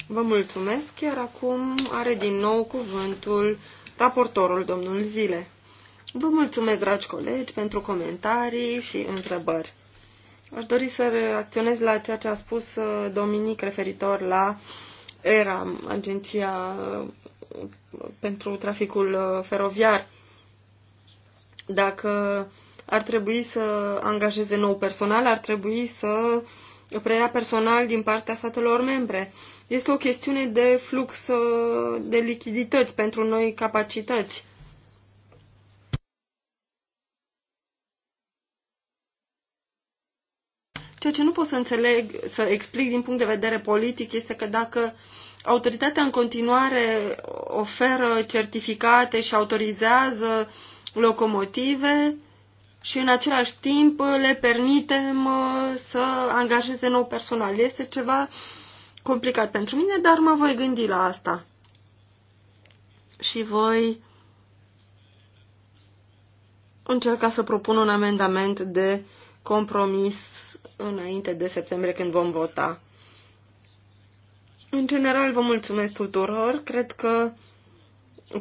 Vă mulțumesc, iar acum are din nou cuvântul raportorul domnul Zile. Vă mulțumesc, dragi colegi, pentru comentarii și întrebări. Aș dori să reacționez la ceea ce a spus uh, Dominic referitor la ERA, Agenția uh, pentru Traficul Feroviar. Dacă ar trebui să angajeze nou personal, ar trebui să preia personal din partea statelor membre. Este o chestiune de flux uh, de lichidități pentru noi capacități. Ceea ce nu pot să înțeleg, să explic din punct de vedere politic, este că dacă autoritatea în continuare oferă certificate și autorizează locomotive, și în același timp le permitem uh, să angajeze nou personal. Este ceva complicat pentru mine, dar mă voi gândi la asta. Și voi încerca să propun un amendament de compromis înainte de septembrie când vom vota. În general, vă mulțumesc tuturor. Cred că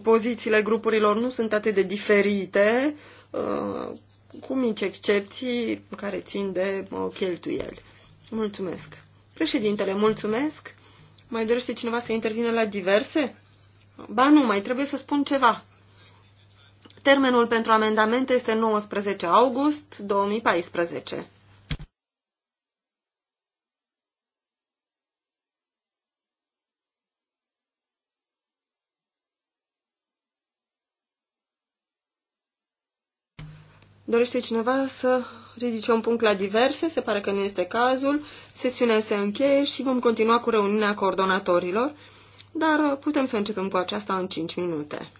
pozițiile grupurilor nu sunt atât de diferite uh, cu mici excepții care țin de cheltuieli. Mulțumesc. Președintele, mulțumesc. Mai dorește cineva să intervină la diverse? Ba nu, mai trebuie să spun ceva. Termenul pentru amendamente este 19 august 2014. Dorește cineva să ridice un punct la diverse? Se pare că nu este cazul. Sesiunea se încheie și vom continua cu reuniunea coordonatorilor, dar putem să începem cu aceasta în 5 minute.